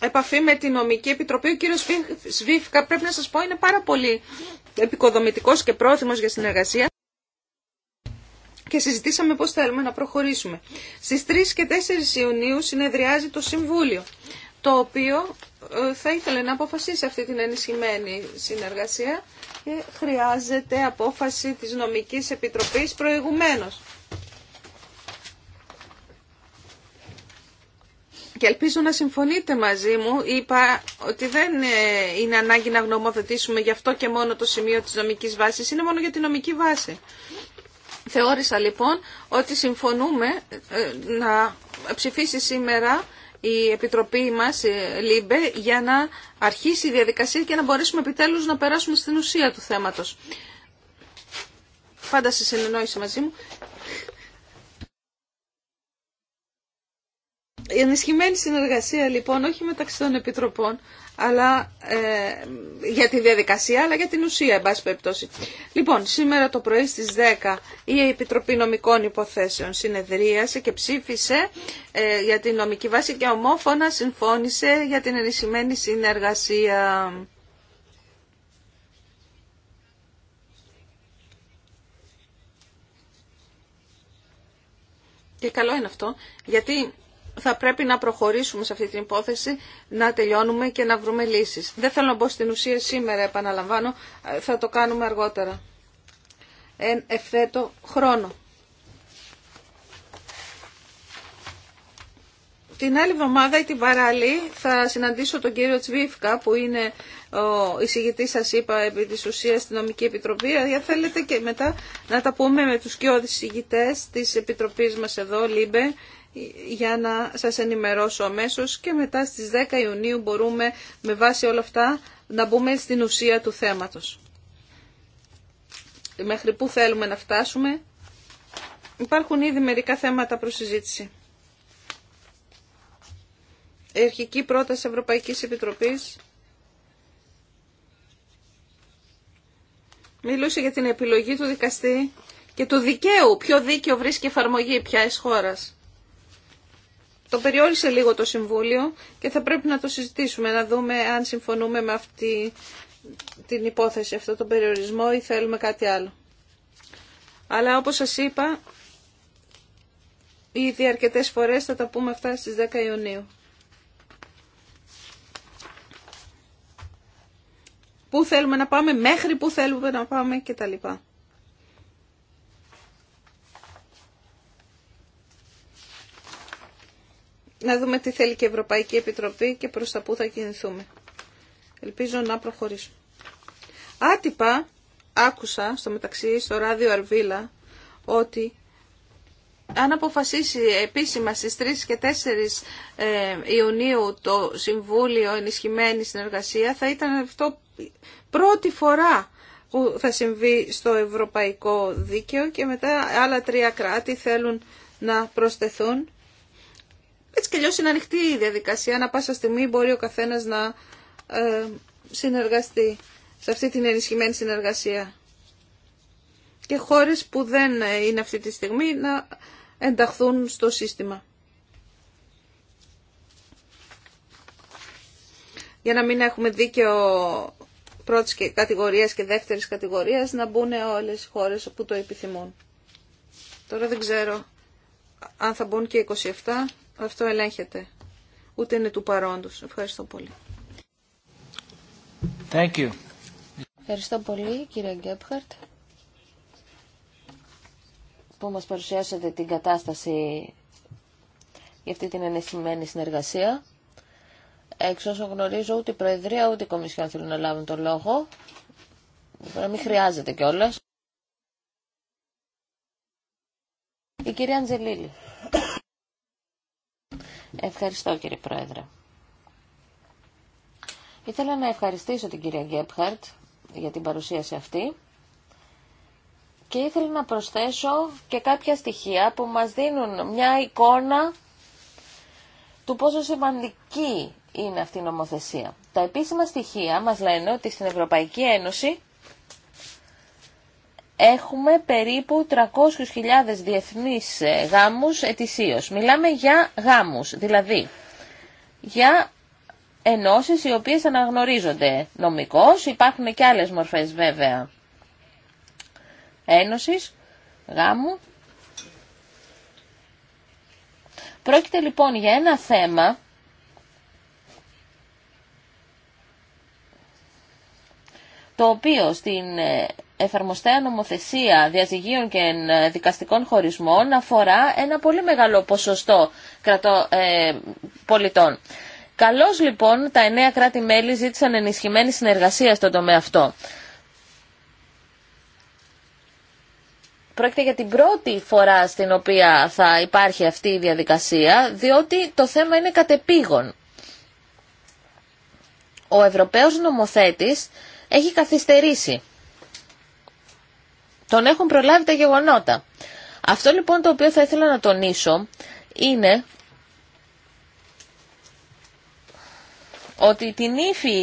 επαφή με την νομική επιτροπή. Ο κύριος Σβίφκα πρέπει να σας πω είναι πάρα πολύ επικοδομητικός και πρόθυμος για συνεργασία και συζητήσαμε πώς θέλουμε να προχωρήσουμε. Στις 3 και 4 Ιουνίου συνεδριάζει το Συμβούλιο, το οποίο ε, θα ήθελε να αποφασίσει αυτή την ενισχυμένη συνεργασία και χρειάζεται απόφαση της νομικής επιτροπής προηγουμένως. και ελπίζω να συμφωνείτε μαζί μου, είπα ότι δεν ε, είναι ανάγκη να γνωμοθετήσουμε γι' αυτό και μόνο το σημείο της νομικής βάσης, είναι μόνο για τη νομική βάση. Θεώρησα λοιπόν ότι συμφωνούμε ε, να ψηφίσει σήμερα η Επιτροπή μας, η ε, ΛΥΜΠΕ, για να αρχίσει η διαδικασία και να μπορέσουμε επιτέλους να περάσουμε στην ουσία του θέματος. Πάντα σε συνεννόηση μαζί μου Η ενισχυμένη συνεργασία λοιπόν όχι μεταξύ των επιτροπών αλλά ε, για τη διαδικασία αλλά για την ουσία εν πάση Λοιπόν, σήμερα το πρωί στις 10 η Επιτροπή Νομικών Υποθέσεων συνεδρίασε και ψήφισε ε, για την νομική βάση και ομόφωνα συμφώνησε για την ενισχυμένη συνεργασία. Και καλό είναι αυτό, γιατί θα πρέπει να προχωρήσουμε σε αυτή την υπόθεση, να τελειώνουμε και να βρούμε λύσεις. Δεν θέλω να μπω στην ουσία σήμερα, επαναλαμβάνω, ε, θα το κάνουμε αργότερα. Εν ευθέτω χρόνο. Την άλλη εβδομάδα ή την παράλληλη θα συναντήσω τον κύριο Τσβίφκα που είναι ο εισηγητής σας είπα επί της ουσίας στην Νομική Επιτροπή. Αν θέλετε και μετά να τα πούμε με τους κοιόδης εισηγητές της Επιτροπής μας εδώ, Λίμπε, για να σας ενημερώσω αμέσως και μετά στις 10 Ιουνίου μπορούμε με βάση όλα αυτά να μπούμε στην ουσία του θέματος. Μέχρι πού θέλουμε να φτάσουμε. Υπάρχουν ήδη μερικά θέματα προς συζήτηση. Ερχική πρόταση Ευρωπαϊκής Επιτροπής μιλούσε για την επιλογή του δικαστή και του δικαίου. Ποιο δίκαιο βρίσκει εφαρμογή ποια χώρας. Το περιόρισε λίγο το Συμβούλιο και θα πρέπει να το συζητήσουμε, να δούμε αν συμφωνούμε με αυτή την υπόθεση, αυτό τον περιορισμό ή θέλουμε κάτι άλλο. Αλλά όπως σας είπα, ήδη αρκετές φορές θα τα πούμε αυτά στις 10 Ιουνίου. Πού θέλουμε να πάμε, μέχρι πού θέλουμε να πάμε κτλ. να δούμε τι θέλει και η Ευρωπαϊκή Επιτροπή και προς τα που θα κινηθούμε. Ελπίζω να προχωρήσουμε. Άτυπα άκουσα στο μεταξύ στο ράδιο Αρβίλα ότι αν αποφασίσει επίσημα στις 3 και 4 ε, Ιουνίου το Συμβούλιο Ενισχυμένη Συνεργασία θα ήταν αυτό πρώτη φορά που θα συμβεί στο ευρωπαϊκό δίκαιο και μετά άλλα τρία κράτη θέλουν να προσθεθούν έτσι κι αλλιώς είναι ανοιχτή η διαδικασία, ανά πάσα στιγμή μπορεί ο καθένας να ε, συνεργαστεί σε αυτή την ενισχυμένη συνεργασία. Και χώρες που δεν είναι αυτή τη στιγμή να ενταχθούν στο σύστημα. Για να μην έχουμε δίκαιο πρώτης κατηγορίας και δεύτερης κατηγορίας να μπουν όλες οι χώρες που το επιθυμούν. Τώρα δεν ξέρω αν θα μπουν και 27. Αυτό ελέγχεται. Ούτε είναι του παρόντος. Ευχαριστώ πολύ. Thank you. Ευχαριστώ πολύ κύριε Γκέπχαρτ που μας παρουσιάσατε την κατάσταση για αυτή την ενισχυμένη συνεργασία. Εξ όσο γνωρίζω, ούτε η Προεδρία ούτε η Κομισιόν θέλουν να λάβουν τον λόγο. Να μην χρειάζεται κιόλα. Η κυρία Αντζελίλη. Ευχαριστώ κύριε Πρόεδρε. Ήθελα να ευχαριστήσω την κυρία Γκέπχαρτ για την παρουσίαση αυτή και ήθελα να προσθέσω και κάποια στοιχεία που μας δίνουν μια εικόνα του πόσο σημαντική είναι αυτή η νομοθεσία. Τα επίσημα στοιχεία μας λένε ότι στην Ευρωπαϊκή Ένωση έχουμε περίπου 300.000 διεθνείς ε, γάμους ετησίως. Μιλάμε για γάμους, δηλαδή για ενώσεις οι οποίες αναγνωρίζονται νομικώς. Υπάρχουν και άλλες μορφές βέβαια ένωσης, γάμου. Πρόκειται λοιπόν για ένα θέμα το οποίο στην ε, εφαρμοστέα νομοθεσία διαζυγίων και ε, δικαστικών χωρισμών αφορά ένα πολύ μεγάλο ποσοστό κρατώ, ε, πολιτών. Καλώς λοιπόν τα εννέα κράτη-μέλη ζήτησαν ενισχυμένη συνεργασία στον τομέα αυτό. Πρόκειται για την πρώτη φορά στην οποία θα υπάρχει αυτή η διαδικασία, διότι το θέμα είναι κατεπήγον. Ο Ευρωπαίος νομοθέτης έχει καθυστερήσει. Τον έχουν προλάβει τα γεγονότα. Αυτό λοιπόν το οποίο θα ήθελα να τονίσω είναι ότι την ύφη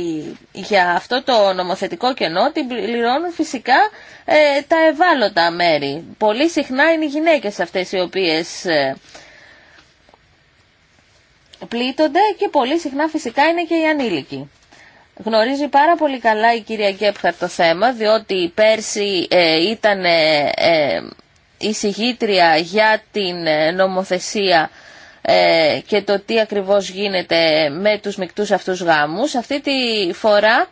για αυτό το νομοθετικό κενό την πληρώνουν φυσικά ε, τα ευάλωτα μέρη. Πολύ συχνά είναι οι γυναίκες αυτές οι οποίες ε, πλήττονται και πολύ συχνά φυσικά είναι και οι ανήλικοι. Γνωρίζει πάρα πολύ καλά η κυρία Γκέπχαρ το θέμα, διότι πέρσι ε, ήταν ε, η εισηγήτρια για την ε, νομοθεσία ε, και το τι ακριβώς γίνεται με τους μικτούς αυτούς γάμους. Αυτή τη φορά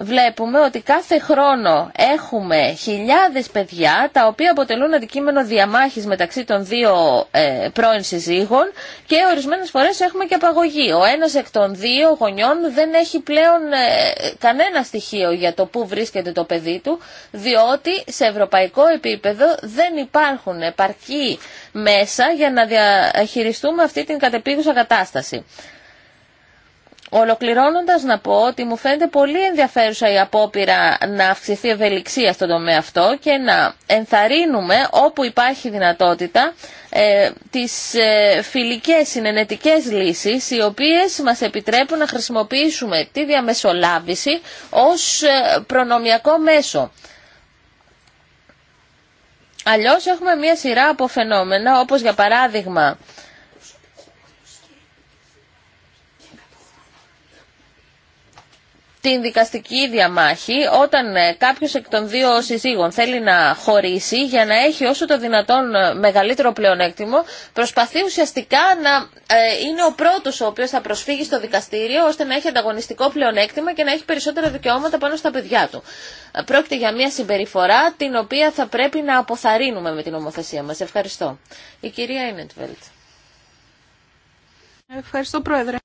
βλέπουμε ότι κάθε χρόνο έχουμε χιλιάδες παιδιά τα οποία αποτελούν αντικείμενο διαμάχης μεταξύ των δύο ε, πρώην συζύγων και ορισμένες φορές έχουμε και απαγωγή. Ο ένας εκ των δύο γονιών δεν έχει πλέον ε, κανένα στοιχείο για το πού βρίσκεται το παιδί του διότι σε ευρωπαϊκό επίπεδο δεν υπάρχουν επαρκή μέσα για να διαχειριστούμε αυτή την κατεπίδουσα κατάσταση. Ολοκληρώνοντας να πω ότι μου φαίνεται πολύ ενδιαφέρουσα η απόπειρα να αυξηθεί ευελιξία στον τομέα αυτό και να ενθαρρύνουμε όπου υπάρχει δυνατότητα ε, τις ε, φιλικές συνενετικές λύσεις οι οποίες μας επιτρέπουν να χρησιμοποιήσουμε τη διαμεσολάβηση ως ε, προνομιακό μέσο. Αλλιώς έχουμε μια σειρά από φαινόμενα όπως για παράδειγμα στην δικαστική διαμάχη όταν ε, κάποιος εκ των δύο συζύγων θέλει να χωρίσει για να έχει όσο το δυνατόν ε, μεγαλύτερο πλεονέκτημα προσπαθεί ουσιαστικά να ε, είναι ο πρώτος ο οποίος θα προσφύγει στο δικαστήριο ώστε να έχει ανταγωνιστικό πλεονέκτημα και να έχει περισσότερα δικαιώματα πάνω στα παιδιά του. Πρόκειται για μια συμπεριφορά την οποία θα πρέπει να αποθαρρύνουμε με την ομοθεσία μας. Ευχαριστώ. Η κυρία Ινετβέλτ. Ευχαριστώ Πρόεδρε.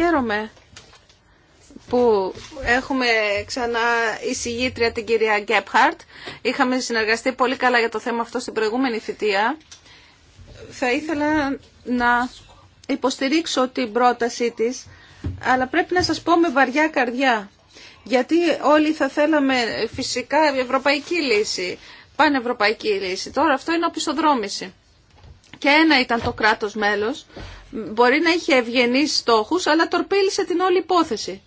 Χαίρομαι που έχουμε ξανά εισηγήτρια την κυρία Γκέπχαρτ. Είχαμε συνεργαστεί πολύ καλά για το θέμα αυτό στην προηγούμενη θητεία. Θα ήθελα να υποστηρίξω την πρότασή της, αλλά πρέπει να σας πω με βαριά καρδιά. Γιατί όλοι θα θέλαμε φυσικά ευρωπαϊκή λύση, πανευρωπαϊκή λύση. Τώρα αυτό είναι οπισθοδρόμηση. Και ένα ήταν το κράτος μέλος Μπορεί να είχε ευγενεί στόχους, αλλά τορπίλησε την όλη υπόθεση.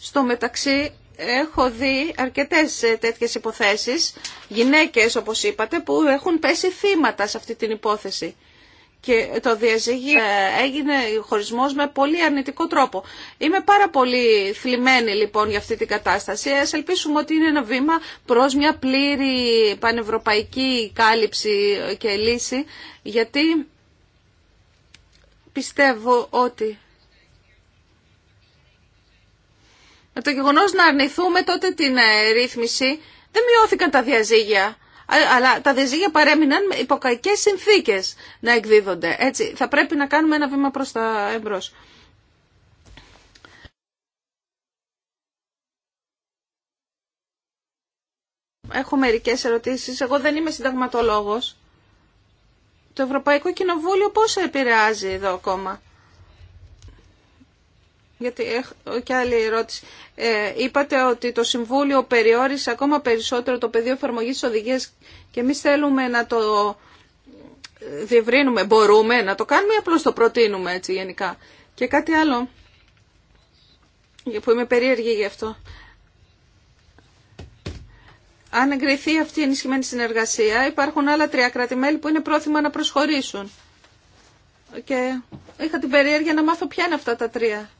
Στο μεταξύ έχω δει αρκετές ε, τέτοιες υποθέσεις, γυναίκες όπως είπατε, που έχουν πέσει θύματα σε αυτή την υπόθεση. Και το διαζύγιο ε, έγινε χωρισμός με πολύ αρνητικό τρόπο. Είμαι πάρα πολύ θλιμμένη λοιπόν για αυτή την κατάσταση. Ας ελπίσουμε ότι είναι ένα βήμα προς μια πλήρη πανευρωπαϊκή κάλυψη και λύση, γιατί πιστεύω ότι με το γεγονός να αρνηθούμε τότε την ε, ρύθμιση δεν μειώθηκαν τα διαζύγια. Αλλά τα διαζύγια παρέμειναν με κακές συνθήκες να εκδίδονται. Έτσι, θα πρέπει να κάνουμε ένα βήμα προς τα εμπρός. Έχω μερικές ερωτήσεις. Εγώ δεν είμαι συνταγματολόγος. Το Ευρωπαϊκό Κοινοβούλιο πόσο επηρεάζει εδώ ακόμα. Γιατί έχω και άλλη ερώτηση. Ε, είπατε ότι το Συμβούλιο περιόρισε ακόμα περισσότερο το πεδίο εφαρμογή τη οδηγία και εμεί θέλουμε να το διευρύνουμε. Μπορούμε να το κάνουμε ή απλώ το προτείνουμε έτσι γενικά. Και κάτι άλλο που είμαι περίεργη γι' αυτό αν εγκριθεί αυτή η ενισχυμένη συνεργασία, υπάρχουν άλλα τρία κράτη-μέλη που είναι πρόθυμα να προσχωρήσουν. Και είχα την περιέργεια να μάθω ποια είναι αυτά τα τρία.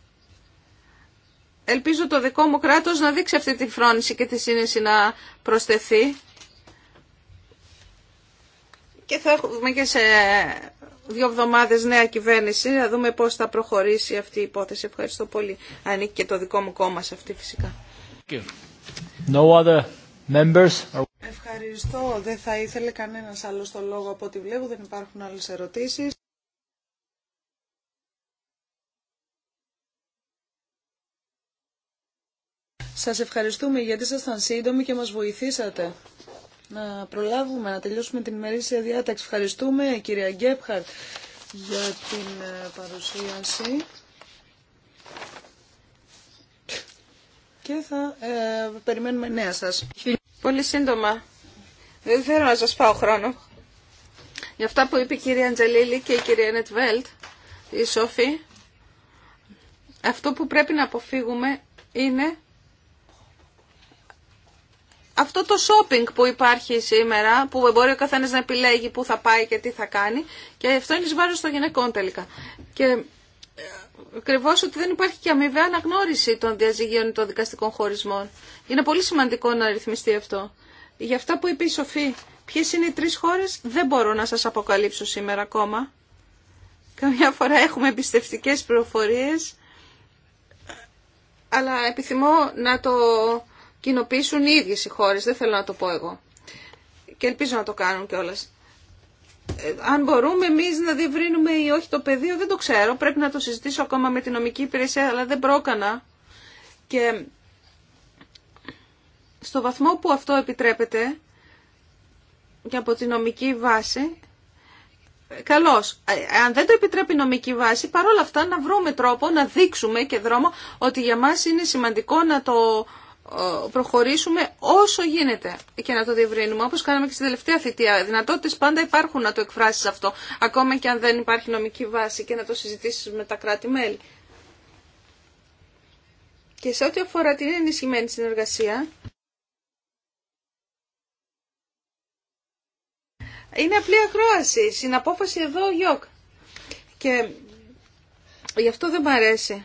Ελπίζω το δικό μου κράτος να δείξει αυτή τη φρόνηση και τη σύνεση να προσθεθεί. Και θα έχουμε και σε δύο εβδομάδες νέα κυβέρνηση, να δούμε πώς θα προχωρήσει αυτή η υπόθεση. Ευχαριστώ πολύ. Ανήκει και το δικό μου κόμμα σε αυτή φυσικά. Members Ευχαριστώ. Δεν θα ήθελε κανένας άλλος το λόγο από ό,τι βλέπω. Δεν υπάρχουν άλλες ερωτήσεις. Σας ευχαριστούμε γιατί ήσασταν σύντομοι και μας βοηθήσατε να προλάβουμε, να τελειώσουμε την ημερήσια διάταξη. Ευχαριστούμε κυρία Γκέπχαρτ για την ε, παρουσίαση. και θα ε, περιμένουμε νέα σας. Πολύ σύντομα. Δεν θέλω να σας πάω χρόνο. Για αυτά που είπε η κυρία Αντζελίλη και η κυρία Νετβέλτ, η Σόφη, αυτό που πρέπει να αποφύγουμε είναι αυτό το shopping που υπάρχει σήμερα, που μπορεί ο καθένας να επιλέγει πού θα πάει και τι θα κάνει, και αυτό είναι εις βάρος των γυναικών τελικά. Και ακριβώ ότι δεν υπάρχει και αμοιβαία αναγνώριση των διαζυγίων των δικαστικών χωρισμών. Είναι πολύ σημαντικό να ρυθμιστεί αυτό. Για αυτά που είπε η Σοφή, ποιε είναι οι τρει χώρε, δεν μπορώ να σα αποκαλύψω σήμερα ακόμα. Καμιά φορά έχουμε εμπιστευτικέ πληροφορίε, αλλά επιθυμώ να το κοινοποιήσουν οι ίδιε οι χώρε. Δεν θέλω να το πω εγώ. Και ελπίζω να το κάνουν κιόλα. Ε, αν μπορούμε εμεί να διευρύνουμε ή όχι το πεδίο δεν το ξέρω. Πρέπει να το συζητήσω ακόμα με την νομική υπηρεσία, αλλά δεν πρόκανα. Και στο βαθμό που αυτό επιτρέπεται και από την νομική βάση, ε, καλώς, ε, αν δεν το επιτρέπει η νομική βάση, παρόλα αυτά να βρούμε τρόπο, να δείξουμε και δρόμο ότι για μας είναι σημαντικό να το προχωρήσουμε όσο γίνεται και να το διευρύνουμε, όπως κάναμε και στην τελευταία θητεία. Δυνατότητες πάντα υπάρχουν να το εκφράσεις αυτό, ακόμα και αν δεν υπάρχει νομική βάση και να το συζητήσεις με τα κράτη-μέλη. Και σε ό,τι αφορά την ενισχυμένη συνεργασία, είναι απλή ακρόαση, συναπόφαση εδώ γιοκ. Και γι' αυτό δεν μ' αρέσει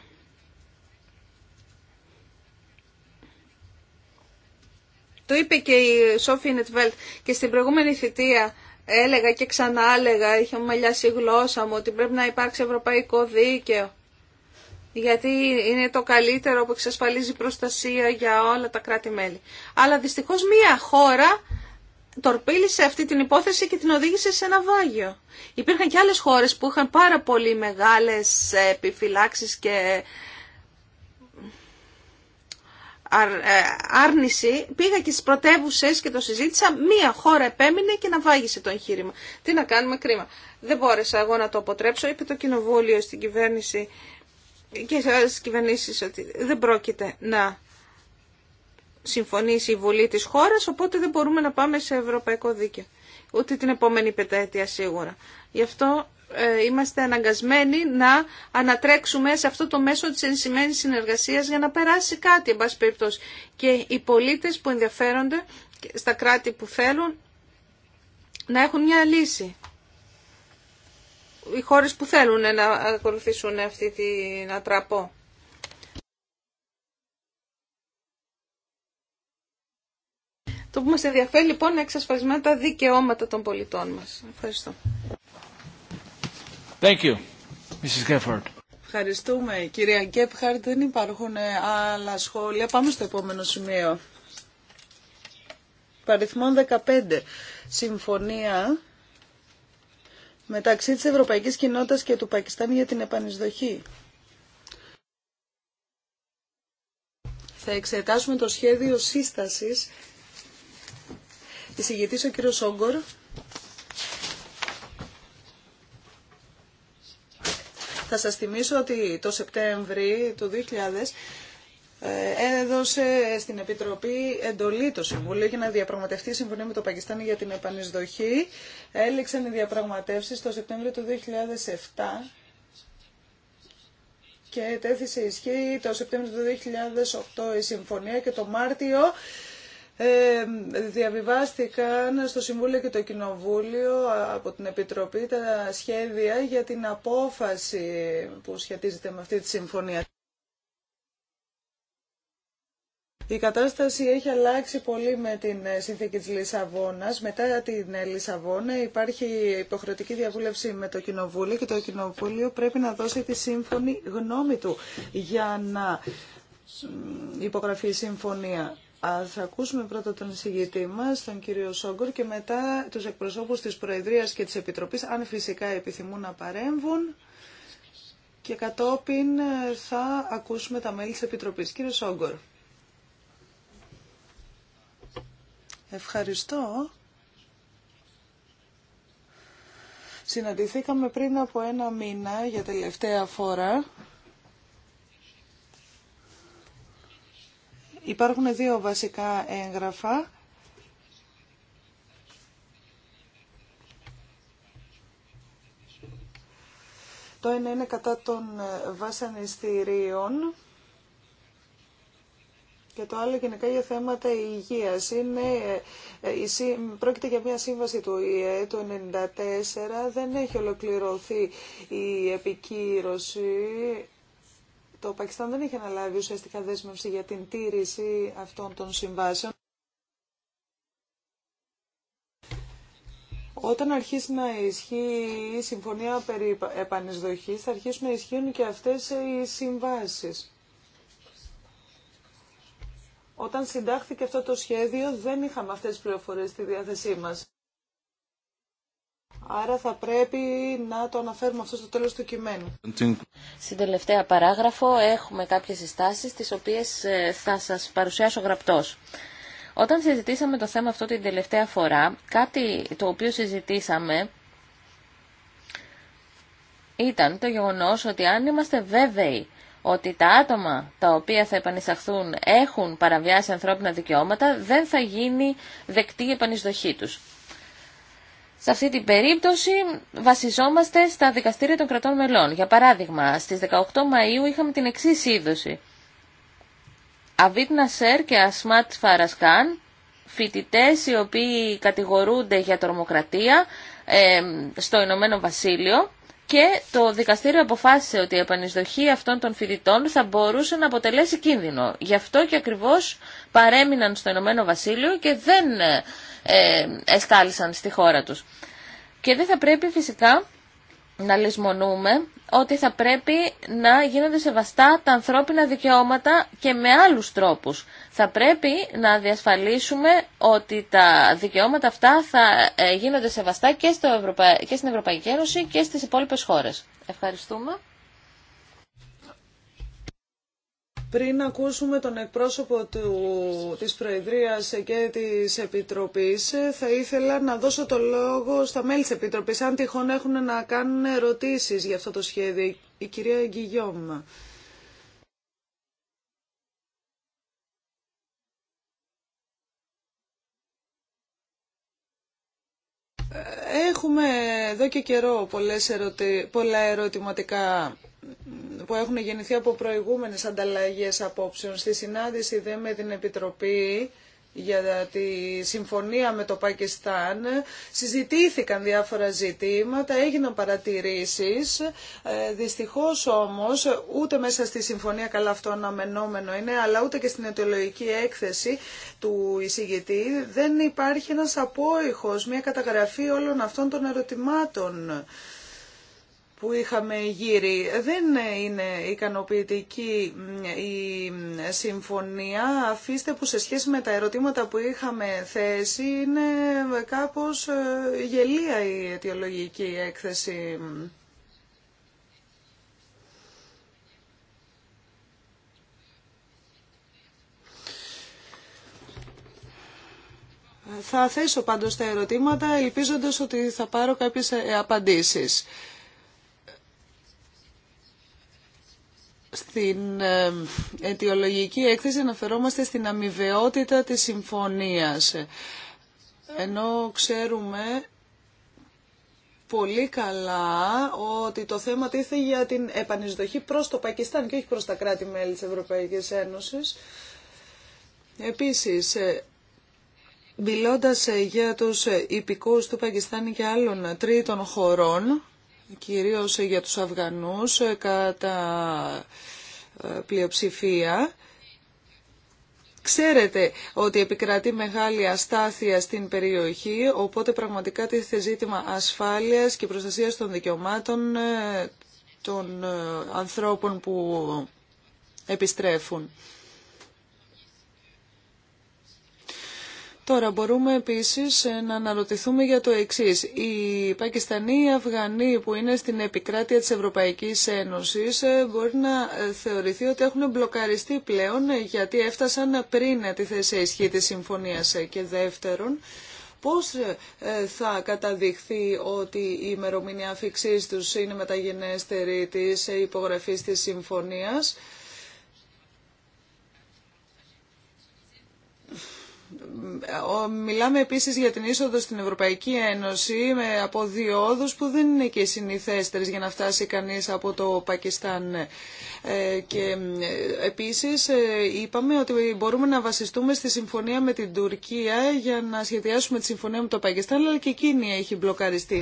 Το είπε και η Σόφι Νετβέλτ και στην προηγούμενη θητεία έλεγα και ξανά έλεγα, είχε μαλλιάσει η γλώσσα μου, ότι πρέπει να υπάρξει ευρωπαϊκό δίκαιο. Γιατί είναι το καλύτερο που εξασφαλίζει προστασία για όλα τα κράτη-μέλη. Αλλά δυστυχώς μία χώρα τορπίλησε αυτή την υπόθεση και την οδήγησε σε ένα βάγιο. Υπήρχαν και άλλες χώρες που είχαν πάρα πολύ μεγάλες επιφυλάξεις και ε, άρνηση, πήγα και στις πρωτεύουσε και το συζήτησα, μία χώρα επέμεινε και να βάγισε το εγχείρημα. Τι να κάνουμε, κρίμα. Δεν μπόρεσα εγώ να το αποτρέψω, είπε το κοινοβούλιο στην κυβέρνηση και σε άλλε κυβερνήσει ότι δεν πρόκειται να συμφωνήσει η Βουλή της χώρας, οπότε δεν μπορούμε να πάμε σε ευρωπαϊκό δίκαιο. Ούτε την επόμενη πενταετία σίγουρα. Γι' αυτό ε, είμαστε αναγκασμένοι να ανατρέξουμε σε αυτό το μέσο της ενσημένης συνεργασίας για να περάσει κάτι, εν περιπτώσει. Και οι πολίτες που ενδιαφέρονται στα κράτη που θέλουν να έχουν μια λύση. Οι χώρες που θέλουν να ακολουθήσουν αυτή την ατραπό. Το που μας ενδιαφέρει λοιπόν είναι εξασφαλισμένα τα δικαιώματα των πολιτών μας. Ευχαριστώ. Thank you, Mrs. Ευχαριστούμε. Κυρία Γκέπχαρτ, δεν υπάρχουν ε, άλλα σχόλια. Πάμε στο επόμενο σημείο. Παριθμόν 15. Συμφωνία μεταξύ της Ευρωπαϊκής Κοινότητας και του Πακιστάν για την επανεισδοχή. Θα εξετάσουμε το σχέδιο σύστασης. Εισηγητής ο κύριος Όγκορ. Θα σας θυμίσω ότι το Σεπτέμβρη του 2000 ε, έδωσε στην Επιτροπή εντολή το Συμβούλιο για να διαπραγματευτεί συμφωνία με το Πακιστάν για την επανεισδοχή. Έληξαν οι διαπραγματεύσεις το Σεπτέμβριο του 2007 και τέθησε ισχύ το Σεπτέμβριο του 2008 η συμφωνία και το Μάρτιο ε, διαβιβάστηκαν στο Συμβούλιο και το Κοινοβούλιο από την Επιτροπή τα σχέδια για την απόφαση που σχετίζεται με αυτή τη συμφωνία. Η κατάσταση έχει αλλάξει πολύ με την ε, συνθήκη της Λισαβόνας. Μετά την ε, Λισαβόνα υπάρχει υποχρεωτική διαβούλευση με το Κοινοβούλιο και το Κοινοβούλιο πρέπει να δώσει τη σύμφωνη γνώμη του για να υπογραφεί η συμφωνία. Ας ακούσουμε πρώτα τον εισηγητή μας, τον κύριο Σόγκορ, και μετά τους εκπροσώπους της Προεδρίας και της Επιτροπής, αν φυσικά επιθυμούν να παρέμβουν. Και κατόπιν θα ακούσουμε τα μέλη της Επιτροπής. Κύριε Σόγκορ. Ευχαριστώ. Συναντηθήκαμε πριν από ένα μήνα για τελευταία φορά Υπάρχουν δύο βασικά έγγραφα. Το ένα είναι κατά των βασανιστήριων και το άλλο γενικά για θέματα υγείας. Είναι, ε, πρόκειται για μια σύμβαση του ΙΕ το 1994, δεν έχει ολοκληρωθεί η επικύρωση το Πακιστάν δεν είχε αναλάβει ουσιαστικά δέσμευση για την τήρηση αυτών των συμβάσεων. Όταν αρχίσει να ισχύει η συμφωνία περί επανεισδοχής, θα αρχίσουν να ισχύουν και αυτές οι συμβάσεις. Όταν συντάχθηκε αυτό το σχέδιο, δεν είχαμε αυτές τις πληροφορίες στη διάθεσή μας. Άρα θα πρέπει να το αναφέρουμε αυτό στο τέλος του κειμένου. Στην τελευταία παράγραφο έχουμε κάποιες συστάσεις τις οποίες ε, θα σας παρουσιάσω γραπτός. Όταν συζητήσαμε το θέμα αυτό την τελευταία φορά, κάτι το οποίο συζητήσαμε ήταν το γεγονός ότι αν είμαστε βέβαιοι ότι τα άτομα τα οποία θα επανεισαχθούν έχουν παραβιάσει ανθρώπινα δικαιώματα, δεν θα γίνει δεκτή η επανεισδοχή τους. Σε αυτή την περίπτωση βασιζόμαστε στα δικαστήρια των κρατών μελών. Για παράδειγμα, στις 18 Μαΐου είχαμε την εξή είδωση. Αβίτ Νασέρ και Ασμάτ Φαρασκάν, φοιτητές οι οποίοι κατηγορούνται για τρομοκρατία ε, στο Ηνωμένο Βασίλειο, και το δικαστήριο αποφάσισε ότι η επανεισδοχή αυτών των φοιτητών θα μπορούσε να αποτελέσει κίνδυνο. Γι' αυτό και ακριβώς παρέμειναν στο Ηνωμένο Βασίλειο και δεν ε, ε εστάλησαν στη χώρα τους. Και δεν θα πρέπει φυσικά να λησμονούμε ότι θα πρέπει να γίνονται σεβαστά τα ανθρώπινα δικαιώματα και με άλλους τρόπους. Θα πρέπει να διασφαλίσουμε ότι τα δικαιώματα αυτά θα ε, γίνονται σεβαστά και, στο και στην Ευρωπαϊκή Ένωση και στις υπόλοιπες χώρες. Ευχαριστούμε. Πριν ακούσουμε τον εκπρόσωπο του, της Προεδρίας και της Επιτροπής, θα ήθελα να δώσω το λόγο στα μέλη της Επιτροπής, αν τυχόν έχουν να κάνουν ερωτήσεις για αυτό το σχέδιο. Η κυρία Γκυγιώμα. Έχουμε εδώ και καιρό πολλές ερωτη... πολλά ερωτηματικά που έχουν γεννηθεί από προηγούμενες ανταλλαγές απόψεων. Στη συνάντηση δε με την Επιτροπή για τη συμφωνία με το Πακιστάν συζητήθηκαν διάφορα ζητήματα, έγιναν παρατηρήσεις. Ε, δυστυχώς όμως ούτε μέσα στη συμφωνία καλά αυτό αναμενόμενο είναι, αλλά ούτε και στην αιτιολογική έκθεση του εισηγητή δεν υπάρχει ένας απόϊχος, μια καταγραφή όλων αυτών των ερωτημάτων που είχαμε γύρει. Δεν είναι ικανοποιητική η συμφωνία. Αφήστε που σε σχέση με τα ερωτήματα που είχαμε θέσει είναι κάπως ε, γελία η αιτιολογική έκθεση. Θα θέσω πάντως τα ερωτήματα ελπίζοντας ότι θα πάρω κάποιες ε, απαντήσεις. Στην αιτιολογική έκθεση αναφερόμαστε στην αμοιβαιότητα της συμφωνίας. Ενώ ξέρουμε πολύ καλά ότι το θέμα τίθε για την επανεισδοχή προς το Πακιστάν και όχι προς τα κράτη-μέλη της Ευρωπαϊκής Ένωσης. Επίσης, ε, μιλώντας ε, για τους ε, υπηκούς του Πακιστάν και άλλων τρίτων χωρών, κυρίως για τους Αφγανούς ε, κατά ε, πλειοψηφία. Ξέρετε ότι επικρατεί μεγάλη αστάθεια στην περιοχή, οπότε πραγματικά τίθεται ζήτημα ασφάλειας και προστασίας των δικαιωμάτων ε, των ανθρώπων που επιστρέφουν. Τώρα μπορούμε επίσης ε, να αναρωτηθούμε για το εξής. Οι Πακιστανοί οι Αφγανοί που είναι στην επικράτεια της Ευρωπαϊκής Ένωσης ε, μπορεί να ε, θεωρηθεί ότι έχουν μπλοκαριστεί πλέον γιατί έφτασαν πριν τη θέση ισχύ της συμφωνίας και δεύτερον πώς θα καταδειχθεί ότι η ημερομηνία αφήξής τους είναι μεταγενέστερη της υπογραφής της συμφωνίας. μιλάμε επίσης για την είσοδο στην Ευρωπαϊκή Ένωση με, από δύο όδους που δεν είναι και συνηθέστερες για να φτάσει κανείς από το Πακιστάν. Ε, και ε, επίσης ε, είπαμε ότι μπορούμε να βασιστούμε στη συμφωνία με την Τουρκία για να σχεδιάσουμε τη συμφωνία με το Πακιστάν, αλλά και εκείνη έχει μπλοκαριστεί.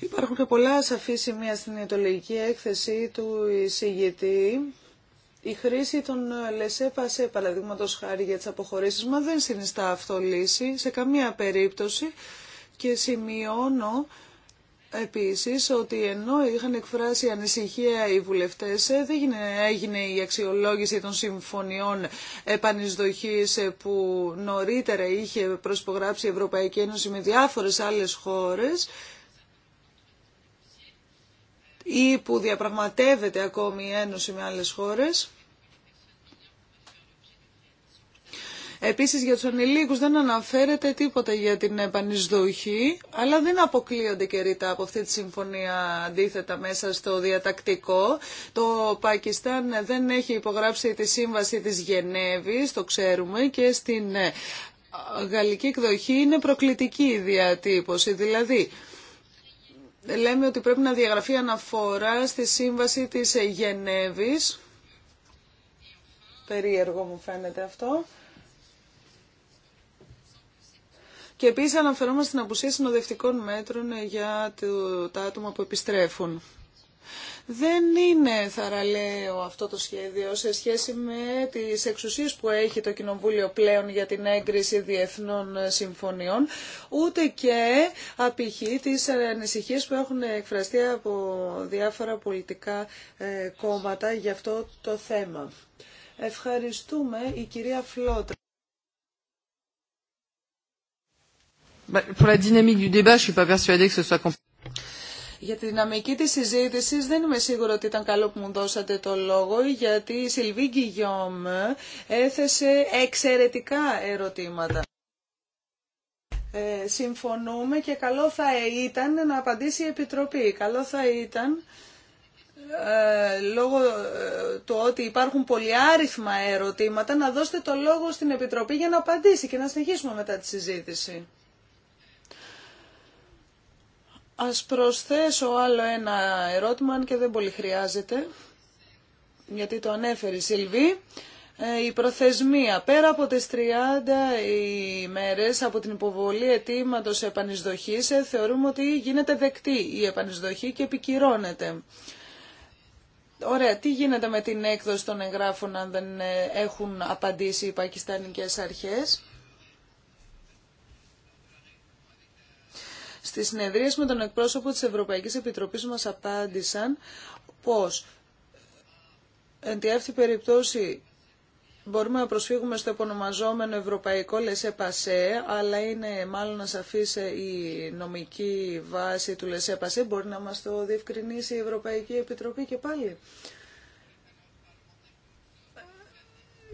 Υπάρχουν και πολλά σαφή σημεία στην ιατολογική έκθεση του εισηγητή η χρήση των ε, σε παραδείγματο χάρη για τι αποχωρήσει, μα δεν συνιστά αυτό λύση σε καμία περίπτωση και σημειώνω επίση ότι ενώ είχαν εκφράσει ανησυχία οι βουλευτές ε, δεν έγινε η αξιολόγηση των συμφωνιών επανεισδοχή ε, που νωρίτερα είχε προσπογράψει η Ευρωπαϊκή Ένωση με διάφορες άλλε χώρες ή που διαπραγματεύεται ακόμη η Ένωση με άλλες χώρες. Επίσης για τους ανηλίκους δεν αναφέρεται τίποτα για την επανεισδοχή, αλλά δεν αποκλείονται και ρητά από αυτή τη συμφωνία αντίθετα μέσα στο διατακτικό. Το Πακιστάν δεν έχει υπογράψει τη σύμβαση της Γενέβης, το ξέρουμε, και στην γαλλική εκδοχή είναι προκλητική η διατύπωση, δηλαδή λέμε ότι πρέπει να διαγραφεί αναφορά στη σύμβαση της Γενέβης. Περίεργο μου φαίνεται αυτό. Και επίσης αναφερόμαστε στην απουσία συνοδευτικών μέτρων για τα άτομα που επιστρέφουν. Δεν είναι θαραλέο αυτό το σχέδιο σε σχέση με τις εξουσίες που έχει το Κοινοβούλιο πλέον για την έγκριση διεθνών συμφωνιών, ούτε και απηχεί τις ανησυχίες που έχουν εκφραστεί από διάφορα πολιτικά ε, κόμματα για αυτό το θέμα. Ευχαριστούμε η κυρία Φλότρα. Pour la dynamique du débat, για τη δυναμική της συζήτησης δεν είμαι σίγουρο ότι ήταν καλό που μου δώσατε το λόγο, γιατί η Σιλβί Γκυγιόμ έθεσε εξαιρετικά ερωτήματα. Ε, συμφωνούμε και καλό θα ήταν να απαντήσει η Επιτροπή. Καλό θα ήταν ε, λόγω ε, του ότι υπάρχουν άριθμα ερωτήματα να δώσετε το λόγο στην Επιτροπή για να απαντήσει και να συνεχίσουμε μετά τη συζήτηση. Ας προσθέσω άλλο ένα ερώτημα, αν και δεν πολύ χρειάζεται, γιατί το ανέφερε η Σιλβή. Ε, η προθεσμία, πέρα από τις 30 ημέρες από την υποβολή αιτήματος επανεισδοχής, ε, θεωρούμε ότι γίνεται δεκτή η επανεισδοχή και επικυρώνεται. Ωραία, τι γίνεται με την έκδοση των εγγράφων αν δεν ε, έχουν απαντήσει οι πακιστανικές αρχές. Στις συνεδρίες με τον εκπρόσωπο της Ευρωπαϊκής Επιτροπής μας απάντησαν πως εν τη αυτή περιπτώση μπορούμε να προσφύγουμε στο επωνομαζόμενο Ευρωπαϊκό Λεσέ Πασέ, αλλά είναι μάλλον να ασαφής η νομική βάση του Λεσέ Πασέ. Μπορεί να μας το διευκρινίσει η Ευρωπαϊκή Επιτροπή και πάλι.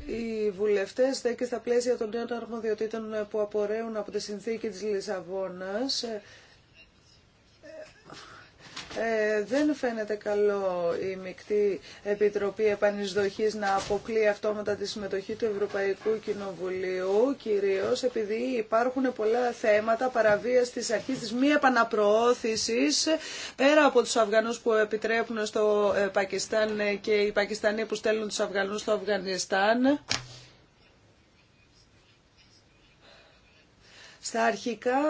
Οι βουλευτές και στα πλαίσια των νέων αρμοδιοτήτων που απορρέουν από τη συνθήκη της Λισαβόνας ε, δεν φαίνεται καλό η Μικτή Επιτροπή Επανεισδοχής να αποκλεί αυτόματα τη συμμετοχή του Ευρωπαϊκού Κοινοβουλίου, κυρίως επειδή υπάρχουν πολλά θέματα παραβία της αρχής της μη επαναπροώθησης, πέρα από τους Αφγανούς που επιτρέπουν στο ε, Πακιστάν ε, και οι Πακιστανοί που στέλνουν τους Αφγανούς στο Αφγανιστάν. στα αρχικά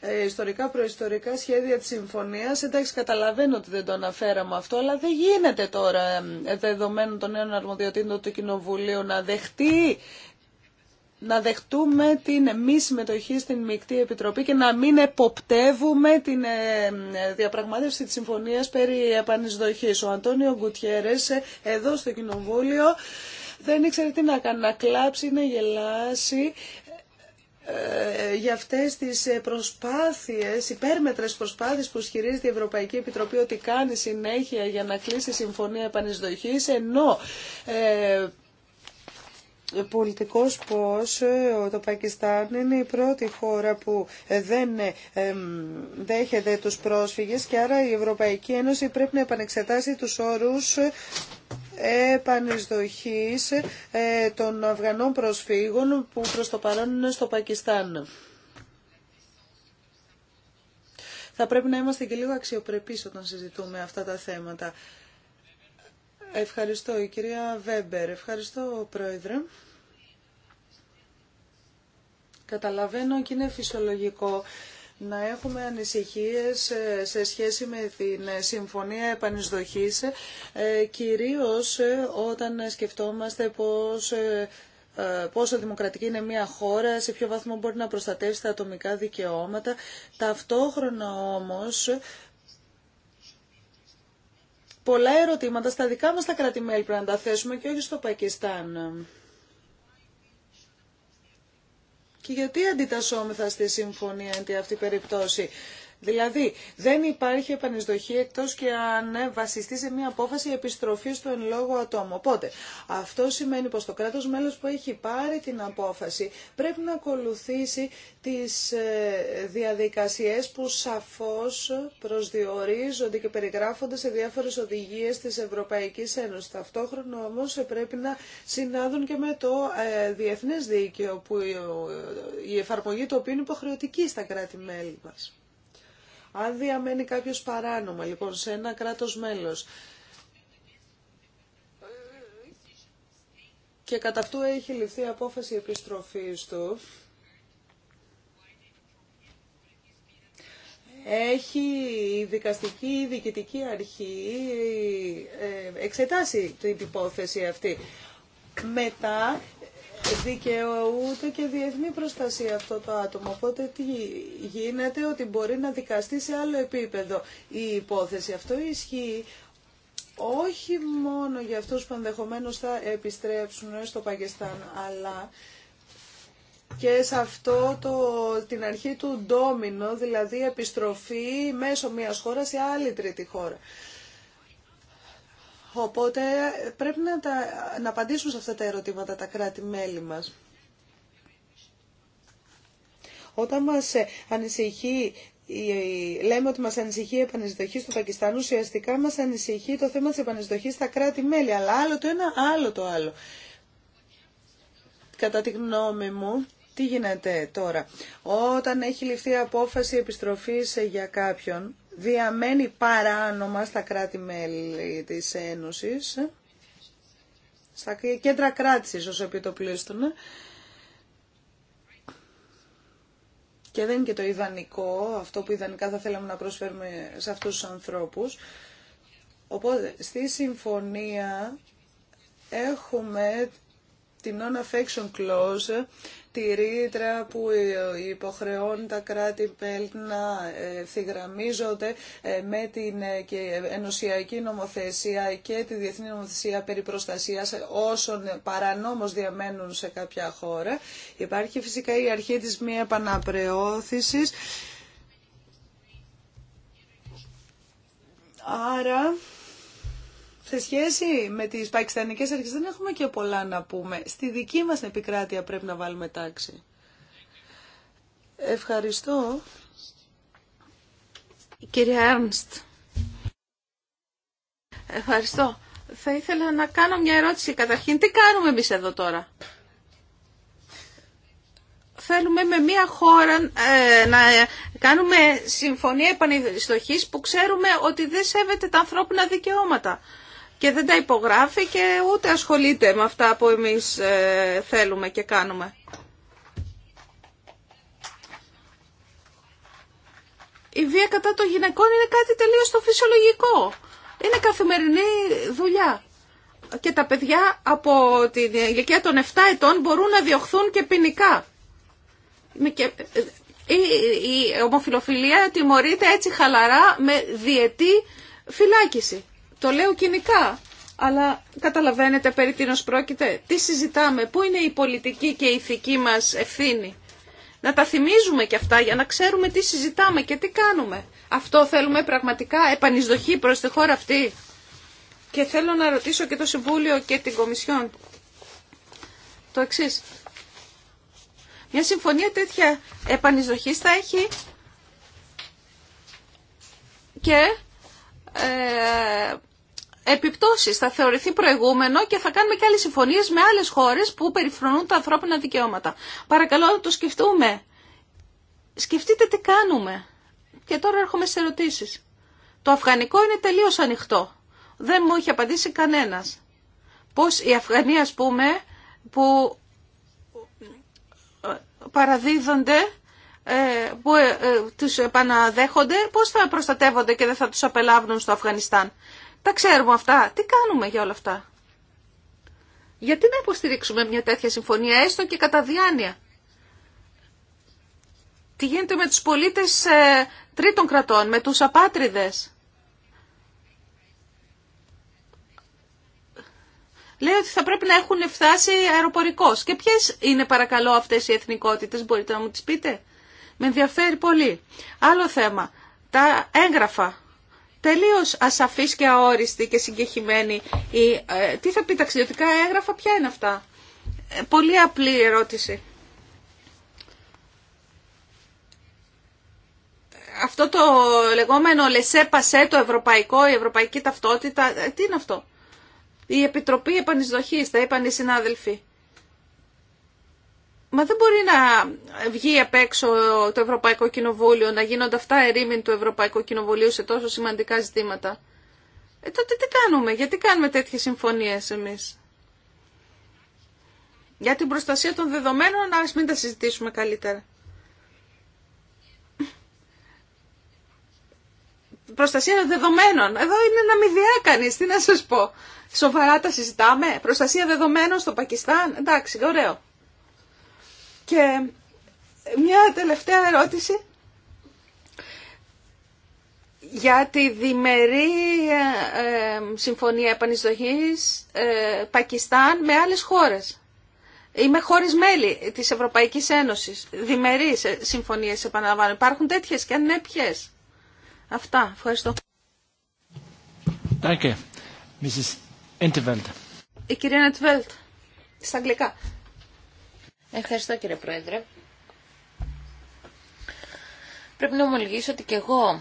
ε, ιστορικά προϊστορικά σχέδια της συμφωνίας, εντάξει καταλαβαίνω ότι δεν το αναφέραμε αυτό, αλλά δεν γίνεται τώρα δεδομένου των νέων αρμοδιοτήτων του Κοινοβουλίου να δεχτεί να δεχτούμε την μη συμμετοχή στην Μικτή Επιτροπή και να μην εποπτεύουμε την ε, διαπραγμάτευση της συμφωνίας περί επανεισδοχής. Ο Αντώνιο Γκουτιέρες ε, εδώ στο Κοινοβούλιο δεν ήξερε τι να κάνει, να κλάψει, να γελάσει. Ε, για αυτές τις ε, προσπάθειες, υπέρμετρες προσπάθειες που ισχυρίζεται η Ευρωπαϊκή Επιτροπή ότι κάνει συνέχεια για να κλείσει συμφωνία επανεισδοχής, ενώ ε, πολιτικός πως ε, το Πακιστάν είναι η πρώτη χώρα που δεν δέχεται τους πρόσφυγες και άρα η Ευρωπαϊκή Ένωση πρέπει να επανεξετάσει τους όρους επανεισδοχής ε, των Αφγανών προσφύγων που προς το παρόν είναι στο Πακιστάν. Θα πρέπει να είμαστε και λίγο αξιοπρεπείς όταν συζητούμε αυτά τα θέματα. Ευχαριστώ η κυρία Βέμπερ. Ευχαριστώ πρόεδρε. Καταλαβαίνω και είναι φυσιολογικό να έχουμε ανησυχίες ε, σε σχέση με την ε, Συμφωνία Επανεισδοχής, ε, κυρίως όταν σκεφτόμαστε πώς πόσο δημοκρατική είναι μια χώρα, σε ποιο βαθμό μπορεί να προστατεύσει τα ατομικά δικαιώματα. Ταυτόχρονα όμως πολλά ερωτήματα στα δικά μας τα κράτη-μέλη πρέπει να τα θέσουμε και όχι στο Πακιστάν. Και γιατί αντιτασσόμεθα στη συμφωνία τη αυτή περιπτώσει. Δηλαδή δεν υπάρχει επανεισδοχή εκτό και αν ε, βασιστεί σε μια απόφαση επιστροφή του εν λόγω ατόμου. Οπότε αυτό σημαίνει πω το κράτο μέλο που έχει πάρει την απόφαση πρέπει να ακολουθήσει τις ε, διαδικασίε που σαφώ προσδιορίζονται και περιγράφονται σε διάφορε οδηγίε τη Ευρωπαϊκή Ένωση. Ταυτόχρονα όμω ε, πρέπει να συνάδουν και με το διεθνέ δίκαιο που η εφαρμογή του οποίου είναι υποχρεωτική στα κράτη-μέλη μας. Αν διαμένει κάποιος παράνομα, λοιπόν, σε ένα κράτος μέλος, και κατά αυτού έχει ληφθεί απόφαση επιστροφής του, έχει η δικαστική η διοικητική αρχή ε, εξετάσει την υπόθεση αυτή. Μετά ούτε και διεθνή προστασία αυτό το άτομο. Οπότε τι γίνεται ότι μπορεί να δικαστεί σε άλλο επίπεδο η υπόθεση. Αυτό ισχύει όχι μόνο για αυτούς που ενδεχομένως θα επιστρέψουν στο Πακιστάν, αλλά και σε αυτό το, την αρχή του ντόμινο, δηλαδή επιστροφή μέσω μιας χώρας σε άλλη τρίτη χώρα. Οπότε πρέπει να, τα, να απαντήσουν σε αυτά τα ερωτήματα τα κράτη-μέλη μας. Όταν μας ε, ανησυχεί λέμε ότι μας ανησυχεί η επανεισδοχή στο Πακιστάν, ουσιαστικά μας ανησυχεί το θέμα της επανεισδοχής στα κράτη-μέλη, αλλά άλλο το ένα, άλλο το άλλο. Κατά τη γνώμη μου, τι γίνεται τώρα. Όταν έχει ληφθεί απόφαση επιστροφής ε, για κάποιον, διαμένει παράνομα στα κράτη-μέλη της Ένωσης, στα κέντρα κράτησης όσο επιτοπλίστων. Και δεν είναι και το ιδανικό, αυτό που ιδανικά θα θέλαμε να προσφέρουμε σε αυτούς τους ανθρώπους. Οπότε, στη συμφωνία έχουμε την non-affection clause τη ρήτρα που ε, υποχρεώνει τα κράτη-μέλη να θυγραμμίζονται ε, με την ε, ενωσιακή νομοθεσία και τη διεθνή νομοθεσία περί προστασίας όσων παρανόμως διαμένουν σε κάποια χώρα. Υπάρχει φυσικά η αρχή της μία επαναπρεώθησης. Άρα σε σχέση με τις πακιστανικές αρχές δεν έχουμε και πολλά να πούμε. Στη δική μας επικράτεια πρέπει να βάλουμε τάξη. Ευχαριστώ. Κύριε κυρία Έρνστ. Ευχαριστώ. Θα ήθελα να κάνω μια ερώτηση καταρχήν. Τι κάνουμε εμείς εδώ τώρα. Θέλουμε με μια χώρα ε, να κάνουμε συμφωνία επανειδηστοχής που ξέρουμε ότι δεν σέβεται τα ανθρώπινα δικαιώματα και δεν τα υπογράφει και ούτε ασχολείται με αυτά που εμείς ε, θέλουμε και κάνουμε. Η βία κατά των γυναικών είναι κάτι τελείως το φυσιολογικό. Είναι καθημερινή δουλειά. Και τα παιδιά από τη ηλικία των 7 ετών μπορούν να διωχθούν και ποινικά. Ε, η ομοφιλοφιλία τιμωρείται έτσι χαλαρά με διετή φυλάκιση. Το λέω κοινικά, αλλά καταλαβαίνετε περί τίνος πρόκειται. Τι συζητάμε, πού είναι η πολιτική και η ηθική μας ευθύνη. Να τα θυμίζουμε και αυτά για να ξέρουμε τι συζητάμε και τι κάνουμε. Αυτό θέλουμε πραγματικά, επανεισδοχή προς τη χώρα αυτή. Και θέλω να ρωτήσω και το Συμβούλιο και την Κομισιόν το εξή. Μια συμφωνία τέτοια επανεισδοχής θα έχει και ε, επιπτώσεις. Θα θεωρηθεί προηγούμενο και θα κάνουμε και άλλες συμφωνίες με άλλες χώρες που περιφρονούν τα ανθρώπινα δικαιώματα. Παρακαλώ να το σκεφτούμε. Σκεφτείτε τι κάνουμε. Και τώρα έρχομαι σε ερωτήσεις. Το αφγανικό είναι τελείως ανοιχτό. Δεν μου έχει απαντήσει κανένας. Πώς οι Αφγανοί, ας πούμε, που ε, παραδίδονται, ε, που ε, τους επαναδέχονται, πώς θα προστατεύονται και δεν θα τους απελάβουν στο Αφγανιστάν. Τα ξέρουμε αυτά. Τι κάνουμε για όλα αυτά. Γιατί να υποστηρίξουμε μια τέτοια συμφωνία, έστω και κατά διάνοια. Τι γίνεται με τους πολίτες ε, τρίτων κρατών, με τους απάτριδες. λέει ότι θα πρέπει να έχουν φτάσει αεροπορικός. Και ποιες είναι παρακαλώ αυτές οι εθνικότητες, μπορείτε να μου τις πείτε. Με ενδιαφέρει πολύ. Άλλο θέμα. Τα έγγραφα τελείως ασαφής και αόριστη και συγκεχημένη. Ε, τι θα πει ταξιδιωτικά έγγραφα, ποια είναι αυτά. Ε, πολύ απλή ερώτηση. Αυτό το λεγόμενο λεσέ πασέ, το ευρωπαϊκό, η ευρωπαϊκή ταυτότητα, ε, τι είναι αυτό. Η Επιτροπή Επανεισδοχής, τα είπαν οι συνάδελφοι. Μα δεν μπορεί να βγει απ' έξω το Ευρωπαϊκό Κοινοβούλιο, να γίνονται αυτά ερήμην του Ευρωπαϊκού Κοινοβουλίου σε τόσο σημαντικά ζητήματα. Ε, τότε τι κάνουμε, γιατί κάνουμε τέτοιες συμφωνίες εμείς. Για την προστασία των δεδομένων, ας μην τα συζητήσουμε καλύτερα. Προστασία των δεδομένων. Εδώ είναι να μην διά τι να σας πω. Σοβαρά τα συζητάμε. Προστασία δεδομένων στο Πακιστάν. Εντάξει, ωραίο. Και μια τελευταία ερώτηση για τη διμερή ε, ε, συμφωνία επανεισδοχής ε, Πακιστάν με άλλες χώρες. Είμαι χωρε μέλη της Ευρωπαϊκής Ένωσης. Διμερείς ε, συμφωνίες επαναλαμβάνω. Υπάρχουν τέτοιες και αν είναι ποιες. Αυτά. Ευχαριστώ. Η κυρία Νετβέλτ. Στα αγγλικά. Ευχαριστώ κύριε Πρόεδρε. Πρέπει να ομολογήσω ότι και εγώ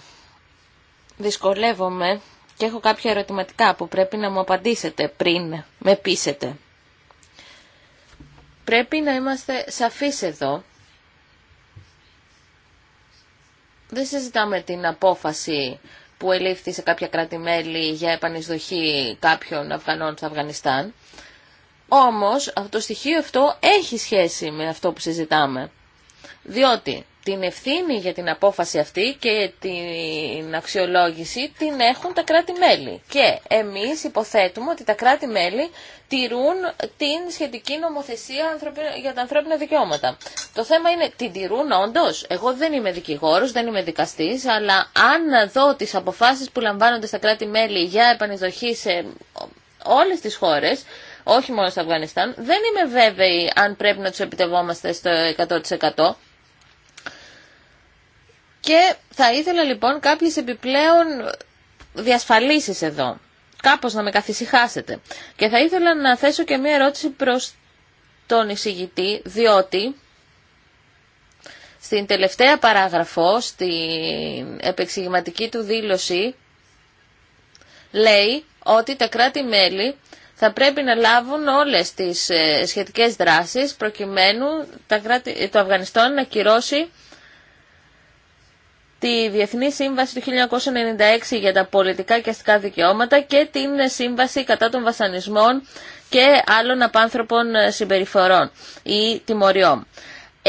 δυσκολεύομαι και έχω κάποια ερωτηματικά που πρέπει να μου απαντήσετε πριν με πείσετε. Πρέπει να είμαστε σαφείς εδώ. Δεν συζητάμε την απόφαση που ελήφθη σε κάποια κράτη-μέλη για επανεισδοχή κάποιων Αφγανών στο Αφγανιστάν. Όμως το στοιχείο αυτό έχει σχέση με αυτό που συζητάμε. Διότι την ευθύνη για την απόφαση αυτή και την αξιολόγηση την έχουν τα κράτη-μέλη. Και εμείς υποθέτουμε ότι τα κράτη-μέλη τηρούν την σχετική νομοθεσία για τα ανθρώπινα δικαιώματα. Το θέμα είναι, την τηρούν όντω. Εγώ δεν είμαι δικηγόρος, δεν είμαι δικαστής, αλλά αν δω τις αποφάσεις που λαμβάνονται στα κράτη-μέλη για επανειδοχή σε όλες τις χώρες, όχι μόνο στο Αφγανιστάν. Δεν είμαι βέβαιη αν πρέπει να τους επιτευόμαστε στο 100%. Και θα ήθελα λοιπόν κάποιες επιπλέον διασφαλίσεις εδώ. Κάπως να με καθησυχάσετε. Και θα ήθελα να θέσω και μία ερώτηση προς τον εισηγητή, διότι στην τελευταία παράγραφο, στην επεξηγηματική του δήλωση, λέει ότι τα κράτη-μέλη θα πρέπει να λάβουν όλες τις ε, σχετικές δράσεις προκειμένου ε, το Αφγανιστάν να κυρώσει τη Διεθνή Σύμβαση του 1996 για τα πολιτικά και αστικά δικαιώματα και την Σύμβαση κατά των βασανισμών και άλλων απάνθρωπων ε, συμπεριφορών ή τιμωριών.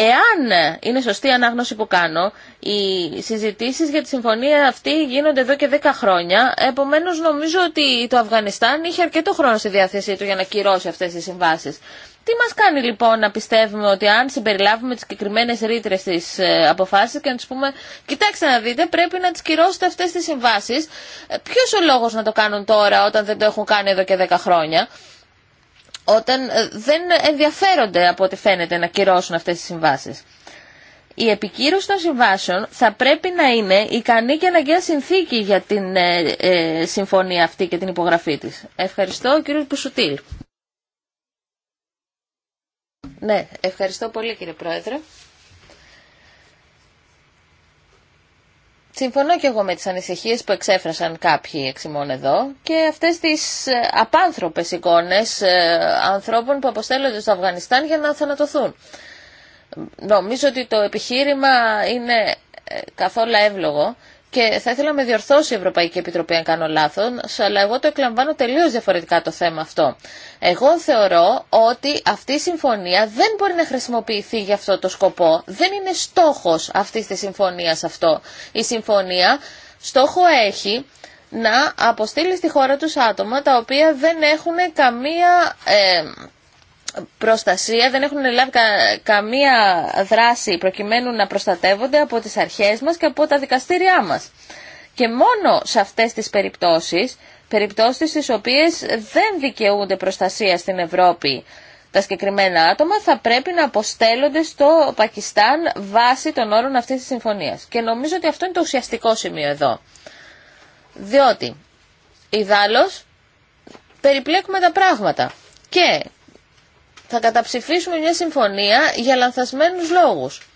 Εάν είναι σωστή η ανάγνωση που κάνω, οι συζητήσει για τη συμφωνία αυτή γίνονται εδώ και 10 χρόνια, Επομένω, νομίζω ότι το Αφγανιστάν είχε αρκετό χρόνο στη διάθεσή του για να κυρώσει αυτέ τι συμβάσει. Τι μα κάνει λοιπόν να πιστεύουμε ότι αν συμπεριλάβουμε τι συγκεκριμένε ρήτρε τη ε, αποφάση και να του πούμε «Κοιτάξτε να δείτε, πρέπει να τι κυρώσετε αυτέ τι συμβάσει. Ε, Ποιο ο λόγος να το κάνουν τώρα όταν δεν το έχουν κάνει εδώ και 10 χρόνια όταν ε, δεν ενδιαφέρονται από ό,τι φαίνεται να κυρώσουν αυτές τις συμβάσεις. Η επικύρωση των συμβάσεων θα πρέπει να είναι ικανή και αναγκαία συνθήκη για την ε, ε, συμφωνία αυτή και την υπογραφή της. Ευχαριστώ, κύριε Πουσουτήλ. Ναι, ευχαριστώ πολύ κύριε Πρόεδρε. Συμφωνώ και εγώ με τις ανησυχίες που εξέφρασαν κάποιοι εξημών εδώ και αυτές τις ε, απάνθρωπες εικόνες ε, ανθρώπων που αποστέλλονται στο Αφγανιστάν για να θανατωθούν. Νομίζω ότι το επιχείρημα είναι ε, καθόλου εύλογο και θα ήθελα να με διορθώσει η Ευρωπαϊκή Επιτροπή αν κάνω λάθος, αλλά εγώ το εκλαμβάνω τελείως διαφορετικά το θέμα αυτό. Εγώ θεωρώ ότι αυτή η συμφωνία δεν μπορεί να χρησιμοποιηθεί για αυτό το σκοπό. Δεν είναι στόχος αυτής της συμφωνίας αυτό. Η συμφωνία στόχο έχει να αποστείλει στη χώρα τους άτομα τα οποία δεν έχουν καμία... Ε, προστασία, δεν έχουν λάβει καμία δράση προκειμένου να προστατεύονται από τις αρχές μας και από τα δικαστήριά μας. Και μόνο σε αυτές τις περιπτώσεις, περιπτώσεις στις οποίες δεν δικαιούνται προστασία στην Ευρώπη τα συγκεκριμένα άτομα, θα πρέπει να αποστέλλονται στο Πακιστάν βάσει των όρων αυτής της συμφωνίας. Και νομίζω ότι αυτό είναι το ουσιαστικό σημείο εδώ. Διότι, ιδάλλως, περιπλέκουμε τα πράγματα. Και θα καταψηφίσουμε μια συμφωνία για λανθασμένους λόγους.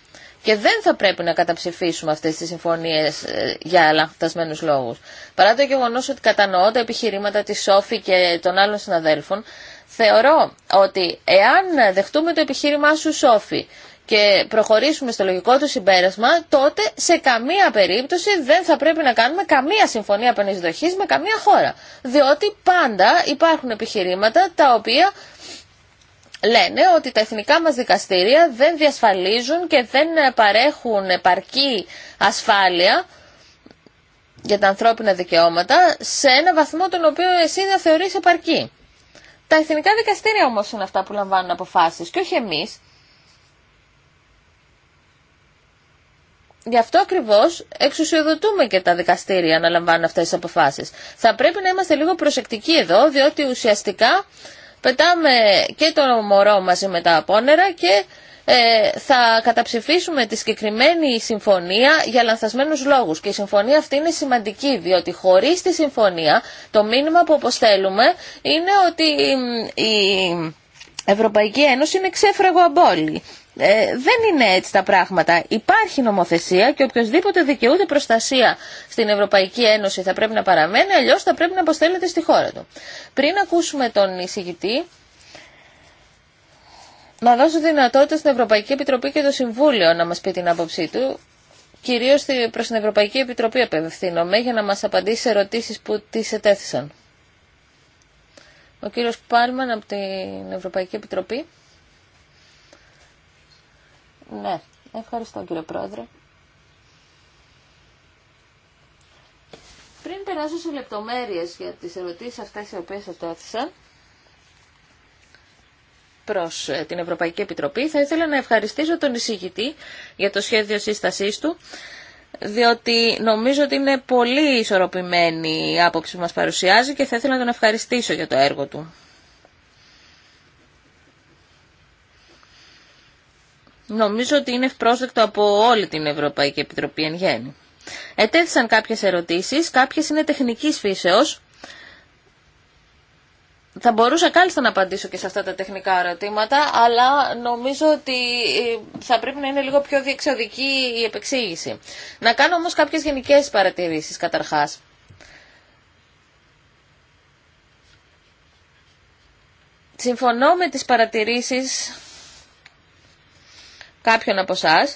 Και δεν θα πρέπει να καταψηφίσουμε αυτέ τι συμφωνίε ε, για λανθασμένου λόγου. Παρά το γεγονό ότι κατανοώ τα επιχειρήματα τη Σόφη και των άλλων συναδέλφων, θεωρώ ότι εάν δεχτούμε το επιχείρημά σου Σόφη και προχωρήσουμε στο λογικό του συμπέρασμα, τότε σε καμία περίπτωση δεν θα πρέπει να κάνουμε καμία συμφωνία επανεισδοχής με καμία χώρα. Διότι πάντα υπάρχουν επιχειρήματα τα οποία λένε ότι τα εθνικά μας δικαστήρια δεν διασφαλίζουν και δεν παρέχουν επαρκή ασφάλεια για τα ανθρώπινα δικαιώματα σε ένα βαθμό τον οποίο εσύ δεν θεωρείς επαρκή. Τα εθνικά δικαστήρια όμως είναι αυτά που λαμβάνουν αποφάσεις και όχι εμείς. Γι' αυτό ακριβώ εξουσιοδοτούμε και τα δικαστήρια να λαμβάνουν αυτέ τι αποφάσει. Θα πρέπει να είμαστε λίγο προσεκτικοί εδώ, διότι ουσιαστικά πετάμε και το μωρό μαζί με τα απόνερα και ε, θα καταψηφίσουμε τη συγκεκριμένη συμφωνία για λανθασμένους λόγους. Και η συμφωνία αυτή είναι σημαντική, διότι χωρίς τη συμφωνία το μήνυμα που αποστέλουμε είναι ότι η Ευρωπαϊκή Ένωση είναι ξέφραγο όλοι. Ε, δεν είναι έτσι τα πράγματα. Υπάρχει νομοθεσία και οποιοδήποτε δικαιούται προστασία στην Ευρωπαϊκή Ένωση θα πρέπει να παραμένει, αλλιώ θα πρέπει να αποστέλλεται στη χώρα του. Πριν ακούσουμε τον εισηγητή, να δώσω δυνατότητα στην Ευρωπαϊκή Επιτροπή και το Συμβούλιο να μας πει την άποψή του. Κυρίως προς την Ευρωπαϊκή Επιτροπή απευθύνομαι για να μας απαντήσει σε ερωτήσεις που τις ετέθησαν. Ο κύριος Πάλμαν από την Ευρωπαϊκή Επιτροπή. Ναι, ευχαριστώ κύριε Πρόεδρε. Πριν περάσω σε λεπτομέρειες για τις ερωτήσεις αυτές οι οποίες σας τόθησαν, προς ε, την Ευρωπαϊκή Επιτροπή, θα ήθελα να ευχαριστήσω τον εισηγητή για το σχέδιο σύστασής του, διότι νομίζω ότι είναι πολύ ισορροπημένη η άποψη που μας παρουσιάζει και θα ήθελα να τον ευχαριστήσω για το έργο του. νομίζω ότι είναι ευπρόσδεκτο από όλη την Ευρωπαϊκή Επιτροπή εν γέννη. Ετέθησαν κάποιες ερωτήσεις, κάποιες είναι τεχνικής φύσεως. Θα μπορούσα κάλλιστα να απαντήσω και σε αυτά τα τεχνικά ερωτήματα, αλλά νομίζω ότι ε, θα πρέπει να είναι λίγο πιο διεξοδική η επεξήγηση. Να κάνω όμως κάποιες γενικές παρατηρήσεις καταρχάς. Συμφωνώ με τις παρατηρήσεις κάποιον από εσά,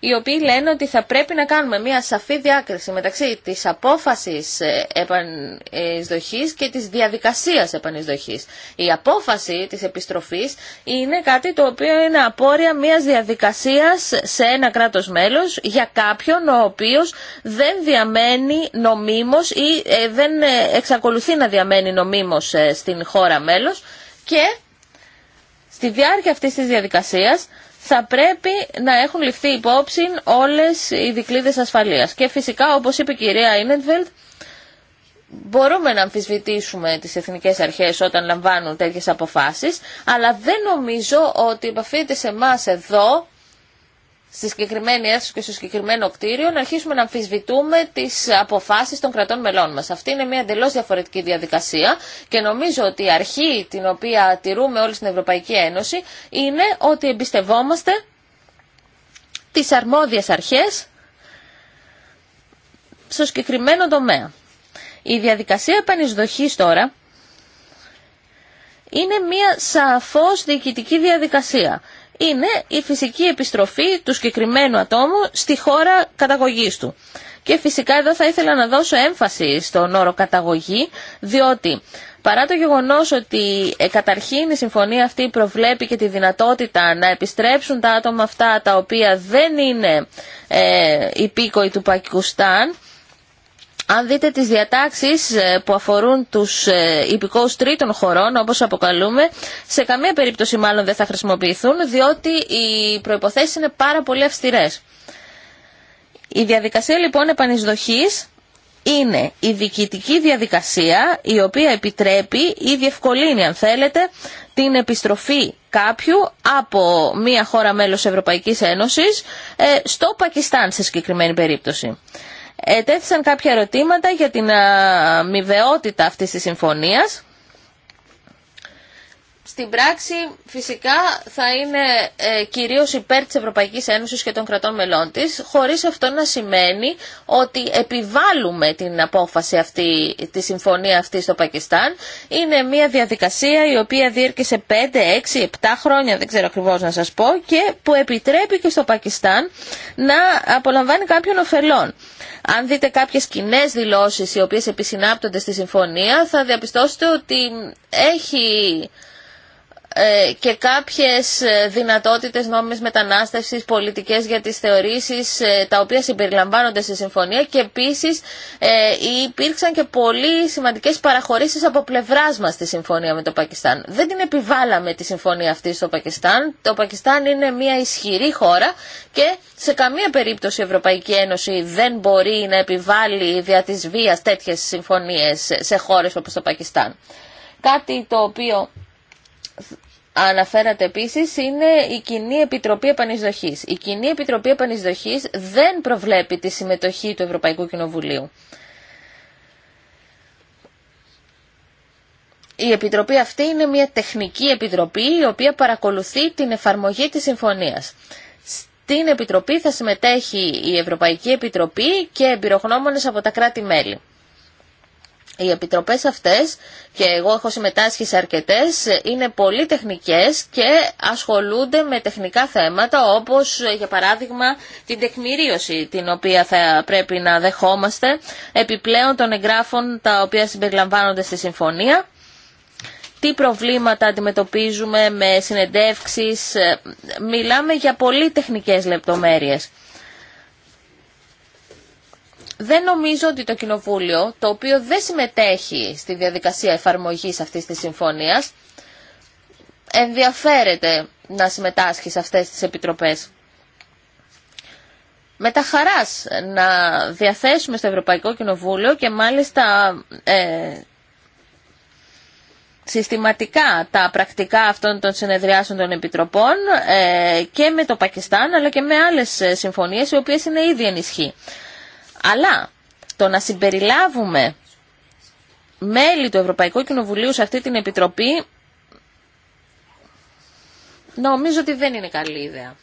οι οποίοι λένε ότι θα πρέπει να κάνουμε μια σαφή διάκριση μεταξύ της απόφασης ε, επανεισδοχής και της διαδικασίας επανεισδοχής. Η απόφαση της επιστροφής είναι κάτι το οποίο είναι απόρρια μιας διαδικασίας σε ένα κράτος μέλος για κάποιον ο οποίος δεν διαμένει νομίμως ή ε, δεν ε, εξακολουθεί να διαμένει νομίμως στην χώρα μέλος και στη διάρκεια αυτής της διαδικασίας θα πρέπει να έχουν ληφθεί υπόψη όλες οι δικλείδες ασφαλείας. Και φυσικά, όπως είπε η κυρία Ίνεντβελτ, μπορούμε να αμφισβητήσουμε τις εθνικές αρχές όταν λαμβάνουν τέτοιες αποφάσεις, αλλά δεν νομίζω ότι επαφείται σε εμά εδώ στη συγκεκριμένη αίθουσα και στο συγκεκριμένο κτίριο να αρχίσουμε να αμφισβητούμε τι αποφάσει των κρατών μελών μα. Αυτή είναι μια εντελώ διαφορετική διαδικασία και νομίζω ότι η αρχή την οποία τηρούμε όλοι στην Ευρωπαϊκή Ένωση είναι ότι εμπιστευόμαστε τι αρμόδιε αρχέ στο συγκεκριμένο τομέα. Η διαδικασία επανεισδοχή τώρα είναι μια σαφώς διοικητική διαδικασία είναι η φυσική επιστροφή του συγκεκριμένου ατόμου στη χώρα καταγωγής του. Και φυσικά εδώ θα ήθελα να δώσω έμφαση στον όρο καταγωγή, διότι παρά το γεγονός ότι ε, καταρχήν η συμφωνία αυτή προβλέπει και τη δυνατότητα να επιστρέψουν τα άτομα αυτά τα οποία δεν είναι ε, υπήκοοι του Πακιστάν, αν δείτε τις διατάξεις ε, που αφορούν τους ε, υπηκόους τρίτων χωρών, όπως αποκαλούμε, σε καμία περίπτωση μάλλον δεν θα χρησιμοποιηθούν, διότι οι προϋποθέσεις είναι πάρα πολύ αυστηρές. Η διαδικασία λοιπόν επανεισδοχής είναι η διοικητική διαδικασία η οποία επιτρέπει ή διευκολύνει αν θέλετε την επιστροφή κάποιου από μία χώρα μέλος Ευρωπαϊκής Ένωσης ε, στο Πακιστάν σε συγκεκριμένη περίπτωση. Ετέθησαν κάποια ερωτήματα για την αμοιβαιότητα αυτής της συμφωνίας. Στην πράξη φυσικά θα είναι ε, κυρίως υπέρ της Ευρωπαϊκής Ένωσης και των κρατών μελών της, χωρίς αυτό να σημαίνει ότι επιβάλλουμε την απόφαση αυτή, τη συμφωνία αυτή στο Πακιστάν. Είναι μια διαδικασία η οποία διήρκησε 5, 6, 7 χρόνια, δεν ξέρω ακριβώς να σας πω, και που επιτρέπει και στο Πακιστάν να απολαμβάνει κάποιον ωφελών. Αν δείτε κάποιες κοινέ δηλώσεις οι οποίες επισυνάπτονται στη συμφωνία θα διαπιστώσετε ότι έχει ε, και κάποιες ε, δυνατότητες νόμιμης μετανάστευσης, πολιτικές για τις θεωρήσεις, ε, τα οποία συμπεριλαμβάνονται στη συμφωνία και επίσης υπήρξαν και πολύ σημαντικές παραχωρήσεις από πλευράς μας στη συμφωνία με το Πακιστάν. Δεν την επιβάλαμε τη συμφωνία αυτή στο Πακιστάν. Το Πακιστάν είναι μια ισχυρή χώρα και σε καμία περίπτωση η Ευρωπαϊκή Ένωση δεν μπορεί να επιβάλλει δια της βίας τέτοιες συμφωνίες σε χώρες όπως το Πακιστάν. Κάτι το οποίο αναφέρατε επίση είναι η Κοινή Επιτροπή επανεισδοχή. Η Κοινή Επιτροπή επανεισδοχή δεν προβλέπει τη συμμετοχή του Ευρωπαϊκού Κοινοβουλίου. Η Επιτροπή αυτή είναι μια τεχνική επιτροπή η οποία παρακολουθεί την εφαρμογή της συμφωνίας. Στην Επιτροπή θα συμμετέχει η Ευρωπαϊκή Επιτροπή και εμπειρογνώμονες από τα κράτη-μέλη οι επιτροπές αυτές, και εγώ έχω συμμετάσχει σε αρκετές, είναι πολύ τεχνικές και ασχολούνται με τεχνικά θέματα όπως για παράδειγμα την τεκμηρίωση την οποία θα πρέπει να δεχόμαστε επιπλέον των εγγράφων τα οποία συμπεριλαμβάνονται στη συμφωνία τι προβλήματα αντιμετωπίζουμε με συνεντεύξεις, ε, μιλάμε για πολύ τεχνικές λεπτομέρειες δεν νομίζω ότι το Κοινοβούλιο, το οποίο δεν συμμετέχει στη διαδικασία εφαρμογής αυτής της συμφωνίας, ενδιαφέρεται να συμμετάσχει σε αυτές τις επιτροπές. Με τα χαράς να διαθέσουμε στο Ευρωπαϊκό Κοινοβούλιο και μάλιστα ε, συστηματικά τα πρακτικά αυτών των συνεδριάσεων των επιτροπών ε, και με το Πακιστάν αλλά και με άλλες ε, συμφωνίες οι οποίες είναι ήδη ενισχύ. Αλλά το να συμπεριλάβουμε μέλη του Ευρωπαϊκού Κοινοβουλίου σε αυτή την Επιτροπή νομίζω ότι δεν είναι καλή ιδέα.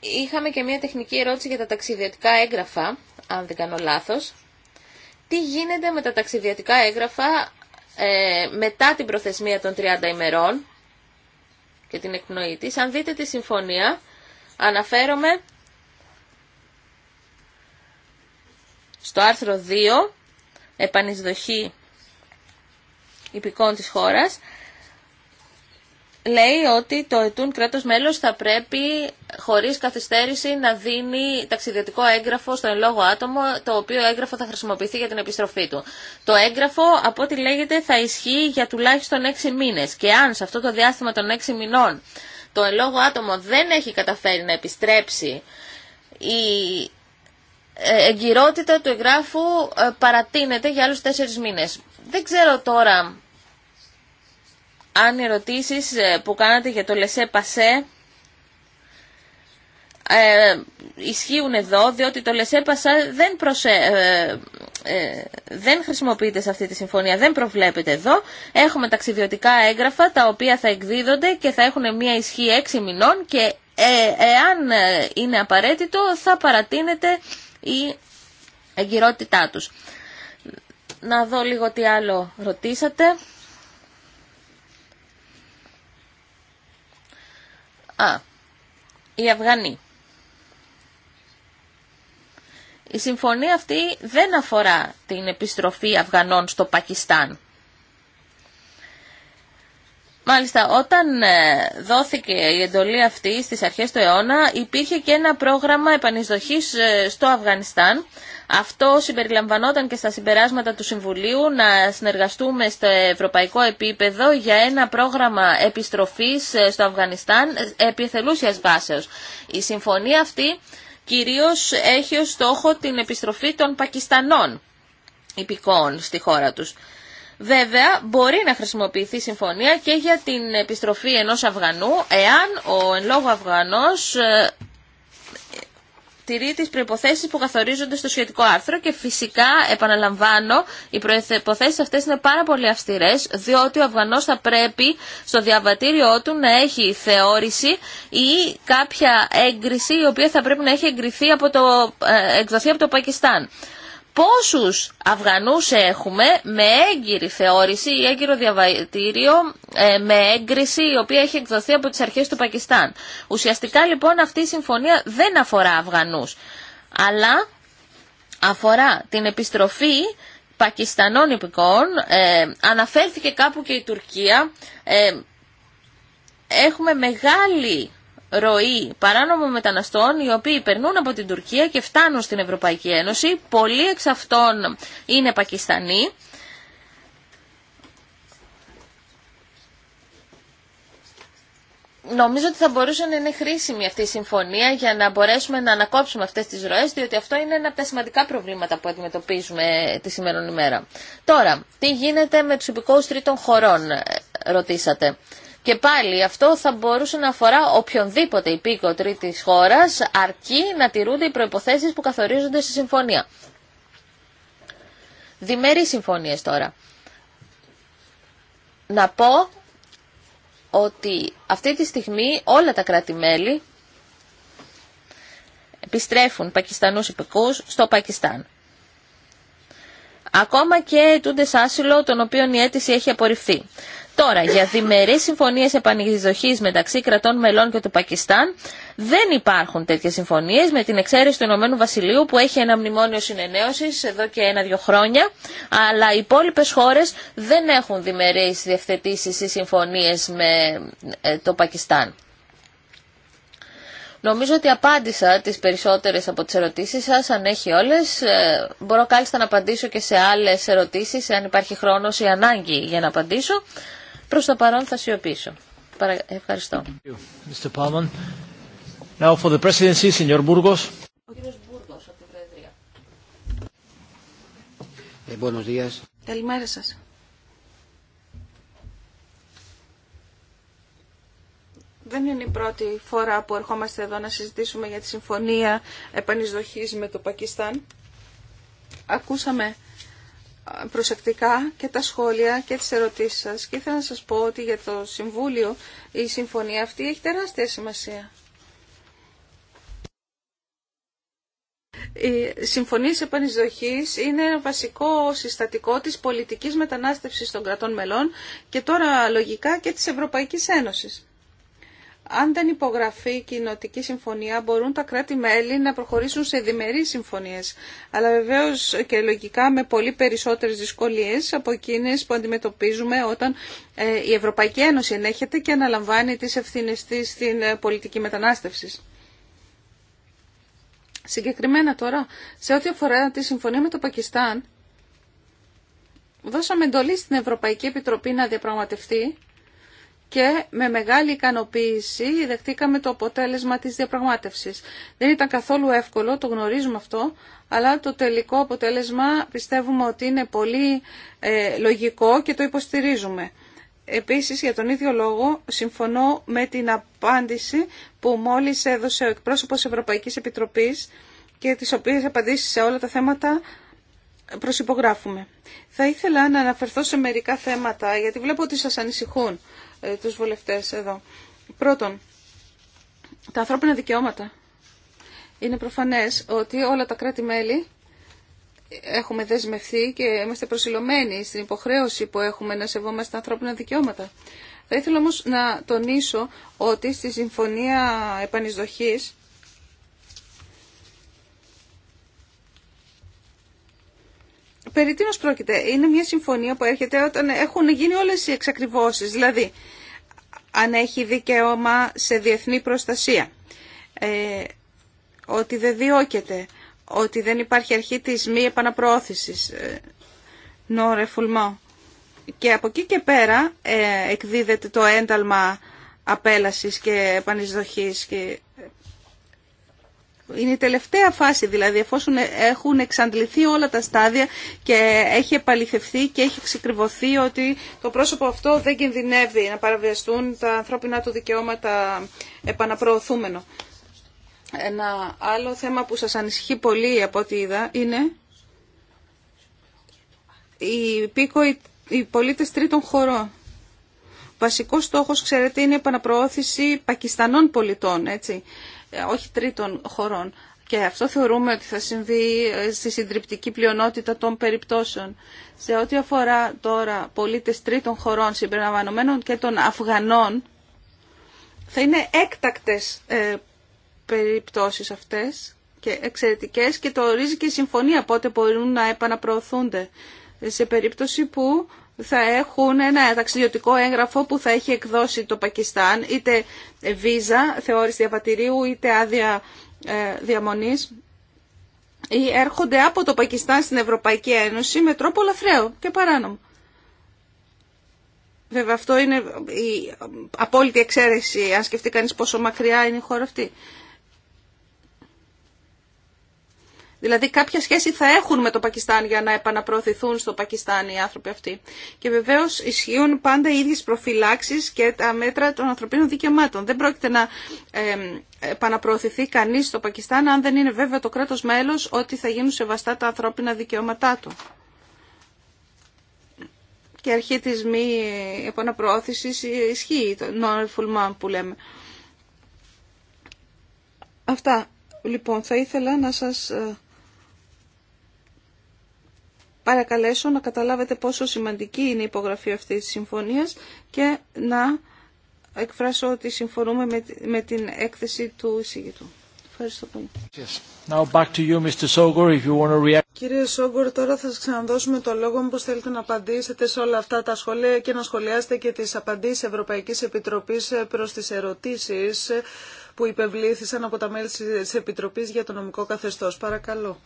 Είχαμε και μια τεχνική ερώτηση για τα ταξιδιωτικά έγγραφα, αν δεν κάνω λάθος. Τι γίνεται με τα ταξιδιωτικά έγγραφα ε, μετά την προθεσμία των 30 ημερών και την εκπνοή τη, Αν δείτε τη συμφωνία, αναφέρομαι στο άρθρο 2, επανεισδοχή υπηκών της χώρας, λέει ότι το ετούν κράτος μέλος θα πρέπει χωρίς καθυστέρηση να δίνει ταξιδιωτικό έγγραφο στον λόγο άτομο, το οποίο έγγραφο θα χρησιμοποιηθεί για την επιστροφή του. Το έγγραφο, από ό,τι λέγεται, θα ισχύει για τουλάχιστον έξι μήνες και αν σε αυτό το διάστημα των 6 μηνών το λόγο άτομο δεν έχει καταφέρει να επιστρέψει η ε, εγκυρότητα του εγγράφου ε, παρατείνεται για άλλους 4 μήνες. Δεν ξέρω τώρα αν οι ερωτήσεις ε, που κάνατε για το Λεσέ Πασέ ε, ισχύουν εδώ, διότι το Λεσέ Πασέ δεν, προσε... Ε, ε, δεν χρησιμοποιείται σε αυτή τη συμφωνία, δεν προβλέπεται εδώ. Έχουμε ταξιδιωτικά έγγραφα τα οποία θα εκδίδονται και θα έχουν μια ισχύ 6 μηνών και ε, εάν είναι απαραίτητο θα παρατείνεται η εγκυρότητά τους. Να δω λίγο τι άλλο ρωτήσατε. Α, οι Αφγανοί. Η συμφωνία αυτή δεν αφορά την επιστροφή Αφγανών στο Πακιστάν. Μάλιστα, όταν ε, δόθηκε η εντολή αυτή στις αρχές του αιώνα, υπήρχε και ένα πρόγραμμα επανεισδοχής ε, στο Αφγανιστάν, αυτό συμπεριλαμβανόταν και στα συμπεράσματα του Συμβουλίου να συνεργαστούμε στο ευρωπαϊκό επίπεδο για ένα πρόγραμμα επιστροφής ε, στο Αφγανιστάν ε, επί βάσεως. Η συμφωνία αυτή κυρίως έχει ως στόχο την επιστροφή των Πακιστανών υπηκόων στη χώρα τους. Βέβαια, μπορεί να χρησιμοποιηθεί συμφωνία και για την επιστροφή ενός Αφγανού, εάν ο εν λόγω Αφγανός ε, τηρεί τι προποθέσει που καθορίζονται στο σχετικό άρθρο και φυσικά, επαναλαμβάνω, οι προποθέσει αυτές είναι πάρα πολύ αυστηρέ, διότι ο Αφγανό θα πρέπει στο διαβατήριό του να έχει θεώρηση ή κάποια έγκριση η οποία θα πρέπει να έχει εγκριθεί από το, ε, εκδοθεί από το Πακιστάν πόσους Αφγανούς έχουμε με έγκυρη θεώρηση ή έγκυρο διαβατήριο ε, με έγκριση η οποία έχει εκδοθεί από τις αρχές του Πακιστάν. Ουσιαστικά λοιπόν αυτή η συμφωνία δεν αφορά Αφγανούς, αλλά αφορά την επιστροφή Πακιστανών υπηκών. Ε, αναφέρθηκε κάπου και η Τουρκία. Ε, έχουμε μεγάλη ροή παράνομων μεταναστών οι οποίοι περνούν από την Τουρκία και φτάνουν στην Ευρωπαϊκή Ένωση. Πολλοί εξ αυτών είναι Πακιστανοί. Νομίζω ότι θα μπορούσε να είναι χρήσιμη αυτή η συμφωνία για να μπορέσουμε να ανακόψουμε αυτέ τι ροέ, διότι αυτό είναι ένα από τα σημαντικά προβλήματα που αντιμετωπίζουμε τη σημερινή ημέρα. Τώρα, τι γίνεται με του υπηκόου τρίτων χωρών, ε, ρωτήσατε. Και πάλι αυτό θα μπορούσε να αφορά οποιονδήποτε υπήκο τρίτη χώρας, αρκεί να τηρούνται οι προϋποθέσεις που καθορίζονται στη συμφωνία. Διμερεί συμφωνίε τώρα. Να πω ότι αυτή τη στιγμή όλα τα κράτη-μέλη επιστρέφουν Πακιστανούς υπηκούς στο Πακιστάν. Ακόμα και τούντες άσυλο, τον οποίο η αίτηση έχει απορριφθεί. Τώρα, για διμερεί συμφωνίε επανειδοχή μεταξύ κρατών μελών και του Πακιστάν δεν υπάρχουν τέτοιες συμφωνίε με την εξαίρεση του Ηνωμένου Βασιλείου που έχει ένα μνημόνιο συνενέωση εδώ και ένα-δυο χρόνια αλλά οι υπόλοιπε χώρε δεν έχουν διμερείς διευθετήσει ή συμφωνίε με ε, το Πακιστάν. Νομίζω ότι απάντησα τις περισσότερες από τις ερωτήσεις σας, αν έχει όλες. Ε, μπορώ κάλλιστα να απαντήσω και σε άλλες ερωτήσεις, αν υπάρχει χρόνος ή ανάγκη για να απαντήσω. Προς τα παρόν θα σιωπήσω. Ευχαριστώ. Mr. Now for the presidency, Senor Burgos. Ο κύριος Μπούργος, από την Προεδρία. Ε, buenos días. Καλημέρα σας. Δεν είναι η πρώτη φορά που ερχόμαστε εδώ να συζητήσουμε για τη συμφωνία επανεισδοχής με το Πακιστάν. Ακούσαμε προσεκτικά και τα σχόλια και τις ερωτήσεις σας και ήθελα να σας πω ότι για το Συμβούλιο η συμφωνία αυτή έχει τεράστια σημασία. Οι συμφωνίες επανεισδοχής είναι βασικό συστατικό της πολιτικής μετανάστευσης των κρατών μελών και τώρα λογικά και της Ευρωπαϊκής Ένωσης αν δεν υπογραφεί η κοινοτική συμφωνία, μπορούν τα κράτη-μέλη να προχωρήσουν σε διμερείς συμφωνίες. Αλλά βεβαίως και λογικά με πολύ περισσότερες δυσκολίες από εκείνες που αντιμετωπίζουμε όταν ε, η Ευρωπαϊκή Ένωση ενέχεται και αναλαμβάνει τις ευθύνες της στην ε, πολιτική μετανάστευση. Συγκεκριμένα τώρα, σε ό,τι αφορά τη συμφωνία με το Πακιστάν, δώσαμε εντολή στην Ευρωπαϊκή Επιτροπή να διαπραγματευτεί και με μεγάλη ικανοποίηση δεχτήκαμε το αποτέλεσμα της διαπραγμάτευσης. Δεν ήταν καθόλου εύκολο, το γνωρίζουμε αυτό, αλλά το τελικό αποτέλεσμα πιστεύουμε ότι είναι πολύ ε, λογικό και το υποστηρίζουμε. Επίσης, για τον ίδιο λόγο, συμφωνώ με την απάντηση που μόλις έδωσε ο εκπρόσωπος Ευρωπαϊκής Επιτροπής και τις οποίες απαντήσεις σε όλα τα θέματα προσυπογράφουμε. Θα ήθελα να αναφερθώ σε μερικά θέματα, γιατί βλέπω ότι σας ανησυχούν. Ε, τους βολευτές εδώ. Πρώτον, τα ανθρώπινα δικαιώματα. Είναι προφανές ότι όλα τα κράτη-μέλη έχουμε δεσμευθεί και είμαστε προσιλωμένοι στην υποχρέωση που έχουμε να σεβόμαστε τα ανθρώπινα δικαιώματα. Θα ήθελα όμως να τονίσω ότι στη Συμφωνία Επανεισδοχής περί τίνος πρόκειται. Είναι μια συμφωνία που έρχεται όταν έχουν γίνει όλες οι εξακριβώσεις. Δηλαδή, αν έχει δικαίωμα σε διεθνή προστασία, ε, ότι δεν διώκεται, ότι δεν υπάρχει αρχή της μη επαναπροώθησης. ρεφουλμό. Και από εκεί και πέρα ε, εκδίδεται το ένταλμα απέλασης και επανεισδοχής και είναι η τελευταία φάση δηλαδή, εφόσον έχουν εξαντληθεί όλα τα στάδια και έχει επαληθευθεί και έχει ξεκριβωθεί ότι το πρόσωπο αυτό δεν κινδυνεύει να παραβιαστούν τα ανθρώπινα του δικαιώματα επαναπροωθούμενο. Ένα άλλο θέμα που σας ανησυχεί πολύ από ό,τι είδα είναι οι, πίκο, οι πολίτες τρίτων χωρών. βασικός στόχος, ξέρετε, είναι η επαναπροώθηση Πακιστανών πολιτών, έτσι ε, όχι τρίτων χωρών. Και αυτό θεωρούμε ότι θα συμβεί ε, στη συντριπτική πλειονότητα των περιπτώσεων. Σε ό,τι αφορά τώρα πολίτες τρίτων χωρών συμπεριλαμβανομένων και των Αφγανών, θα είναι έκτακτες ε, περιπτώσεις αυτές και εξαιρετικές και το ορίζει και η συμφωνία πότε μπορούν να επαναπροωθούνται σε περίπτωση που θα έχουν ένα ταξιδιωτικό έγγραφο που θα έχει εκδώσει το Πακιστάν, είτε βίζα, θεώρηση διαβατηρίου, είτε άδεια ε, διαμονής ή έρχονται από το Πακιστάν στην Ευρωπαϊκή Ένωση με τρόπο λαθρέο και παράνομο. Βέβαια αυτό είναι η απόλυτη εξαίρεση αν σκεφτεί κανείς πόσο μακριά είναι η χώρα αυτή. Δηλαδή κάποια σχέση θα έχουν με το Πακιστάν για να επαναπροωθηθούν στο Πακιστάν οι άνθρωποι αυτοί. Και βεβαίως ισχύουν πάντα οι ίδιες προφυλάξεις και τα μέτρα των ανθρωπίνων δικαιωμάτων. Δεν πρόκειται να επαναπροωθηθεί κανείς στο Πακιστάν αν δεν είναι βέβαια το κράτος μέλος ότι θα γίνουν σεβαστά τα ανθρώπινα δικαιώματά του. Και αρχή της μη επαναπροώθησης ισχύει, το non που λέμε. Αυτά. Λοιπόν, θα ήθελα να σας ε, παρακαλέσω να καταλάβετε πόσο σημαντική είναι η υπογραφή αυτής της συμφωνίας και να εκφράσω ότι συμφωνούμε με την έκθεση του εισηγητού. Ευχαριστώ πολύ. Now back to you, Mr. Sogor, if you want to react. Κύριε Σόγκορ, τώρα θα σας ξαναδώσουμε το λόγο μήπως θέλετε να απαντήσετε σε όλα αυτά τα σχολεία και να σχολιάσετε και τις απαντήσεις Ευρωπαϊκής Επιτροπής προς τις ερωτήσεις που υπευλήθησαν από τα μέλη της Επιτροπής για το νομικό καθεστώς. Παρακαλώ.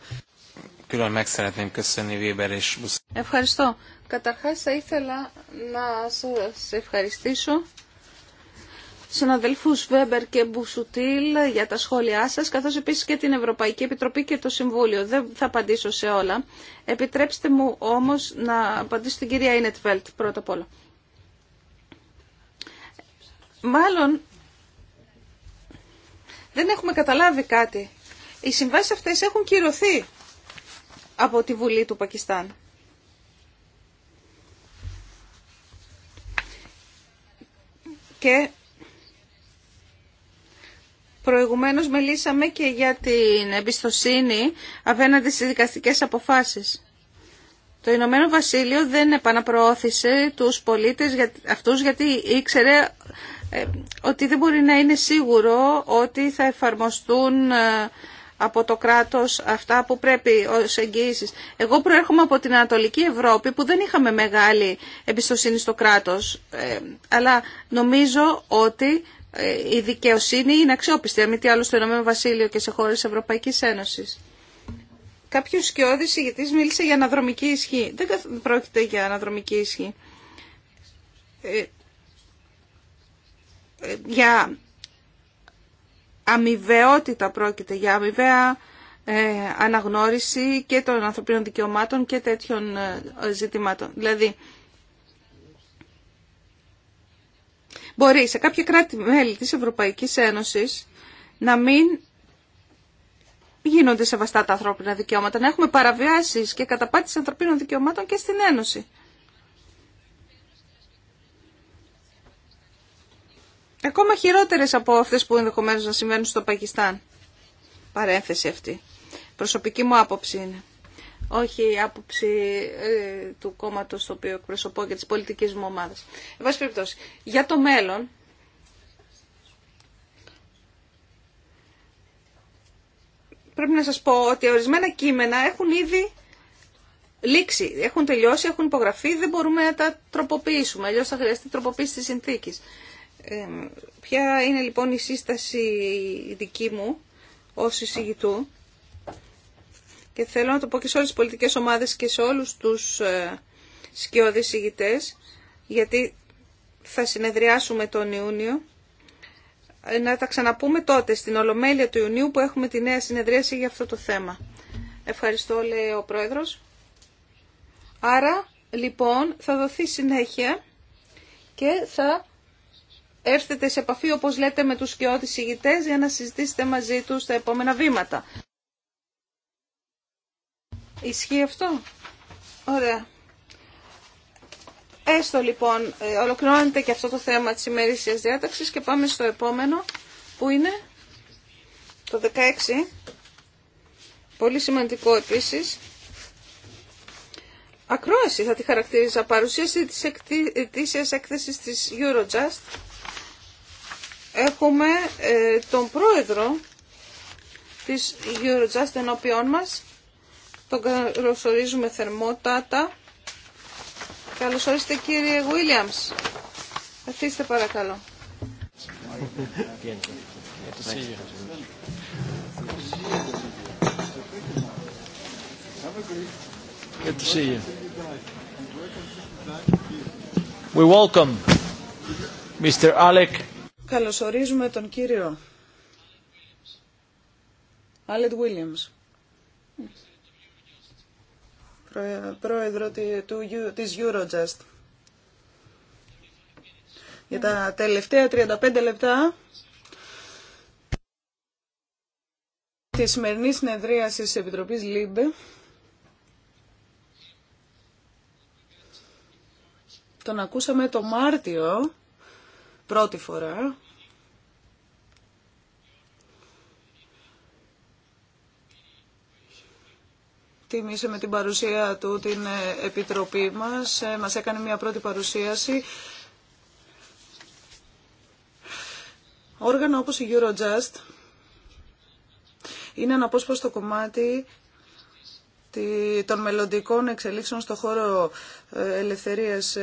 Ευχαριστώ. Καταρχάς θα ήθελα να σας ευχαριστήσω συναδελφούς Βέμπερ και Μπουσουτήλ για τα σχόλιά σας, καθώς επίσης και την Ευρωπαϊκή Επιτροπή και το Συμβούλιο. Δεν θα απαντήσω σε όλα. Επιτρέψτε μου όμως να απαντήσω στην κυρία Ινετβέλτ πρώτα απ' όλα. Μάλλον δεν έχουμε καταλάβει κάτι. Οι συμβάσει αυτές έχουν κυρωθεί από τη Βουλή του Πακιστάν. Και προηγουμένως μιλήσαμε και για την εμπιστοσύνη απέναντι στις δικαστικές αποφάσεις. Το Ηνωμένο Βασίλειο δεν επαναπροώθησε τους πολίτες για, αυτούς γιατί ήξερε ε, ότι δεν μπορεί να είναι σίγουρο ότι θα εφαρμοστούν ε, από το κράτος αυτά που πρέπει ως εγγύησης. Εγώ προέρχομαι από την Ανατολική Ευρώπη που δεν είχαμε μεγάλη εμπιστοσύνη στο κράτος, ε, αλλά νομίζω ότι ε, η δικαιοσύνη είναι αξιόπιστη, μη τι άλλο στο Ηνωμένο Βασίλειο και σε χώρες Ευρωπαϊκής Ένωσης. Κάποιο σκιώδη ηγητή μίλησε για αναδρομική ισχύ. Δεν πρόκειται για αναδρομική ισχύ. Ε, για αμοιβαιότητα πρόκειται για αμοιβαία ε, αναγνώριση και των ανθρωπίνων δικαιωμάτων και τέτοιων ε, ζητημάτων. Δηλαδή, μπορεί σε κάποια κράτη-μέλη της Ευρωπαϊκής Ένωσης να μην γίνονται σεβαστά τα ανθρώπινα δικαιώματα, να έχουμε παραβιάσεις και καταπάτηση ανθρωπίνων δικαιωμάτων και στην Ένωση. Ακόμα χειρότερες από αυτές που ενδεχομένως να συμβαίνουν στο Πακιστάν. Παρένθεση αυτή. Προσωπική μου άποψη είναι. Όχι η άποψη ε, του κόμματος το οποίο εκπροσωπώ και της πολιτικής μου ομάδας. Εν περιπτώσει, για το μέλλον, πρέπει να σας πω ότι ορισμένα κείμενα έχουν ήδη λήξει, έχουν τελειώσει, έχουν υπογραφεί, δεν μπορούμε να τα τροποποιήσουμε, αλλιώς θα χρειαστεί τροποποίηση της συνθήκης ποια είναι λοιπόν η σύσταση δική μου ως εισηγητού και θέλω να το πω και σε όλες τις πολιτικές ομάδες και σε όλους τους ε, σκιώδεις εισηγητές γιατί θα συνεδριάσουμε τον Ιούνιο ε, να τα ξαναπούμε τότε στην Ολομέλεια του Ιουνίου που έχουμε τη νέα συνεδρίαση για αυτό το θέμα. Ευχαριστώ λέει ο Πρόεδρος. Άρα λοιπόν θα δοθεί συνέχεια και θα έρθετε σε επαφή, όπως λέτε, με τους σκιώτης ηγητές για να συζητήσετε μαζί τους τα επόμενα βήματα. Ισχύει αυτό? Ωραία. Έστω λοιπόν, ε, ολοκληρώνεται και αυτό το θέμα της ημερήσιας διάταξης και πάμε στο επόμενο, που είναι το 16. Πολύ σημαντικό επίσης. Ακρόαση θα τη χαρακτηρίζα παρουσίαση ε, της ετήσιας έκθεσης της Eurojust έχουμε ε, τον πρόεδρο της Eurojust ενώπιόν μας. Τον καλωσορίζουμε θερμότατα. Καλώς ορίστε κύριε Williams. Καθίστε παρακαλώ. Good to see you. We welcome Mr. Alec Καλωσορίζουμε τον κύριο Άλετ Βίλιαμς, πρόεδρο της Eurojust. Για τα τελευταία 35 λεπτά τη σημερινή συνεδρίασης της Επιτροπής ΛΥΜΠΕ τον ακούσαμε το Μάρτιο πρώτη φορά. Τιμήσε με την παρουσία του την ε, Επιτροπή μας. Ε, μας έκανε μια πρώτη παρουσίαση. Όργανα όπως η Eurojust είναι το κομμάτι των μελλοντικών εξελίξεων στο χώρο ε, ελευθερίας,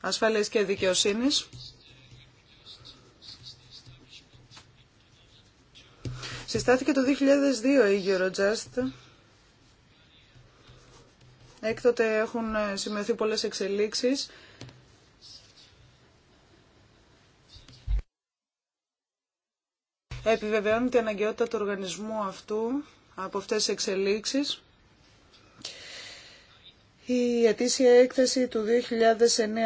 ασφάλειας και δικαιοσύνης. Συστάθηκε το 2002 η Eurojust. Έκτοτε έχουν ε, σημειωθεί πολλές εξελίξεις. επιβεβαιώνει την αναγκαιότητα του οργανισμού αυτού από αυτές τις εξελίξεις. Η ετήσια έκθεση του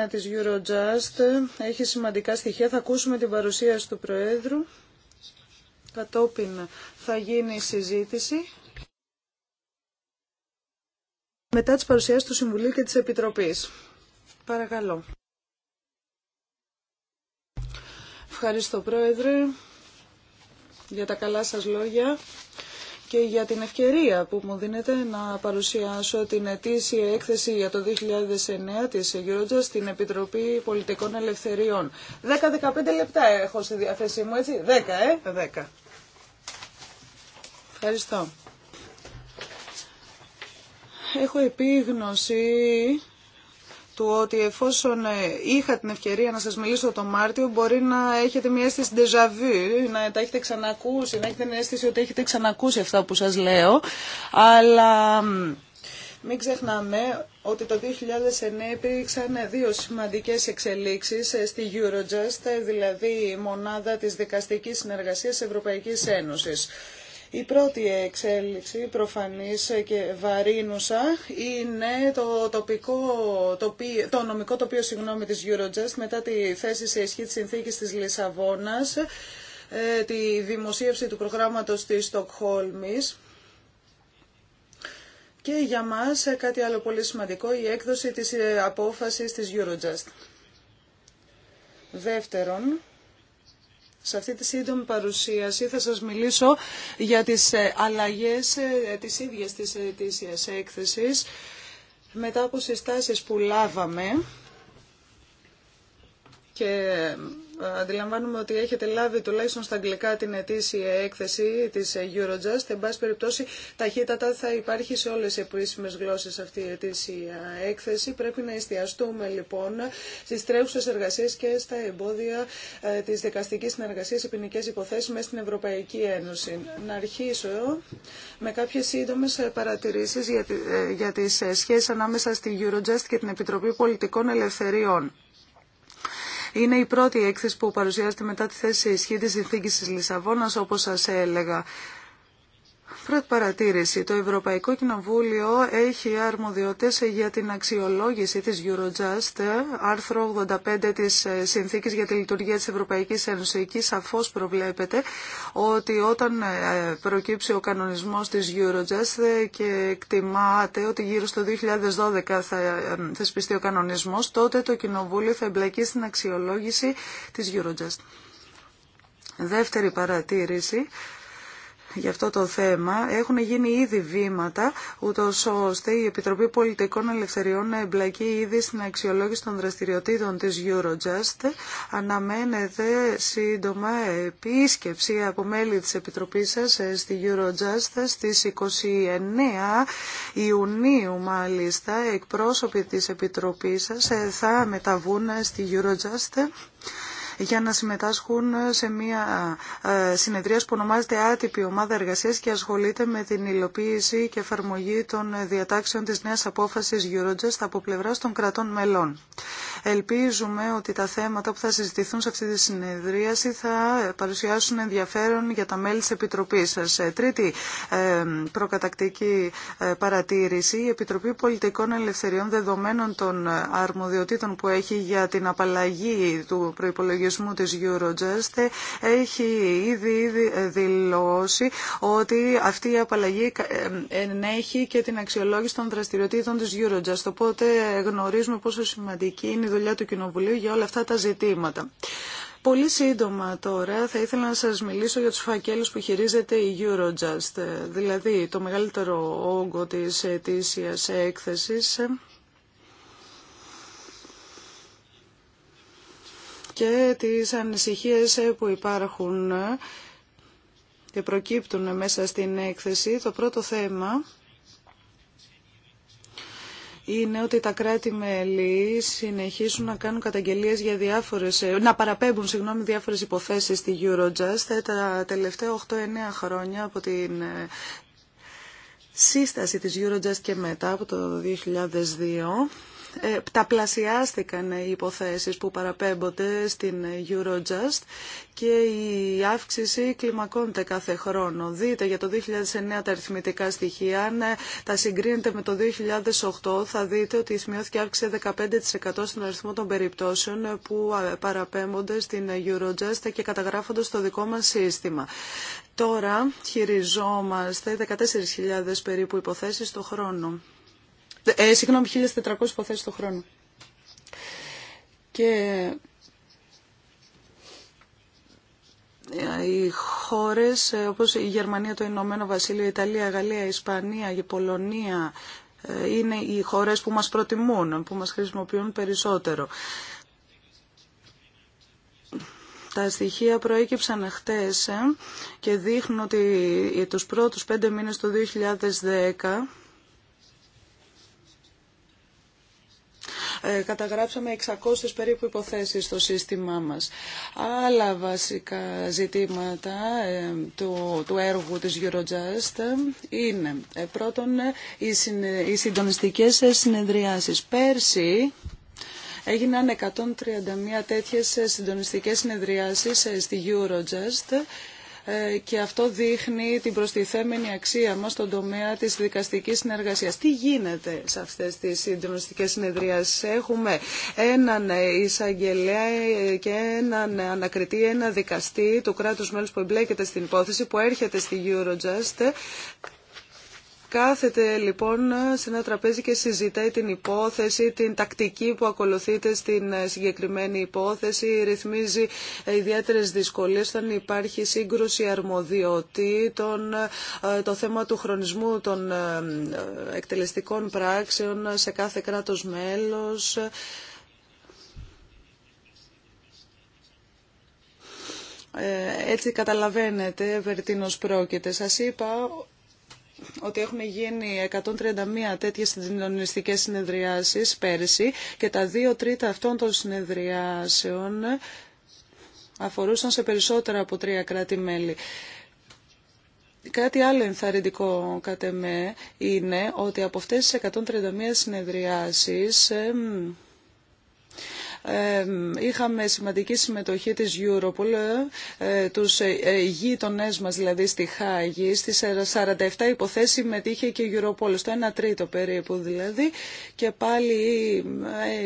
2009 της Eurojust έχει σημαντικά στοιχεία. Θα ακούσουμε την παρουσίαση του Προέδρου. Κατόπιν θα γίνει η συζήτηση. Μετά τις παρουσιάσεις του Συμβουλίου και της Επιτροπής. Παρακαλώ. Ευχαριστώ Πρόεδρε για τα καλά σας λόγια και για την ευκαιρία που μου δίνετε να παρουσιάσω την ετήσια έκθεση για το 2009 της Eurojust στην Επιτροπή Πολιτικών Ελευθεριών. 10-15 λεπτά έχω στη διάθεσή μου, έτσι. 10, ε. 10. Ευχαριστώ. Έχω επίγνωση του ότι εφόσον ε, είχα την ευκαιρία να σας μιλήσω το Μάρτιο μπορεί να έχετε μια αίσθηση ντεζαβή, να τα έχετε ξανακούσει, να έχετε μια αίσθηση ότι έχετε ξανακούσει αυτά που σας λέω, αλλά... Μην ξεχνάμε ότι το 2009 υπήρξαν δύο σημαντικές εξελίξεις ε, στη Eurojust, ε, δηλαδή η μονάδα της δικαστικής συνεργασίας Ευρωπαϊκής Ένωσης. Η πρώτη εξέλιξη προφανής και βαρύνουσα είναι το, τοπικό, το νομικό τοπίο συγγνώμη, της Eurojust μετά τη θέση σε ισχύ της συνθήκης της Λισαβόνας, ε, τη δημοσίευση του προγράμματος της Στοκχόλμης. Και για μας ε, κάτι άλλο πολύ σημαντικό, η έκδοση της ε, απόφασης της Eurojust. Δεύτερον, σε αυτή τη σύντομη παρουσίαση θα σας μιλήσω για τις ε, αλλαγές ε, της ίδιας ε, της ετήσιας έκθεσης μετά από συστάσεις που λάβαμε αντιλαμβάνουμε ότι έχετε λάβει τουλάχιστον στα αγγλικά την ετήσια έκθεση τη Eurojust. Εν πάση περιπτώσει, ταχύτατα θα υπάρχει σε όλες τι επίσημε γλώσσες αυτή η ετήσια έκθεση. Πρέπει να εστιαστούμε λοιπόν στι τρέχουσε εργασίε και στα εμπόδια ε, τη δικαστική συνεργασία σε ποινικέ υποθέσει μέσα στην Ευρωπαϊκή Ένωση. Να αρχίσω με κάποιε σύντομε παρατηρήσει ε, για τις ε, σχέσει ανάμεσα στη Eurojust και την Επιτροπή Πολιτικών Ελευθεριών. Είναι η πρώτη έκθεση που παρουσιάζεται μετά τη θέση ισχύ τη συνθήκη τη Λισαβόνα, όπω σα έλεγα. Πρώτη παρατήρηση. Το Ευρωπαϊκό Κοινοβούλιο έχει αρμοδιότητες για την αξιολόγηση της Eurojust, άρθρο 85 της Συνθήκης για τη Λειτουργία της Ευρωπαϊκής Ένωσης. Εκεί σαφώς προβλέπεται ότι όταν ε, προκύψει ο κανονισμός της Eurojust και εκτιμάται ότι γύρω στο 2012 θα ε, θεσπιστεί ο κανονισμός, τότε το Κοινοβούλιο θα εμπλακεί στην αξιολόγηση της Eurojust. Δεύτερη παρατήρηση για αυτό το θέμα. Έχουν γίνει ήδη βήματα, ούτω ώστε η Επιτροπή Πολιτικών Ελευθεριών να εμπλακεί ήδη στην αξιολόγηση των δραστηριοτήτων της Eurojust. Αναμένεται σύντομα επίσκεψη από μέλη της Επιτροπής σας ε, στη Eurojust στις 29 Ιουνίου μάλιστα. Εκπρόσωποι της Επιτροπής σας ε, θα μεταβούν ε, στη Eurojust για να συμμετάσχουν σε μια ε, συνεδρία που ονομάζεται Άτυπη Ομάδα Εργασίας και ασχολείται με την υλοποίηση και εφαρμογή των διατάξεων της νέας απόφασης Eurojust από πλευράς των κρατών μελών. Ελπίζουμε ότι τα θέματα που θα συζητηθούν σε αυτή τη συνεδρίαση θα παρουσιάσουν ενδιαφέρον για τα μέλη της Επιτροπής σας. Ε, τρίτη ε, προκατακτική ε, παρατήρηση, η Επιτροπή Πολιτικών Ελευθεριών δεδομένων των αρμοδιοτήτων που έχει για την απαλλαγή του προϋπολογισμού της Eurojust έχει ήδη δηλώσει ότι αυτή η απαλλαγή ενέχει και την αξιολόγηση των δραστηριοτήτων της Eurojust. Οπότε γνωρίζουμε πόσο σημαντική είναι δουλειά του Κοινοβουλίου για όλα αυτά τα ζητήματα. Πολύ σύντομα τώρα θα ήθελα να σας μιλήσω για τους φακέλους που χειρίζεται η Eurojust, δηλαδή το μεγαλύτερο όγκο της αιτήσιας έκθεσης και τις ανησυχίες που υπάρχουν και προκύπτουν μέσα στην έκθεση. Το πρώτο θέμα είναι ότι τα κράτη-μέλη συνεχίσουν να κάνουν καταγγελίες για διάφορες, ε, να παραπέμπουν συγγνώμη, διάφορες υποθέσεις στη Eurojust ε, τα τελευταία 8-9 χρόνια από την ε, σύσταση της Eurojust και μετά από το 2002. Ε, πλασιάστηκαν οι υποθέσεις που παραπέμπονται στην Eurojust και η αύξηση κλιμακώνεται κάθε χρόνο. Δείτε για το 2009 τα αριθμητικά στοιχεία. Αν ε, τα συγκρίνετε με το 2008 θα δείτε ότι σημειώθηκε αύξηση 15% στον αριθμό των περιπτώσεων που ε, παραπέμπονται στην Eurojust και καταγράφονται στο δικό μας σύστημα. Τώρα χειριζόμαστε 14.000 περίπου υποθέσεις το χρόνο ε, συγγνώμη, 1.400 υποθέσει το χρόνο. Και οι χώρες ε, όπως η Γερμανία, το Ηνωμένο Βασίλειο, η Ιταλία, η Γαλλία, η Ισπανία, η Πολωνία ε, είναι οι χώρες που μας προτιμούν, που μας χρησιμοποιούν περισσότερο. Τα στοιχεία προέκυψαν χτες ε, και δείχνουν ότι τους πρώτους πέντε μήνες του 2010 Ε, καταγράψαμε 600 περίπου υποθέσεις στο σύστημά μας. Άλλα βασικά ζητήματα ε, του, του έργου της Eurojust είναι ε, πρώτον οι, συνε, οι συντονιστικές συνεδριάσεις. Πέρσι έγιναν 131 τέτοιες συντονιστικές συνεδριάσεις στη Eurojust ε, και αυτό δείχνει την προστιθέμενη αξία μας στον τομέα της δικαστικής συνεργασίας. Τι γίνεται σε αυτές τις συντονιστικές συνεδριάσεις. Έχουμε έναν εισαγγελέα και έναν ανακριτή, ένα δικαστή του κράτους μέλους που εμπλέκεται στην υπόθεση που έρχεται στη Eurojust Κάθεται λοιπόν σε ένα τραπέζι και συζητάει την υπόθεση, την τακτική που ακολουθείται στην ε, συγκεκριμένη υπόθεση, ρυθμίζει ε, ιδιαίτερες δυσκολίες όταν υπάρχει σύγκρουση αρμοδιοτήτων, ε, το θέμα του χρονισμού των εκτελεστικών πράξεων σε κάθε κράτος μέλος. Έτσι καταλαβαίνετε, Βερτίνος πρόκειται. Σας είπα ότι έχουν γίνει 131 τέτοιε συντονιστικέ συνεδριάσεις πέρσι και τα δύο τρίτα αυτών των συνεδριάσεων αφορούσαν σε περισσότερα από τρία κράτη-μέλη. Κάτι άλλο ενθαρρυντικό κατ' εμέ είναι ότι από αυτές τις 131 συνεδριάσεις είχαμε σημαντική συμμετοχή της Europol, ε, τους ε, ε, γείτονές μας δηλαδή στη Χάγη. Στις 47 υποθέσεις συμμετείχε και η Europol, στο 1 τρίτο περίπου δηλαδή. Και πάλι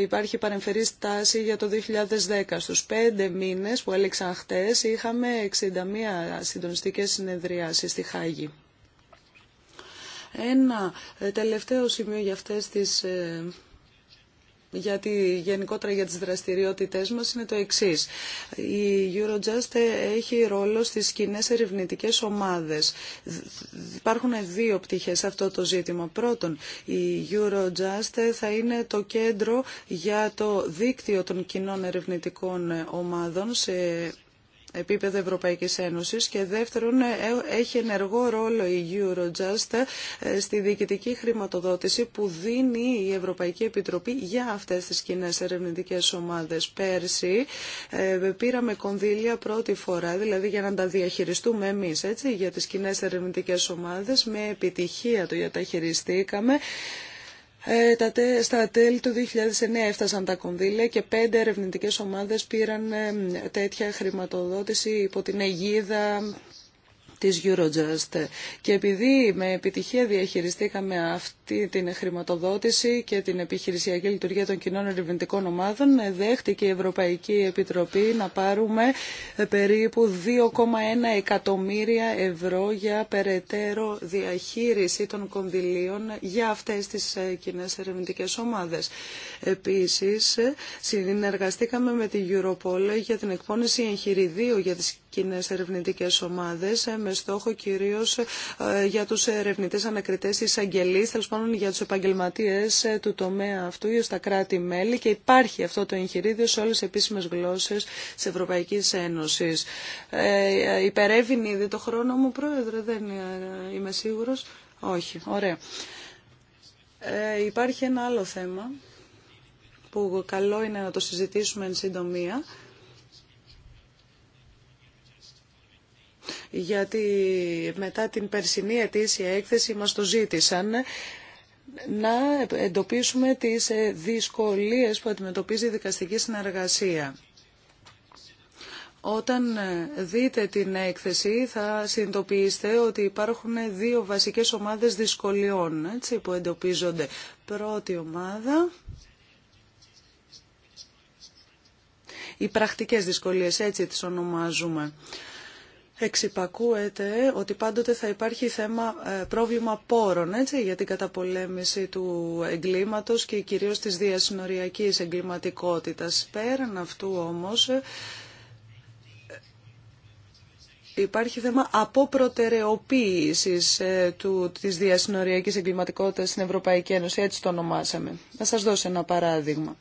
υπάρχει παρεμφερή στάση για το 2010. Στους 5 μήνες που έλεξαν χτες είχαμε 61 συντονιστικές συνεδριάσεις στη Χάγη. Ένα τελευταίο σημείο για αυτές τις γιατί γενικότερα για τις δραστηριότητές μας είναι το εξής. Η Eurojust έχει ρόλο στις κοινέ ερευνητικέ ομάδες. Υπάρχουν δύο πτυχές σε αυτό το ζήτημα. Πρώτον, η Eurojust θα είναι το κέντρο για το δίκτυο των κοινών ερευνητικών ομάδων σε επίπεδο Ευρωπαϊκής Ένωσης και δεύτερον ε, έχει ενεργό ρόλο η Eurojust ε, στη διοικητική χρηματοδότηση που δίνει η Ευρωπαϊκή Επιτροπή για αυτές τις κοινέ ερευνητικέ ομάδες. Πέρσι ε, πήραμε κονδύλια πρώτη φορά, δηλαδή για να τα διαχειριστούμε εμείς έτσι, για τις κοινέ ερευνητικέ ομάδες. Με επιτυχία το διαταχειριστήκαμε. Ε, στα τέλη του 2009 έφτασαν τα κονδύλια και πέντε ερευνητικές ομάδες πήραν τέτοια χρηματοδότηση υπό την αιγίδα της Eurojust. Και επειδή με επιτυχία διαχειριστήκαμε αυτή την χρηματοδότηση και την επιχειρησιακή λειτουργία των κοινών ερευνητικών ομάδων, δέχτηκε η Ευρωπαϊκή Επιτροπή να πάρουμε περίπου 2,1 εκατομμύρια ευρώ για περαιτέρω διαχείριση των κονδυλίων για αυτές τις ε, κοινέ ερευνητικέ ομάδες. Επίσης, συνεργαστήκαμε με την Europol για την εκπόνηση εγχειριδίου για τις κοινέ ερευνητικέ ομάδε ε, με στόχο κυρίω ε, για του ερευνητέ ανακριτέ εισαγγελεί, τέλο πάντων για του επαγγελματίε ε, του τομέα αυτού ή στα κράτη-μέλη και υπάρχει αυτό το εγχειρίδιο σε όλε τι επίσημε γλώσσε τη Ευρωπαϊκή Ένωση. Ε, υπερεύει ήδη το χρόνο μου, Πρόεδρε, δεν είμαι σίγουρο. Όχι, ωραία. υπάρχει ένα άλλο θέμα που καλό είναι να το συζητήσουμε εν συντομία γιατί μετά την περσινή ετήσια έκθεση μας το ζήτησαν να εντοπίσουμε τις ε, δυσκολίες που αντιμετωπίζει η δικαστική συνεργασία. Όταν ε, δείτε την έκθεση θα συνειδητοποιήσετε ότι υπάρχουν δύο βασικές ομάδες δυσκολιών έτσι, που εντοπίζονται. Πρώτη ομάδα, οι πρακτικές δυσκολίες, έτσι τις ονομάζουμε εξυπακούεται ότι πάντοτε θα υπάρχει θέμα, ε, πρόβλημα πόρων έτσι, για την καταπολέμηση του εγκλήματος και κυρίως της διασυνοριακής εγκληματικότητας. Πέραν αυτού όμως ε, υπάρχει θέμα ε, του, της διασυνοριακής εγκληματικότητας στην Ευρωπαϊκή Ένωση, έτσι το ονομάσαμε. Να σας δώσω ένα παράδειγμα.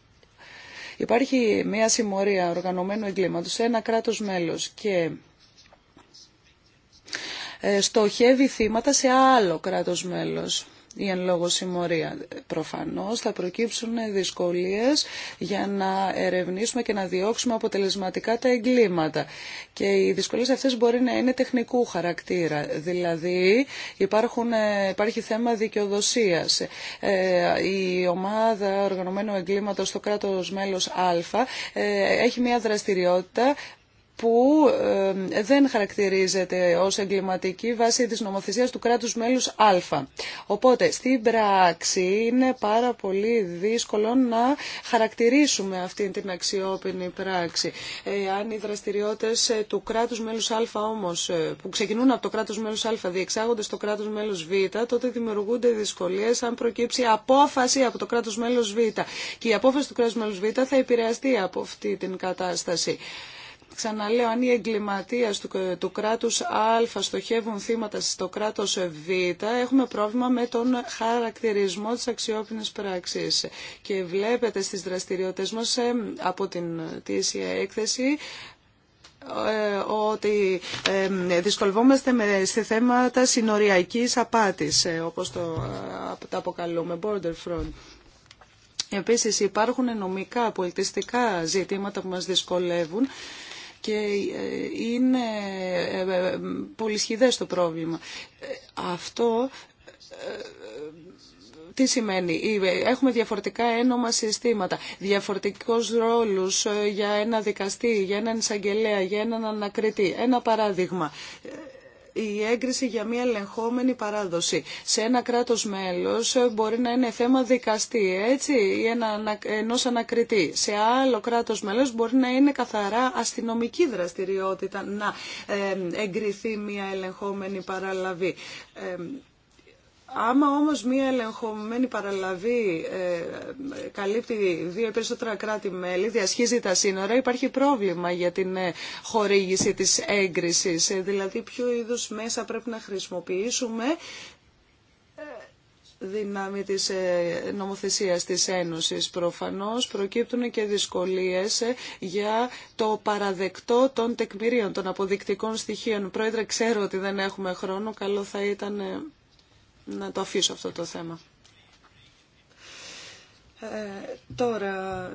Υπάρχει μια συμμορία οργανωμένου εγκλήματος σε ένα κράτος μέλος και ε, στοχεύει θύματα σε άλλο κράτος μέλος ή εν λόγω συμμορία. Προφανώς θα προκύψουν δυσκολίες για να ερευνήσουμε και να διώξουμε αποτελεσματικά τα εγκλήματα. Και οι δυσκολίες αυτές μπορεί να είναι τεχνικού χαρακτήρα. Δηλαδή υπάρχουν, ε, υπάρχει θέμα δικαιοδοσίας. Ε, η ομάδα οργανωμένου εγκλήματος στο κράτος μέλος Α έχει μια δραστηριότητα που ε, δεν χαρακτηρίζεται ως εγκληματική βάσει της νομοθεσίας του κράτους μέλους Α. Οπότε, στην πράξη είναι πάρα πολύ δύσκολο να χαρακτηρίσουμε αυτή την αξιόπινη πράξη. Ε, αν οι δραστηριότητες ε, του κράτους μέλους Α όμως, που ξεκινούν από το κράτος μέλους Α, διεξάγονται στο κράτος μέλος Β, τότε δημιουργούνται δυσκολίες αν προκύψει απόφαση από το κράτος μέλους Β. Και η απόφαση του κράτους μέλους Β θα επηρεαστεί από αυτή την κατάσταση. Ξαναλέω, αν οι εγκληματίε του, του κράτου Α στοχεύουν θύματα στο κράτο Β, έχουμε πρόβλημα με τον χαρακτηρισμό τη αξιόπινη πράξη. Και βλέπετε στι δραστηριότητε μα ε, από την τήσια έκθεση ε, ότι ε, δυσκολευόμαστε με, σε θέματα συνοριακής απάτης, όπως το, τα αποκαλούμε, border front. Επίσης υπάρχουν νομικά, πολιτιστικά ζητήματα που μας δυσκολεύουν και ε, είναι ε, ε, πολυσχηδές το πρόβλημα. Αυτό τι σημαίνει, έχουμε διαφορετικά ένομα συστήματα, διαφορετικούς ρόλους για ένα δικαστή, για έναν εισαγγελέα, για έναν ανακριτή. Ένα παράδειγμα, η έγκριση για μια ελεγχόμενη παράδοση. Σε ένα κράτος μέλος μπορεί να είναι θέμα δικαστή, έτσι, ή ένα, ανακριτή. Σε άλλο κράτος μέλος μπορεί να είναι καθαρά αστυνομική δραστηριότητα να εγκριθεί μια ελεγχόμενη παραλαβή. Άμα όμως μία ελεγχομένη παραλαβή ε, καλύπτει ή περισσότερα κράτη-μέλη, διασχίζει τα σύνορα, υπάρχει πρόβλημα για την ε, χορήγηση της έγκρισης. Ε, δηλαδή, ποιο είδους μέσα πρέπει να χρησιμοποιήσουμε δύναμη της νομοθεσίας της Ένωσης. Προφανώς προκύπτουν και δυσκολίες για το παραδεκτό των τεκμηρίων, των αποδεικτικών στοιχείων. Πρόεδρε, ξέρω ότι δεν έχουμε χρόνο. Καλό θα ήταν να το αφήσω αυτό το θέμα. Ε, τώρα,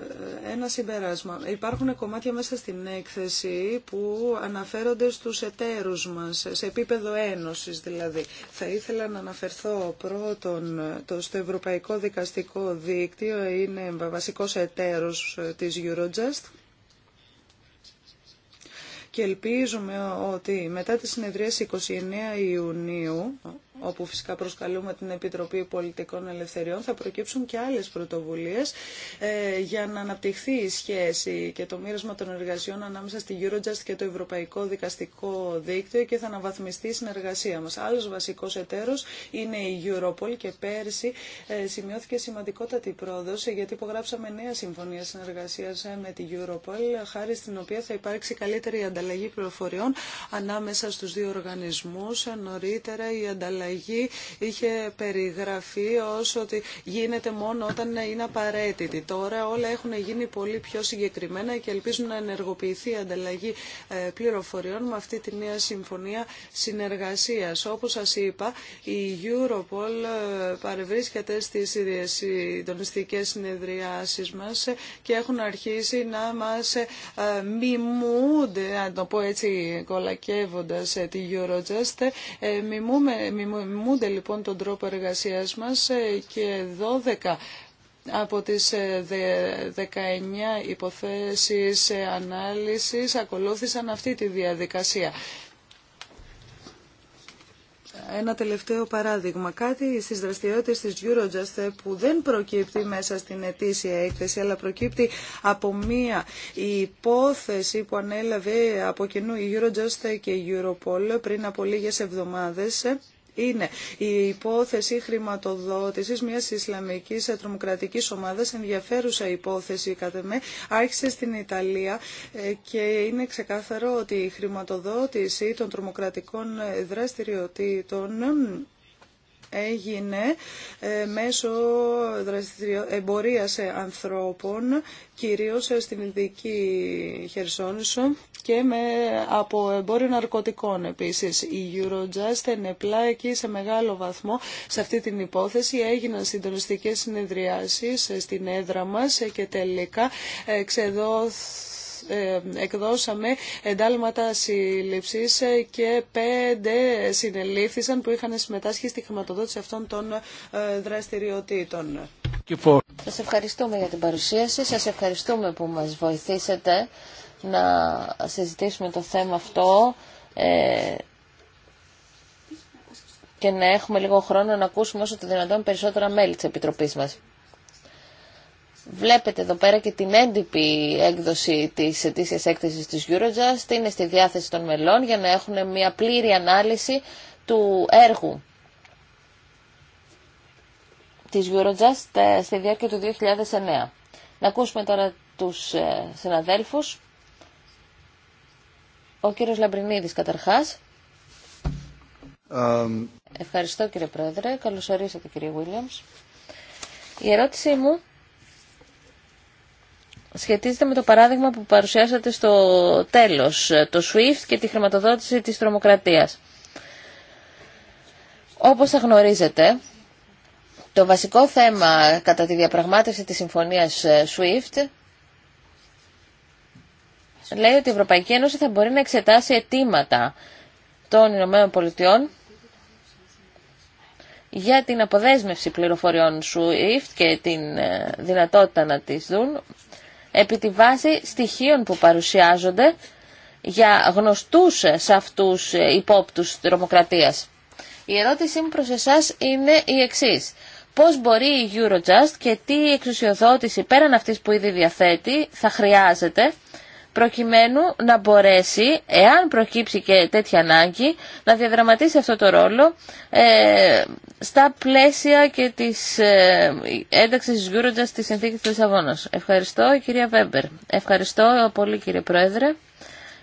ένα συμπέρασμα. Υπάρχουν κομμάτια μέσα στην έκθεση που αναφέρονται στους εταίρους μας, σε επίπεδο ένωσης δηλαδή. Θα ήθελα να αναφερθώ πρώτον το, στο Ευρωπαϊκό Δικαστικό Δίκτυο, είναι βασικός εταίρος της Eurojust και ελπίζουμε ότι μετά τη συνεδρία 29 Ιουνίου όπου φυσικά προσκαλούμε την Επιτροπή Πολιτικών Ελευθεριών, θα προκύψουν και άλλες πρωτοβουλίες ε, για να αναπτυχθεί η σχέση και το μοίρασμα των εργασιών ανάμεσα στη Eurojust και το Ευρωπαϊκό Δικαστικό Δίκτυο και θα αναβαθμιστεί η συνεργασία μας. Άλλος βασικός εταίρος είναι η Europol και πέρσι ε, σημειώθηκε σημαντικότατη πρόοδος ε, γιατί υπογράψαμε νέα συμφωνία συνεργασίας με τη Europol χάρη στην οποία θα υπάρξει καλύτερη ανταλλαγή πληροφοριών ανάμεσα στους δύο οργανισμούς νωρίτερα η ανταλλαγή αλλαγή είχε περιγραφεί ως ότι γίνεται μόνο όταν είναι απαραίτητη. Τώρα όλα έχουν γίνει πολύ πιο συγκεκριμένα και ελπίζουν να ενεργοποιηθεί η ανταλλαγή ε, πληροφοριών με αυτή τη νέα συμφωνία συνεργασίας. Όπως σας είπα, η Europol ε, παρευρίσκεται στις συντονιστικές συνεδριάσεις μας και έχουν αρχίσει να μας ε, μιμούνται, να το πω έτσι κολακεύοντας τη Eurojust, μιμούμε, Εκτιμούνται λοιπόν τον τρόπο εργασίας μας ε, και 12 από τις 19 ε, υποθέσεις ε, ανάλυσης ακολούθησαν αυτή τη διαδικασία. Ένα τελευταίο παράδειγμα. Κάτι στις δραστηριότητες της Eurojust που δεν προκύπτει μέσα στην ετήσια έκθεση, αλλά προκύπτει από μία υπόθεση που ανέλαβε από κοινού η Eurojust και η Europol πριν από λίγες εβδομάδες είναι η υπόθεση χρηματοδότησης μιας Ισλαμικής τρομοκρατικής ομάδας, ενδιαφέρουσα υπόθεση κατά με, άρχισε στην Ιταλία ε, και είναι ξεκάθαρο ότι η χρηματοδότηση των τρομοκρατικών δραστηριοτήτων έγινε ε, μέσω δραστηριο... εμπορίας ε, ανθρώπων, κυρίως ε, στην Ινδική Χερσόνησο και με... από εμπόριο ναρκωτικών επίσης. Η Eurojust πλάκη σε μεγάλο βαθμό σε αυτή την υπόθεση. Έγιναν συντονιστικές συνεδριάσεις στην έδρα μας και τελικά ξεδόθηκαν ε, εκδώσαμε εντάλματα συλληψή ε, και πέντε συνελήφθησαν που είχαν συμμετάσχει στη χρηματοδότηση αυτών των ε, δραστηριοτήτων. Σας ευχαριστούμε για την παρουσίαση, σας ευχαριστούμε που μας βοηθήσετε να συζητήσουμε το θέμα αυτό και να έχουμε λίγο χρόνο να ακούσουμε όσο το δυνατόν περισσότερα μέλη της Επιτροπής μας. Βλέπετε εδώ πέρα και την έντυπη έκδοση της ετήσιας έκθεσης της Eurojust. Είναι στη διάθεση των μελών για να έχουν μια πλήρη ανάλυση του έργου της Eurojust ε, στη διάρκεια του 2009. Να ακούσουμε τώρα τους ε, συναδέλφους. Ο κύριος Λαμπρινίδης καταρχάς. Ευχαριστώ κύριε Πρόεδρε. Καλωσορίσατε κύριε Williams. Η ερώτησή μου σχετίζεται με το παράδειγμα που παρουσιάσατε στο τέλος, το SWIFT και τη χρηματοδότηση της τρομοκρατίας. Όπως θα γνωρίζετε, το βασικό θέμα κατά τη διαπραγμάτευση της συμφωνίας ε, SWIFT λέει ότι η Ευρωπαϊκή Ένωση θα μπορεί να εξετάσει αιτήματα των Ηνωμένων Πολιτειών για την αποδέσμευση πληροφοριών SWIFT και την ε, δυνατότητα να τις δουν επί τη βάση στοιχείων που παρουσιάζονται για γνωστούς σε αυτούς υπόπτους τρομοκρατίας. Η ερώτησή μου προς εσάς είναι η εξής. Πώς μπορεί η Eurojust και τι εξουσιοδότηση πέραν αυτής που ήδη διαθέτει θα χρειάζεται προκειμένου να μπορέσει, εάν προκύψει και τέτοια ανάγκη, να διαδραματίσει αυτό το ρόλο ε, στα πλαίσια και της ε, ένταξης της στη συνθήκη της Λισαβόνας. Ευχαριστώ, κυρία Βέμπερ. Ευχαριστώ πολύ, κύριε Πρόεδρε.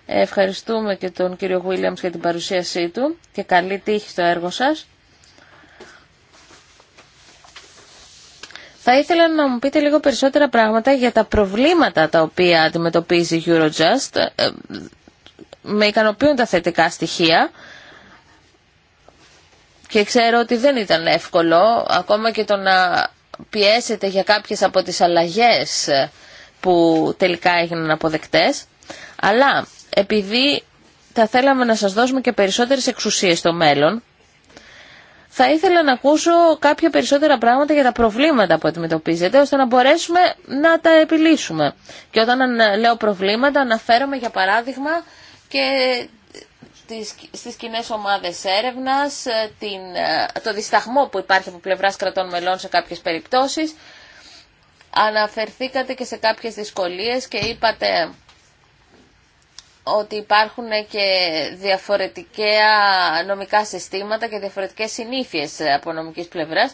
Ευχαριστούμε και τον κύριο Βίλιαμς για την παρουσίασή του και καλή τύχη στο έργο σας. Θα ήθελα να μου πείτε λίγο περισσότερα πράγματα για τα προβλήματα τα οποία αντιμετωπίζει Eurojust. Ε, ε, με ικανοποιούν τα θετικά στοιχεία και ξέρω ότι δεν ήταν εύκολο ακόμα και το να πιέσετε για κάποιες από τις αλλαγές που τελικά έγιναν αποδεκτές. Αλλά επειδή θα θέλαμε να σας δώσουμε και περισσότερες εξουσίες στο μέλλον, θα ήθελα να ακούσω κάποια περισσότερα πράγματα για τα προβλήματα που αντιμετωπίζετε, ώστε να μπορέσουμε να τα επιλύσουμε. Και όταν ε, λέω προβλήματα, αναφέρομαι για παράδειγμα και ε, στις κοινέ ομάδες έρευνας, ε, την, το δισταγμό που υπάρχει από πλευράς κρατών μελών σε κάποιες περιπτώσεις. Αναφερθήκατε και σε κάποιες δυσκολίες και είπατε ότι υπάρχουν και διαφορετικά νομικά συστήματα και διαφορετικές συνήθειες από νομικής πλευράς.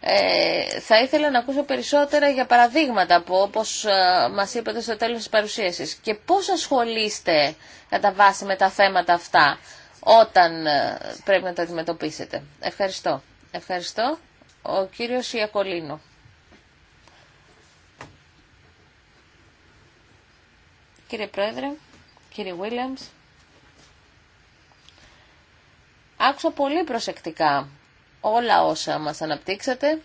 Ε, θα ήθελα να ακούσω περισσότερα για παραδείγματα που όπως ε, μας είπατε στο τέλος της παρουσίασης και πώς ασχολείστε κατά βάση με τα θέματα αυτά όταν ε, πρέπει να τα αντιμετωπίσετε. Ευχαριστώ. Ευχαριστώ. Ο κύριος Ιακολίνο. Κύριε Πρόεδρε. Κύριε Βίλιαμς, άκουσα πολύ προσεκτικά όλα όσα μας αναπτύξατε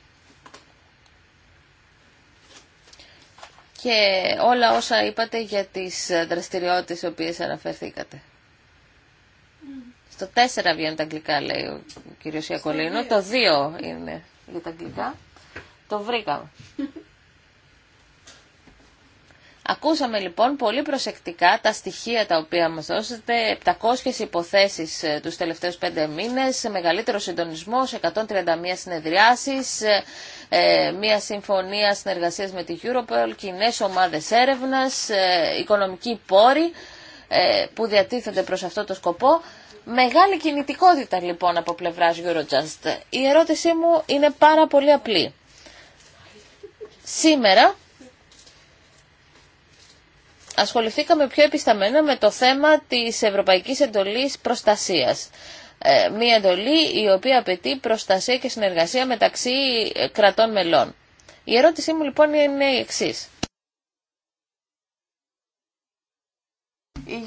και όλα όσα είπατε για τις δραστηριότητες στις οποίες αναφερθήκατε. Στο 4 βγαίνουν τα αγγλικά, λέει ο κύριος Ιακολίνο. Το 2 είναι για τα αγγλικά. Το βρήκαμε. *laughs* Ακούσαμε λοιπόν πολύ προσεκτικά τα στοιχεία τα οποία μας δώσετε, 700 υποθέσεις ε, τους τελευταίους πέντε μήνες, μεγαλύτερο συντονισμό, 131 συνεδριάσεις, ε, ε, μια συμφωνία συνεργασίας με τη Europol, κοινέ ομάδες έρευνας, οικονομική πόροι που διατίθενται προς αυτό το σκοπό. Μεγάλη κινητικότητα λοιπόν από πλευράς Eurojust. Η ερώτησή μου είναι πάρα πολύ απλή. Σήμερα ασχοληθήκαμε πιο επισταμένα με το θέμα της Ευρωπαϊκής Εντολής Προστασίας. Ε, μία εντολή η οποία απαιτεί προστασία και συνεργασία μεταξύ ε, κρατών μελών. Η ερώτησή μου λοιπόν είναι η εξής. Η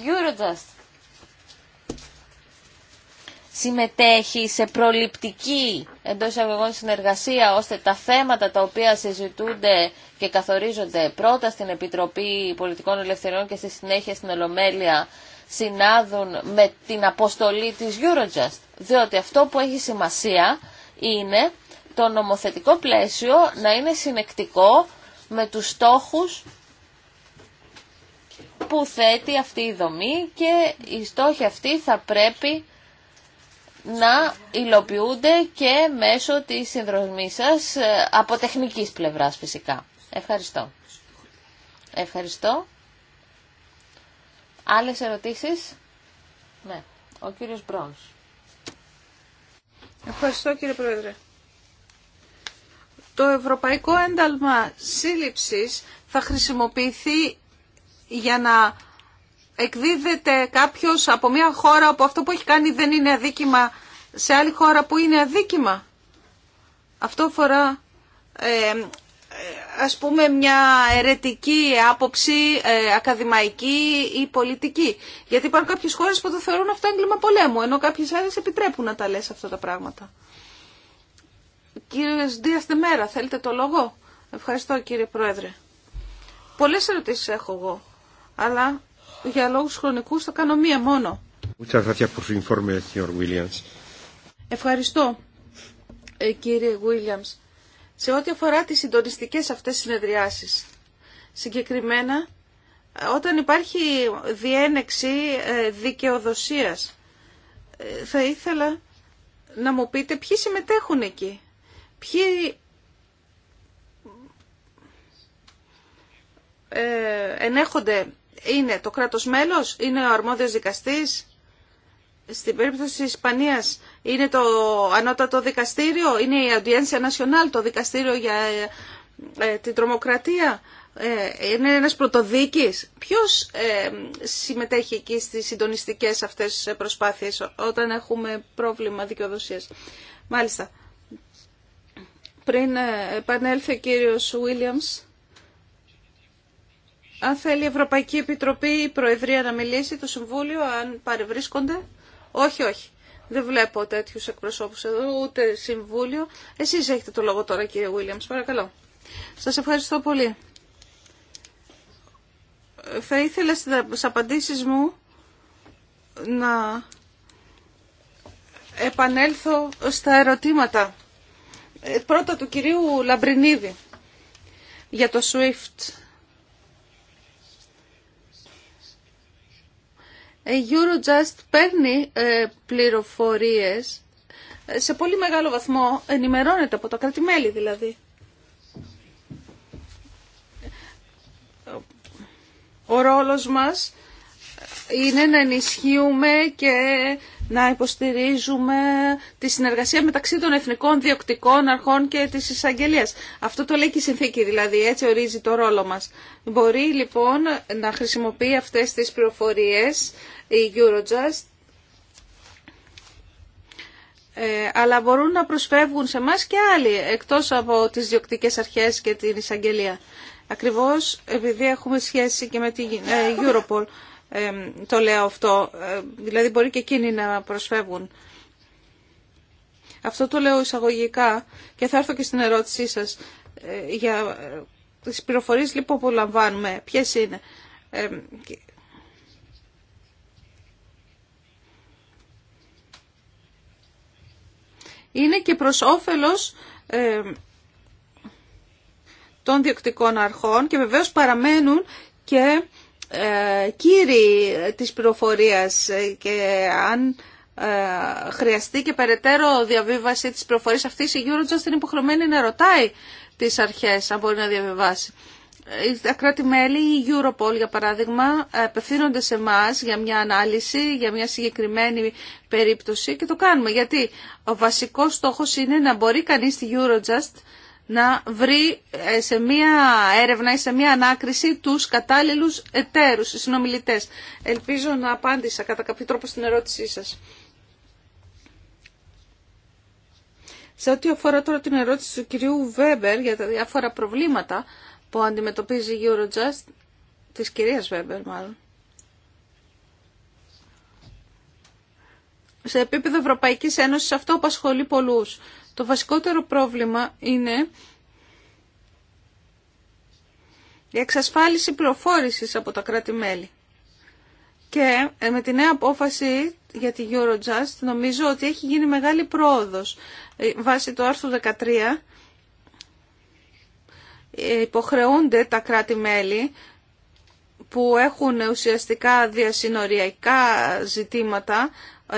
συμμετέχει σε προληπτική εντό εισαγωγών συνεργασία, ώστε τα θέματα τα οποία συζητούνται και καθορίζονται πρώτα στην Επιτροπή Πολιτικών Ελευθεριών και στη συνέχεια στην Ολομέλεια συνάδουν με την αποστολή της Eurojust. Διότι αυτό που έχει σημασία είναι το νομοθετικό πλαίσιο να είναι συνεκτικό με τους στόχους που θέτει αυτή η δομή και οι στόχοι αυτοί θα πρέπει να υλοποιούνται και μέσω της συνδρομής σας, ε, από τεχνικής πλευράς φυσικά. Ευχαριστώ. Ευχαριστώ. Άλλες ερωτήσεις. Ναι, ο κύριος Μπρόνς. Ευχαριστώ κύριε Πρόεδρε. Το Ευρωπαϊκό Ένταλμα Σύλληψης θα χρησιμοποιηθεί για να εκδίδεται κάποιος από μια χώρα που αυτό που έχει κάνει δεν είναι αδίκημα σε άλλη χώρα που είναι αδίκημα. Αυτό αφορά ε, ε ας πούμε μια ερετική άποψη ε, ακαδημαϊκή ή πολιτική. Γιατί υπάρχουν κάποιες χώρες που το θεωρούν αυτό έγκλημα πολέμου, ενώ κάποιες άλλες επιτρέπουν να τα λες αυτά τα πράγματα. Κύριε Δίας μέρα θέλετε το λόγο. Ευχαριστώ κύριε Πρόεδρε. Πολλές ερωτήσεις έχω εγώ, αλλά για λόγους χρονικούς θα κάνω μία μόνο. Ευχαριστώ, ε, κύριε Williams. Σε ό,τι αφορά τις συντονιστικές αυτές συνεδριάσεις, συγκεκριμένα ε, όταν υπάρχει διένεξη ε, δικαιοδοσίας, θα ήθελα να μου πείτε ποιοι συμμετέχουν εκεί, ποιοι ενέχονται είναι το κράτος μέλος, είναι ο αρμόδιος δικαστής. Στην περίπτωση της Ισπανίας είναι το ανώτατο δικαστήριο, είναι η Audiência Nacional, το δικαστήριο για ε, ε, την τρομοκρατία. Ε, είναι ένας πρωτοδίκης. Ποιος συμμετέχει εκεί στις συντονιστικές αυτές προσπάθειες όταν έχουμε πρόβλημα δικαιοδοσίας. Μάλιστα. Πριν επανέλθει ο κύριος Williams αν θέλει η Ευρωπαϊκή Επιτροπή η Προεδρία να μιλήσει, το Συμβούλιο, αν παρευρίσκονται. Όχι, όχι. Δεν βλέπω τέτοιου εκπροσώπου εδώ, ούτε Συμβούλιο. Εσεί έχετε το λόγο τώρα, κύριε Βίλιαμ, παρακαλώ. Σα ευχαριστώ πολύ. Θα ήθελα στι απαντήσει μου να επανέλθω στα ερωτήματα. Ε, πρώτα του κυρίου Λαμπρινίδη για το SWIFT Η ε, Eurojust παίρνει ε, πληροφορίες ε, σε πολύ μεγάλο βαθμό, ενημερώνεται από τα κρατη δηλαδή. Ο ρόλος μας είναι να ενισχύουμε και να υποστηρίζουμε τη συνεργασία μεταξύ των εθνικών διοκτικών αρχών και της εισαγγελία. Αυτό το λέει και η συνθήκη δηλαδή, έτσι ορίζει το ρόλο μας. Μπορεί λοιπόν να χρησιμοποιεί αυτές τις πληροφορίες η Eurojust ε, αλλά μπορούν να προσφεύγουν σε μας και άλλοι εκτός από τις διοκτικές αρχές και την εισαγγελία. Ακριβώς επειδή έχουμε σχέση και με την ε, Europol το λέω αυτό. Ε, δηλαδή μπορεί και εκείνοι να προσφεύγουν. Αυτό το λέω εισαγωγικά και θα έρθω και στην ερώτησή σας ε, για ε, τις πληροφορίες λοιπόν που λαμβάνουμε. Ποιες είναι. Είναι και προς όφελος των διοκτικών αρχών και βεβαίως παραμένουν και ε, κύριοι της πληροφορίας ε, και αν ε, χρειαστεί και περαιτέρω διαβίβαση της πληροφορίας αυτής, η Eurojust είναι υποχρεωμένη να ρωτάει τις αρχές αν μπορεί να διαβιβάσει. Τα κράτη-μέλη, η Europol για παράδειγμα, απευθύνονται σε εμά για μια ανάλυση, για μια συγκεκριμένη περίπτωση και το κάνουμε. Γιατί ο βασικός στόχος είναι να μπορεί κανείς στη Eurojust να βρει ε, σε μία έρευνα ή σε μία ανάκριση τους κατάλληλους εταίρους, συνομιλητές. Ελπίζω να απάντησα κατά κάποιο τρόπο στην ερώτησή σας. Σε ό,τι αφορά τώρα την ερώτηση του κυρίου Βέμπερ για τα διάφορα προβλήματα που αντιμετωπίζει η Eurojust, της κυρίας Βέμπερ μάλλον, σε επίπεδο Ευρωπαϊκής Ένωσης αυτό απασχολεί πολλούς. Το βασικότερο πρόβλημα είναι η εξασφάλιση πληροφόρησης από τα κράτη-μέλη. Και ε, με τη νέα απόφαση για τη Eurojust νομίζω ότι έχει γίνει μεγάλη πρόοδος. Ε, βάσει το άρθρο 13 ε, υποχρεούνται τα κράτη-μέλη που έχουν ουσιαστικά διασυνοριακά ζητήματα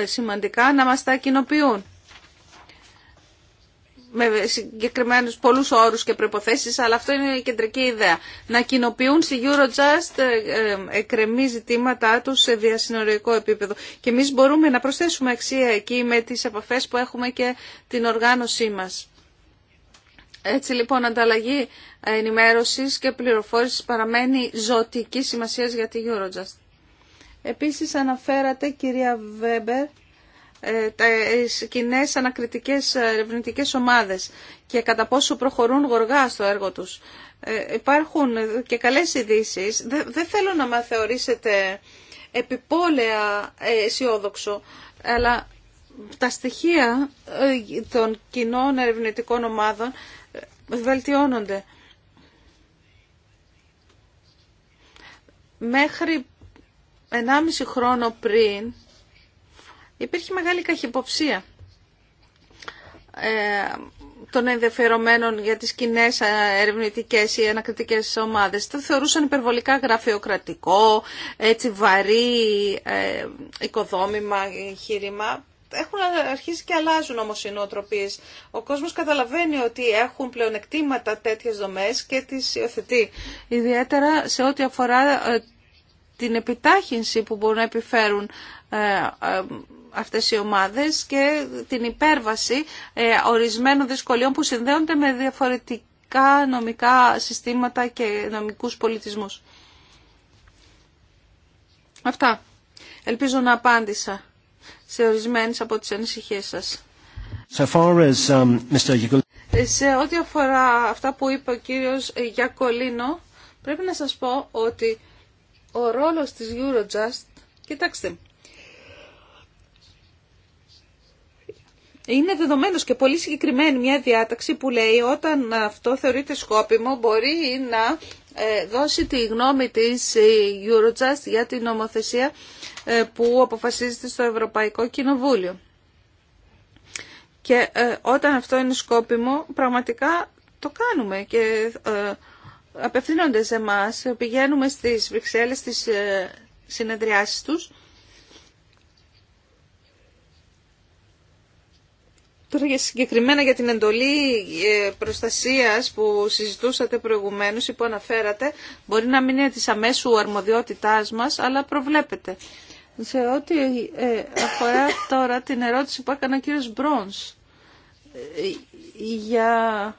σημαντικά να μας τα κοινοποιούν με συγκεκριμένου πολλού όρου και προποθέσει, αλλά αυτό είναι η κεντρική ιδέα. Να κοινοποιούν στη Eurojust ε, ε, εκρεμή ζητήματά του σε διασυνοριακό επίπεδο. Και εμεί μπορούμε να προσθέσουμε αξία εκεί με τι επαφέ που έχουμε και την οργάνωσή μα. Έτσι λοιπόν, ανταλλαγή ενημέρωση και πληροφόρηση παραμένει ζωτική σημασία για τη Eurojust. Επίσης αναφέρατε, κυρία Βέμπερ, ε, τα ε, κοινέ ανακριτικές ε, ερευνητικέ ομάδες και κατά πόσο προχωρούν γοργά στο έργο τους. Υπάρχουν και καλές ειδήσει. Δεν θέλω να με θεωρήσετε επιπόλαια αισιόδοξο, αλλά τα στοιχεία των κοινών ερευνητικών ομάδων βελτιώνονται. Μέχρι 1,5 χρόνο πριν Υπήρχε μεγάλη καχυποψία ε, των ενδιαφερομένων για τις κοινέ ερευνητικές ή ανακριτικές ομάδες. Το θεωρούσαν υπερβολικά γραφειοκρατικό, έτσι βαρύ ε, οικοδόμημα, εγχείρημα. Έχουν αρχίσει και αλλάζουν όμως οι νοοτροπίες. Ο κόσμος καταλαβαίνει ότι έχουν πλεονεκτήματα τέτοιες δομές και τις υιοθετεί. Ιδιαίτερα σε ό,τι αφορά ε, την επιτάχυνση που μπορούν να επιφέρουν αυτές οι ομάδες και την υπέρβαση ε, ορισμένων δυσκολιών που συνδέονται με διαφορετικά νομικά συστήματα και νομικούς πολιτισμούς. Αυτά. Ελπίζω να απάντησα σε ορισμένες από τις ανησυχίες σας. So um, ε, Σε ό,τι αφορά αυτά που είπε ο κύριος Γιακολίνο, πρέπει να σας πω ότι ο ρόλος της Eurojust, κοιτάξτε, είναι δεδομένος και πολύ συγκεκριμένη μια διάταξη που λέει όταν αυτό θεωρείται σκόπιμο μπορεί να ε, δώσει τη γνώμη της ε, Eurojust για την νομοθεσία ε, που αποφασίζεται στο Ευρωπαϊκό Κοινοβούλιο. Και όταν αυτό είναι σκόπιμο πραγματικά το κάνουμε και απευθύνονται σε εμάς, πηγαίνουμε στις Βρυξέλλες, στις συνεδριάσεις τους Τώρα για συγκεκριμένα για την εντολή ε, προστασίας που συζητούσατε προηγουμένως ή που αναφέρατε, μπορεί να μην είναι της αμέσου αρμοδιότητάς μας, αλλά προβλέπετε. Σε ό,τι ε, αφορά τώρα την ερώτηση που έκανε ο κύριος Μπρόνς ε, για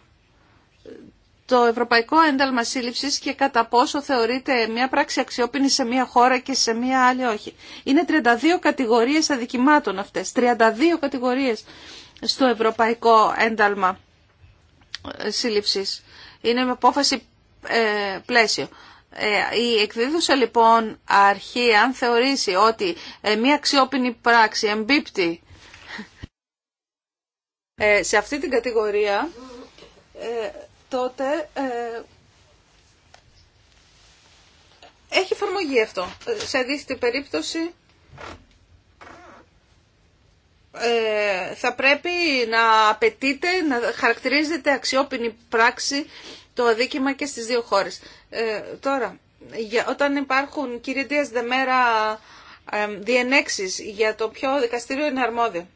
το Ευρωπαϊκό Ένταλμα Σύλληψης και κατά πόσο θεωρείται μια πράξη αξιόπινη σε μια χώρα και σε μια άλλη όχι. Είναι 32 κατηγορίες αδικημάτων αυτές. 32 κατηγορίες στο ευρωπαϊκό ένταλμα σύλληψης. Είναι με απόφαση ε, πλαίσιο. Ε, η εκδίδουσα λοιπόν αρχή αν θεωρήσει ότι ε, μια αξιόπινη πράξη εμπίπτει σε αυτή την κατηγορία τότε έχει εφαρμογή αυτό. Σε αντίθετη περίπτωση ε, θα πρέπει να απαιτείται, να χαρακτηρίζεται αξιόπινη πράξη το αδίκημα και στις δύο χώρες. Ε, τώρα, για, όταν υπάρχουν, κύριε Δίας Δεμέρα, ε, διενέξεις για το ποιο δικαστήριο είναι αρμόδιο.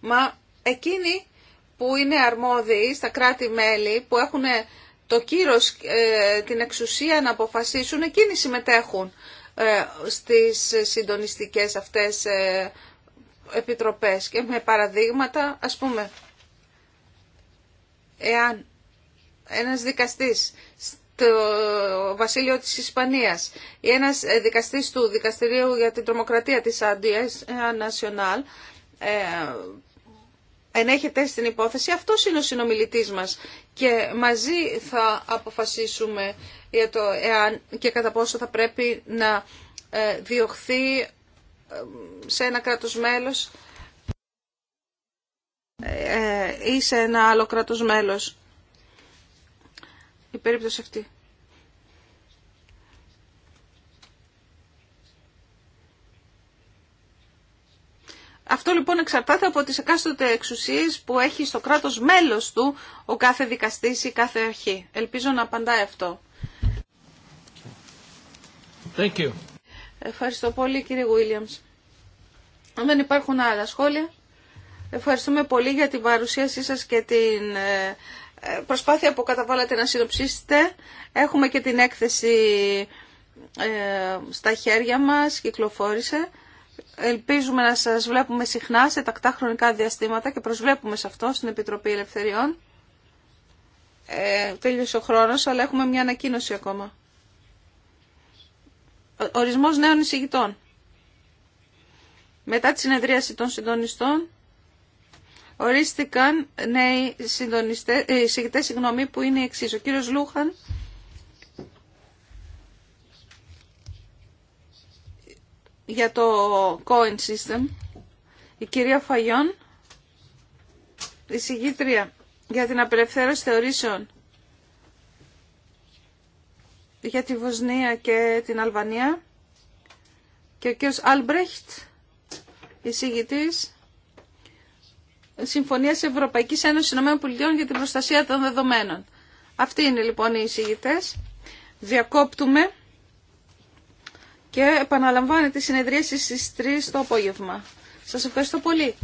Μα εκείνοι που είναι αρμόδιοι στα κράτη-μέλη, που έχουν το κύρος, ε, την εξουσία να αποφασίσουν, εκείνοι συμμετέχουν ε, στις συντονιστικές αυτές ε, επιτροπές και με παραδείγματα ας πούμε εάν ένας δικαστής στο βασίλειο της Ισπανίας ή ένας ε, δικαστής του Δικαστηρίου για την Τρομοκρατία της Αντίας National ενέχεται στην υπόθεση. Αυτό είναι ο συνομιλητής μα και μαζί θα αποφασίσουμε για το εάν και κατά πόσο θα πρέπει να ε, διωχθεί ε, σε ένα κράτος μέλος ε, ή σε ένα άλλο κράτος μέλος. Η περίπτωση αυτή. Αυτό λοιπόν εξαρτάται από τις εκάστοτε εξουσίες που έχει στο κράτος μέλος του ο κάθε δικαστής ή κάθε αρχή. Ελπίζω να απαντάει αυτό. Thank you. Ευχαριστώ πολύ κύριε Williams. Αν δεν υπάρχουν άλλα σχόλια, ευχαριστούμε πολύ για την παρουσίασή σας και την ε, ε, προσπάθεια που καταβάλατε να συνοψίσετε. Έχουμε και την έκθεση ε, στα χέρια μας, κυκλοφόρησε. Ελπίζουμε να σας βλέπουμε συχνά σε τακτά χρονικά διαστήματα και προσβλέπουμε σε αυτό στην Επιτροπή Ελευθεριών. Ε, τέλειωσε ο χρόνος, αλλά έχουμε μια ανακοίνωση ακόμα. Ορισμός νέων εισηγητών. Μετά τη συνεδρίαση των συντονιστών, ορίστηκαν νέοι συντονιστές, ε, εισηγητές συγγνώμη, που είναι εξής. Ο κύριος Λούχαν για το Coin System. Η κυρία Φαγιόν, η συγγήτρια για την απελευθέρωση θεωρήσεων για τη Βοσνία και την Αλβανία και ο κ. Αλμπρέχτ, εισηγητής Συμφωνίας Ευρωπαϊκής Ένωσης ΗΠΑ για την προστασία των δεδομένων. Αυτοί είναι λοιπόν οι συγγητές Διακόπτουμε και επαναλαμβάνεται τη συνεδρίαση στις 3 το απόγευμα. Σας ευχαριστώ πολύ.